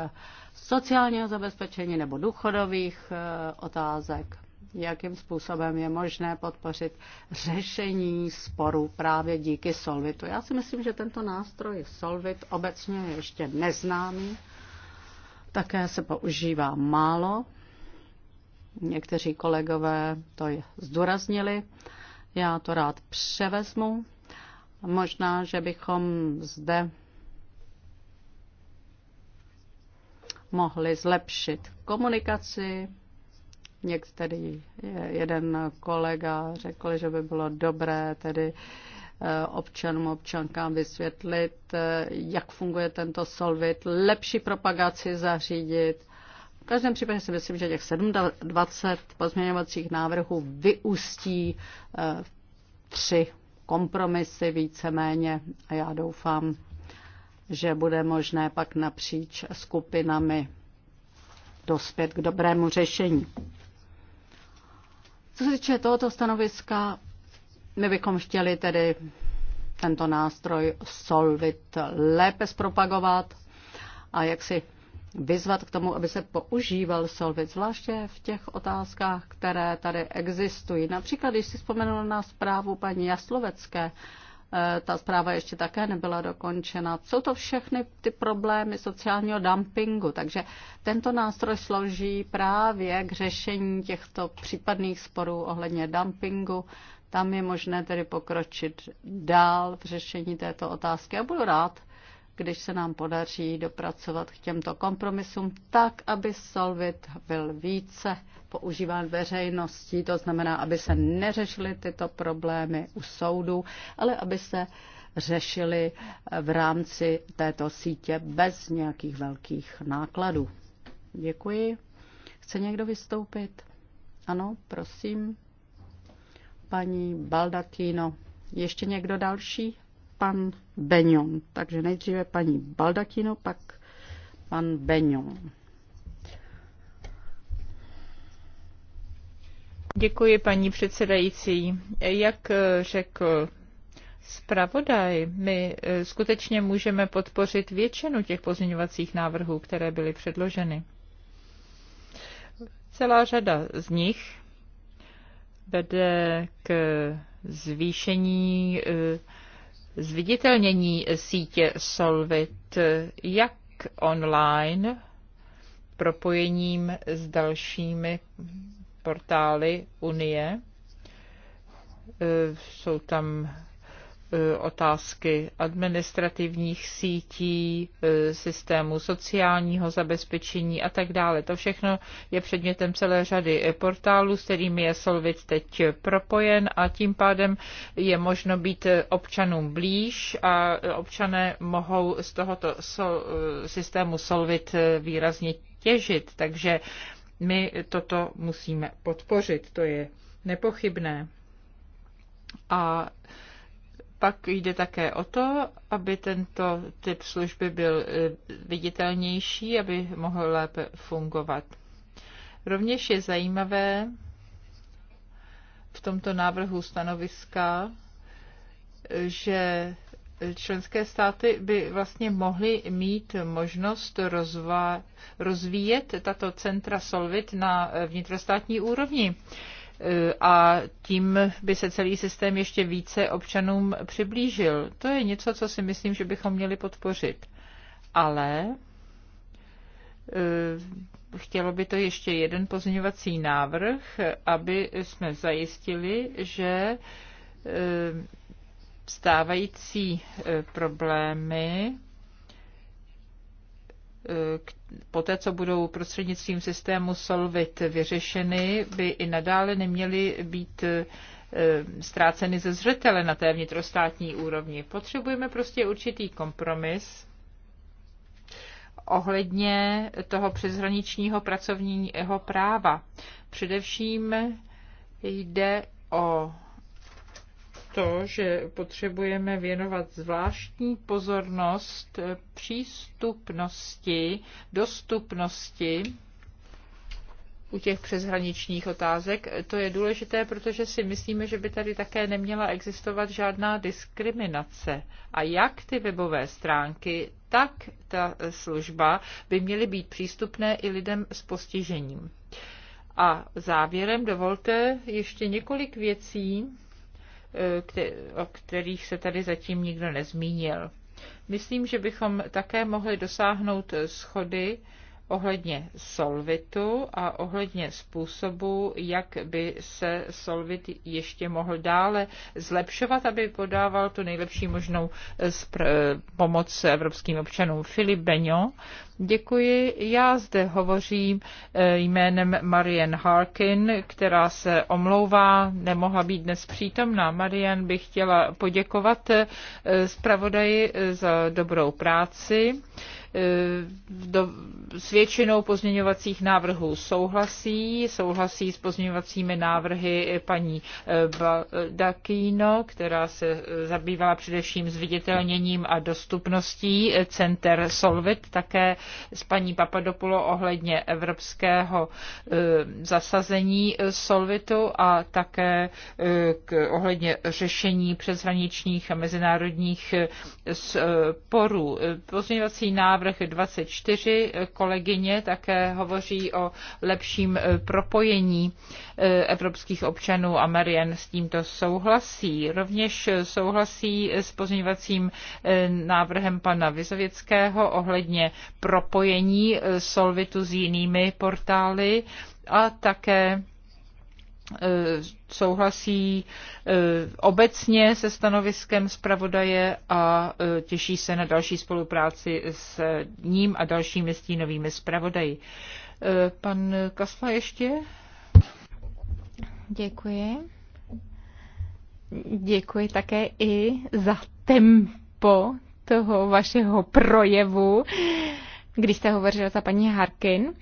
sociálního zabezpečení nebo důchodových eh, otázek, jakým způsobem je možné podpořit řešení sporů právě díky Solvitu. Já si myslím, že tento nástroj Solvit obecně je ještě neznámý také se používá málo. Někteří kolegové to zdůraznili. Já to rád převezmu. Možná, že bychom zde mohli zlepšit komunikaci. Některý jeden kolega řekl, že by bylo dobré tedy uh, Eh, občanům, občankám vysvětlit, eh, jak funguje tento solvit, lepší propagaci zařídit. V každém případě si myslím, že těch 27 pozměňovacích návrhů vyústí eh, tři kompromisy víceméně a já doufám, že bude možné pak napříč skupinami dospět k dobrému řešení. Co se týče tohoto stanoviska, my bychom chtěli tedy tento nástroj Solvit lépe zpropagovat a jak si vyzvat k tomu, aby se používal Solvit, zvláště v těch otázkách, které tady existují. Například, když si vzpomenul na zprávu paní Jaslovecké, eh, ta zpráva ještě také nebyla dokončena. Jsou to všechny ty problémy sociálního dumpingu, takže tento nástroj slouží právě k řešení těchto případných sporů ohledně dumpingu tam je možné tedy pokročit dál v řešení této otázky a budu rád, když se nám podaří dopracovat k těmto kompromisům tak, aby Solvit byl více používán veřejností, to znamená, aby se neřešily tyto problémy u soudu, ale aby se řešily v rámci této sítě bez nějakých velkých nákladů. Děkuji. Chce někdo vystoupit? Ano, prosím paní Baldacchino. Ještě někdo další? Pan Benjon. Takže nejdříve paní Baldacchino, pak pan Benjon. Děkuji, paní předsedající. Jak eh, řekl zpravodaj, my eh, skutečně můžeme podpořit většinu těch pozměňovacích návrhů, které byly předloženy. Celá řada z nich vede k zvýšení eh, zviditelnění sítě Solvit jak online propojením s dalšími portály Unie. Eh, jsou tam E, otázky administrativních sítí, e, systému sociálního zabezpečení a tak dále. To všechno je předmětem celé řady e, portálů, s kterými je Solvit teď propojen a tím pádem je možno být občanům blíž a občané mohou z tohoto systému Solvit výrazně těžit, takže my toto musíme podpořit, to je nepochybné. A pak jde také o to, aby tento typ služby byl e, viditelnější, aby mohl lépe fungovat. Rovněž je zajímavé v tomto návrhu stanoviska, že členské státy by vlastně mohly mít možnost rozva- rozvíjet tato centra Solvit na vnitrostátní úrovni a tím by se celý systém ještě více občanům přiblížil. To je něco, co si myslím, že bychom měli podpořit. Ale eh, chtělo by to ještě jeden pozměňovací návrh, aby jsme zajistili, že eh, stávající eh, problémy po té, co budou prostřednictvím systému Solvit vyřešeny, by i nadále neměly být e, ztráceny ze zřetele na té vnitrostátní úrovni. Potřebujeme prostě určitý kompromis ohledně toho přeshraničního pracovního práva. Především jde o to, že potřebujeme věnovat zvláštní pozornost přístupnosti, dostupnosti u těch přeshraničních otázek. To je důležité, protože si myslíme, že by tady také neměla existovat žádná diskriminace. A jak ty webové stránky, tak ta služba by měly být přístupné i lidem s postižením. A závěrem dovolte ještě několik věcí, o kterých se tady zatím nikdo nezmínil. Myslím, že bychom také mohli dosáhnout schody ohledně solvitu a ohledně způsobu, jak by se solvit ještě mohl dále zlepšovat, aby podával tu nejlepší možnou pomoc evropským občanům. Filip Beňo Děkuji. Já zde hovořím eh, jménem Marian Harkin, která se omlouvá, nemohla být dnes přítomná. Marian bych chtěla poděkovat eh, zpravodaji eh, za dobrou práci do, s většinou pozměňovacích návrhů souhlasí, souhlasí s pozměňovacími návrhy paní Dakino, která se zabývala především zviditelněním a dostupností center Solvit, také s paní Papadopulo ohledně evropského eh, zasazení eh, Solvitu a také eh, k, ohledně řešení přeshraničních a mezinárodních sporů. Pozměňovací návrh 24 kolegyně také hovoří o lepším propojení evropských občanů a Marian s tímto souhlasí. Rovněž souhlasí s pozměňovacím návrhem pana Vizověckého ohledně pro propojení eh, Solvitu s jinými portály a také eh, souhlasí eh, obecně se stanoviskem zpravodaje a těší se na další spolupráci s ním a dalšími stínovými zpravodaji. Pan Kasla ještě? Děkuji. Děkuji také i za tempo toho vašeho projevu když jste hovořila za paní Harkin,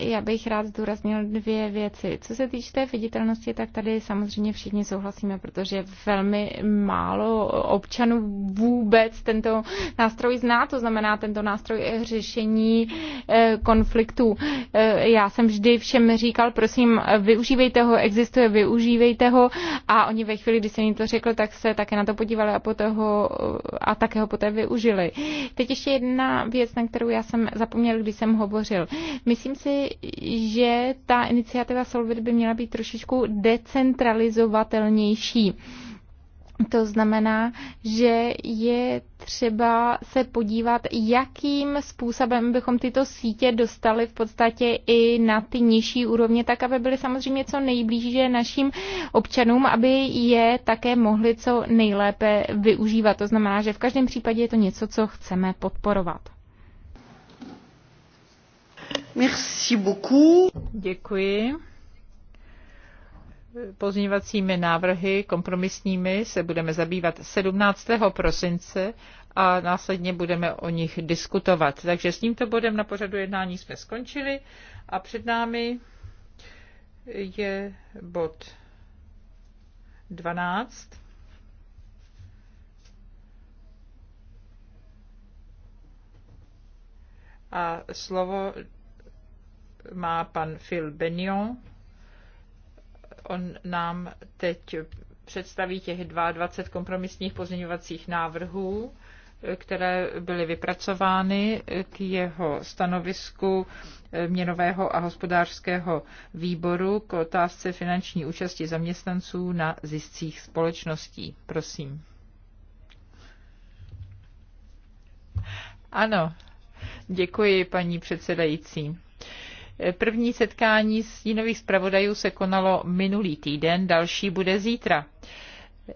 já bych rád zdůraznil dvě věci. Co se týče té viditelnosti, tak tady samozřejmě všichni souhlasíme, protože velmi málo občanů vůbec tento nástroj zná, to znamená tento nástroj řešení eh, konfliktů. Eh, já jsem vždy všem říkal, prosím, využívejte ho, existuje, využívejte ho a oni ve chvíli, kdy jsem jim to řekl, tak se také na to podívali a, poté ho, a také ho poté využili. Teď ještě jedna věc, na kterou já jsem zapomněl, když jsem hovořil. Myslím si, že ta iniciativa Solvit by měla být trošičku decentralizovatelnější. To znamená, že je třeba se podívat, jakým způsobem bychom tyto sítě dostali v podstatě i na ty nižší úrovně, tak aby byly samozřejmě co nejblíže našim občanům, aby je také mohli co nejlépe využívat. To znamená, že v každém případě je to něco, co chceme podporovat. Merci beaucoup. Děkuji. Pozměňovacími návrhy kompromisními se budeme zabývat 17. prosince a následně budeme o nich diskutovat. Takže s tímto bodem na pořadu jednání jsme skončili a před námi je bod 12. A slovo má pan Phil Benion. On nám teď představí těch 22 kompromisních pozměňovacích návrhů, které byly vypracovány k jeho stanovisku měnového a hospodářského výboru k otázce finanční účasti zaměstnanců na ziscích společností. Prosím. Ano, děkuji, paní předsedající. První setkání stínových zpravodajů se konalo minulý týden, další bude zítra.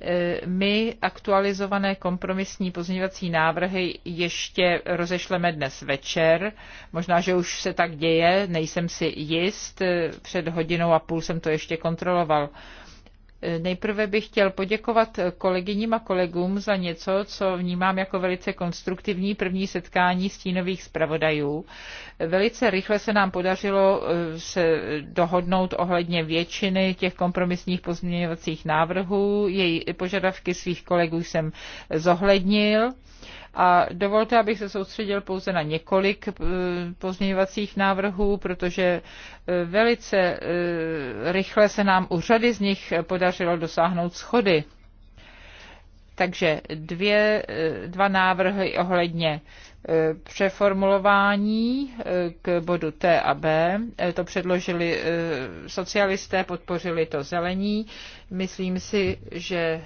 E, my aktualizované kompromisní pozměňovací návrhy ještě rozešleme dnes večer. Možná, že už se tak děje, nejsem si jist. E, před hodinou a půl jsem to ještě kontroloval. Nejprve bych chtěl poděkovat kolegyním a kolegům za něco, co vnímám jako velice konstruktivní první setkání stínových zpravodajů. Velice rychle se nám podařilo eh, se dohodnout ohledně většiny těch kompromisních pozměňovacích návrhů. Její požadavky svých kolegů jsem zohlednil. A dovolte, abych se soustředil pouze na několik eh, pozměňovacích návrhů, protože eh, velice eh, rychle se nám u řady z nich podařilo dosáhnout schody. Takže dvě, dva návrhy ohledně Eh, přeformulování eh, k bodu T a B. Eh, to předložili socialisté, podpořili to zelení. Myslím si, že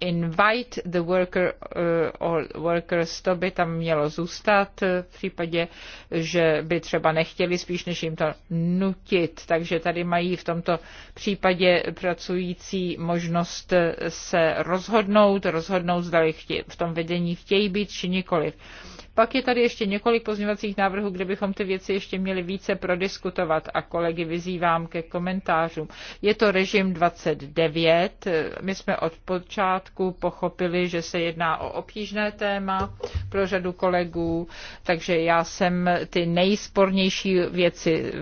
invite the worker or workers, to by tam mělo zůstat v případě, že by třeba nechtěli spíš, než jim to nutit. Takže tady mají v tomto případě pracující možnost se rozhodnout, rozhodnout, zda v tom vedení chtějí být či nikoliv. Pak je tady ještě několik pozměňovacích návrhů, kde bychom ty věci ještě měli více prodiskutovat a kolegy vyzývám ke komentářům. Je to režim 29. My jsme od počátku pochopili, že se jedná o obtížné téma pro řadu kolegů, takže já jsem ty nejspornější věci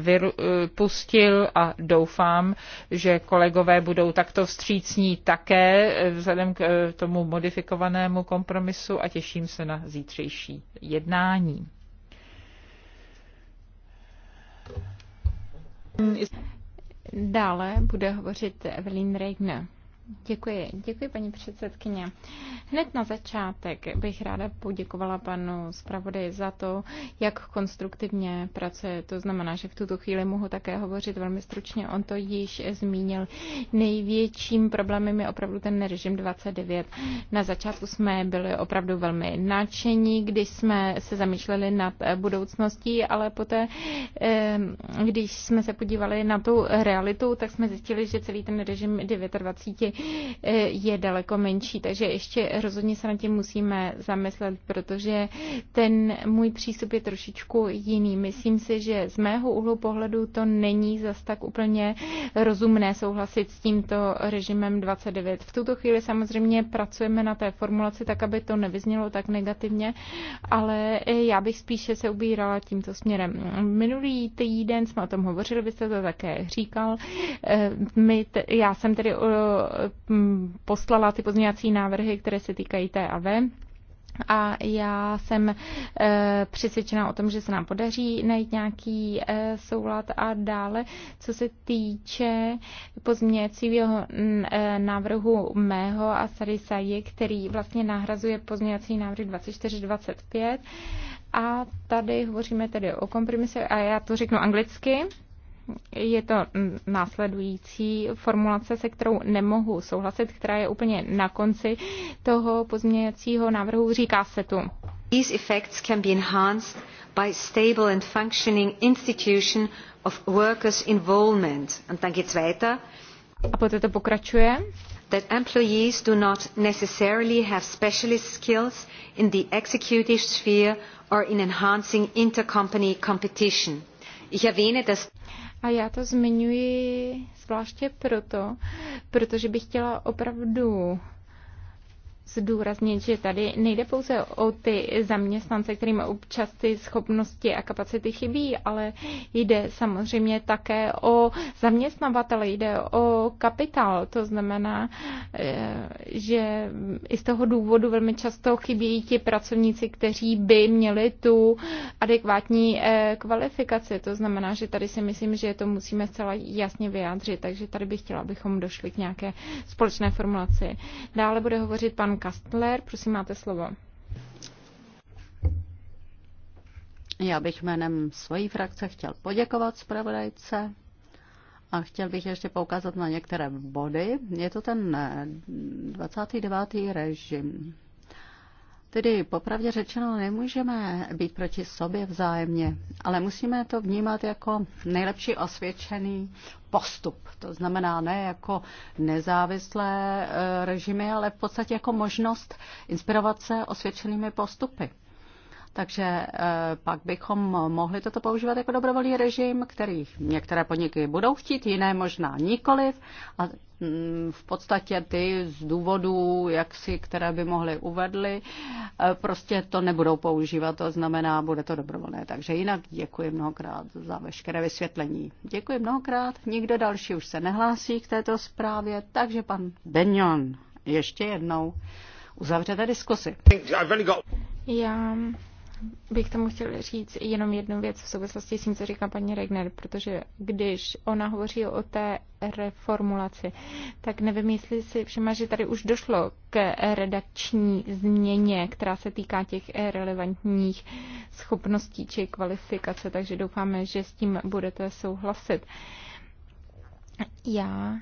pustil a doufám, že kolegové budou takto vstřícní také vzhledem k tomu modifikovanému kompromisu a těším se na zítřejší jednání. Dále bude hovořit Evelyn Regner. Děkuji, děkuji paní předsedkyně. Hned na začátek bych ráda poděkovala panu zpravodaji za to, jak konstruktivně pracuje. To znamená, že v tuto chvíli mohu také hovořit velmi stručně. On to již zmínil. Největším problémem je opravdu ten režim 29. Na začátku jsme byli opravdu velmi nadšení, když jsme se zamýšleli nad budoucností, ale poté, když jsme se podívali na tu realitu, tak jsme zjistili, že celý ten režim 29 je daleko menší. Takže ještě rozhodně se na tím musíme zamyslet, protože ten můj přístup je trošičku jiný. Myslím si, že z mého úhlu pohledu to není zas tak úplně rozumné souhlasit s tímto režimem 29. V tuto chvíli samozřejmě pracujeme na té formulaci tak, aby to nevyznělo tak negativně, ale já bych spíše se ubírala tímto směrem. Minulý týden jsme o tom hovořili, vy jste to také říkal. Eh, my já jsem tedy eh, poslala ty pozměňovací návrhy, které se týkají TAV. A já jsem e, přesvědčena o tom, že se nám podaří najít nějaký e, soulad a dále, co se týče pozměňovacího e, návrhu mého a Sarisaji, který vlastně nahrazuje pozměňovací návrh 2425. A tady hovoříme tedy o kompromisu a já to řeknu anglicky je to následující formulace, se kterou nemohu souhlasit, která je úplně na konci toho pozměňovacího návrhu. Říká se tu. These effects can be enhanced by stable and functioning institution of workers' involvement. And then it's weiter. A poté to pokračuje. That employees do not necessarily have specialist skills in the executive sphere or in enhancing intercompany competition. Ich erwähne, dass a já to zmiňuji zvláště proto, protože bych chtěla opravdu zdůraznit, že tady nejde pouze o ty zaměstnance, kterým občas ty schopnosti a kapacity chybí, ale jde samozřejmě také o zaměstnavatele, jde o kapitál. To znamená, eh, že i z toho důvodu velmi často chybí ti pracovníci, kteří by měli tu adekvátní eh, kvalifikaci. To znamená, že tady si myslím, že to musíme zcela jasně vyjádřit, takže tady bych chtěla, abychom došli k nějaké společné formulaci. Dále bude hovořit pan Kastler, prosím, máte slovo. Já bych jménem svojí frakce chtěl poděkovat zpravodajce a chtěl bych ještě poukázat na některé body. Je to ten 29. Eh, režim Tedy popravdě řečeno nemůžeme být proti sobě vzájemně, ale musíme to vnímat jako nejlepší osvědčený postup. To znamená ne jako nezávislé eh, režimy, ale v podstatě jako možnost inspirovat se osvědčenými postupy. Takže eh, pak bychom mohli toto používat jako dobrovolný režim, který některé podniky budou chtít, jiné možná nikoliv. A mm, v podstatě ty z důvodů, jak si, které by mohly uvedly, eh, prostě to nebudou používat, to znamená, bude to dobrovolné. Takže jinak děkuji mnohokrát za veškeré vysvětlení. Děkuji mnohokrát, nikdo další už se nehlásí k této zprávě, takže pan Benjon ještě jednou uzavřete diskusi. Já bych tomu chtěl říct jenom jednu věc v souvislosti s tím, co říká paní Regner, protože když ona hovoří o té reformulaci, tak nevím, jestli si všema, že tady už došlo k redakční změně, která se týká těch relevantních schopností či kvalifikace, takže doufáme, že s tím budete souhlasit. Já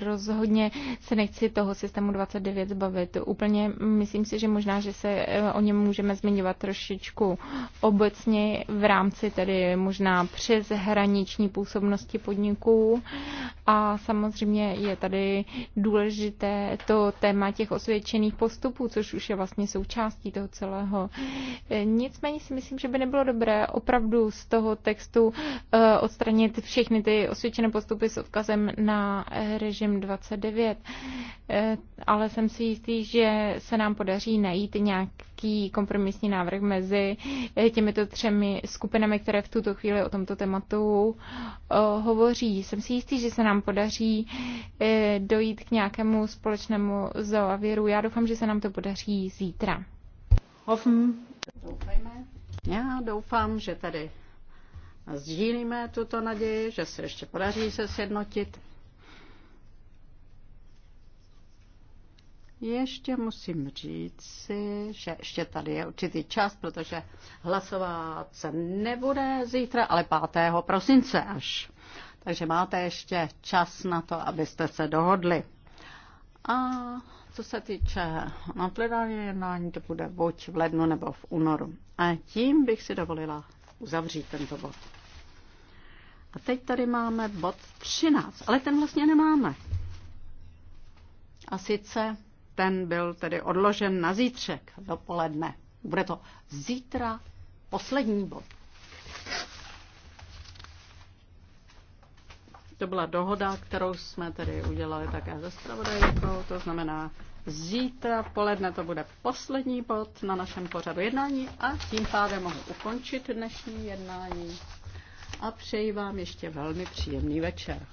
rozhodně se nechci toho systému 29 zbavit. Úplně myslím si, že možná, že se eh, o něm můžeme zmiňovat trošičku obecně v rámci tedy možná přes hraniční působnosti podniků. A samozřejmě je tady důležité to téma těch osvědčených postupů, což už je vlastně součástí toho celého. Eh, nicméně si myslím, že by nebylo dobré opravdu z toho textu eh, odstranit všechny ty osvědčené postupy s odkazem na režim 29, eh, ale jsem si jistý, že se nám podaří najít nějaký kompromisní návrh mezi eh, těmito třemi skupinami, které v tuto chvíli o tomto tématu eh, hovoří. Jsem si jistý, že se nám podaří dojít k nějakému společnému závěru. Já doufám, že se nám to podaří zítra. Hoffen. Doufejme. Já doufám, že tady sdílíme tuto naději, že se ještě podaří se sjednotit. Ještě musím říct si, že ještě tady je určitý čas, protože hlasovat se nebude zítra, ale 5. prosince až. Takže máte ještě čas na to, abyste se dohodli. A co se týče nadpledání jednání, to bude buď v lednu nebo v únoru. A tím bych si dovolila uzavřít tento bod. A teď tady máme bod 13, ale ten vlastně nemáme. A sice ten byl tedy odložen na zítřek dopoledne. Bude to zítra poslední bod. To byla dohoda, kterou jsme tedy udělali také ze spravodajkou, to znamená zítra poledne to bude poslední bod na našem pořadu jednání a tím pádem mohu ukončit dnešní jednání a přeji vám ještě velmi příjemný večer.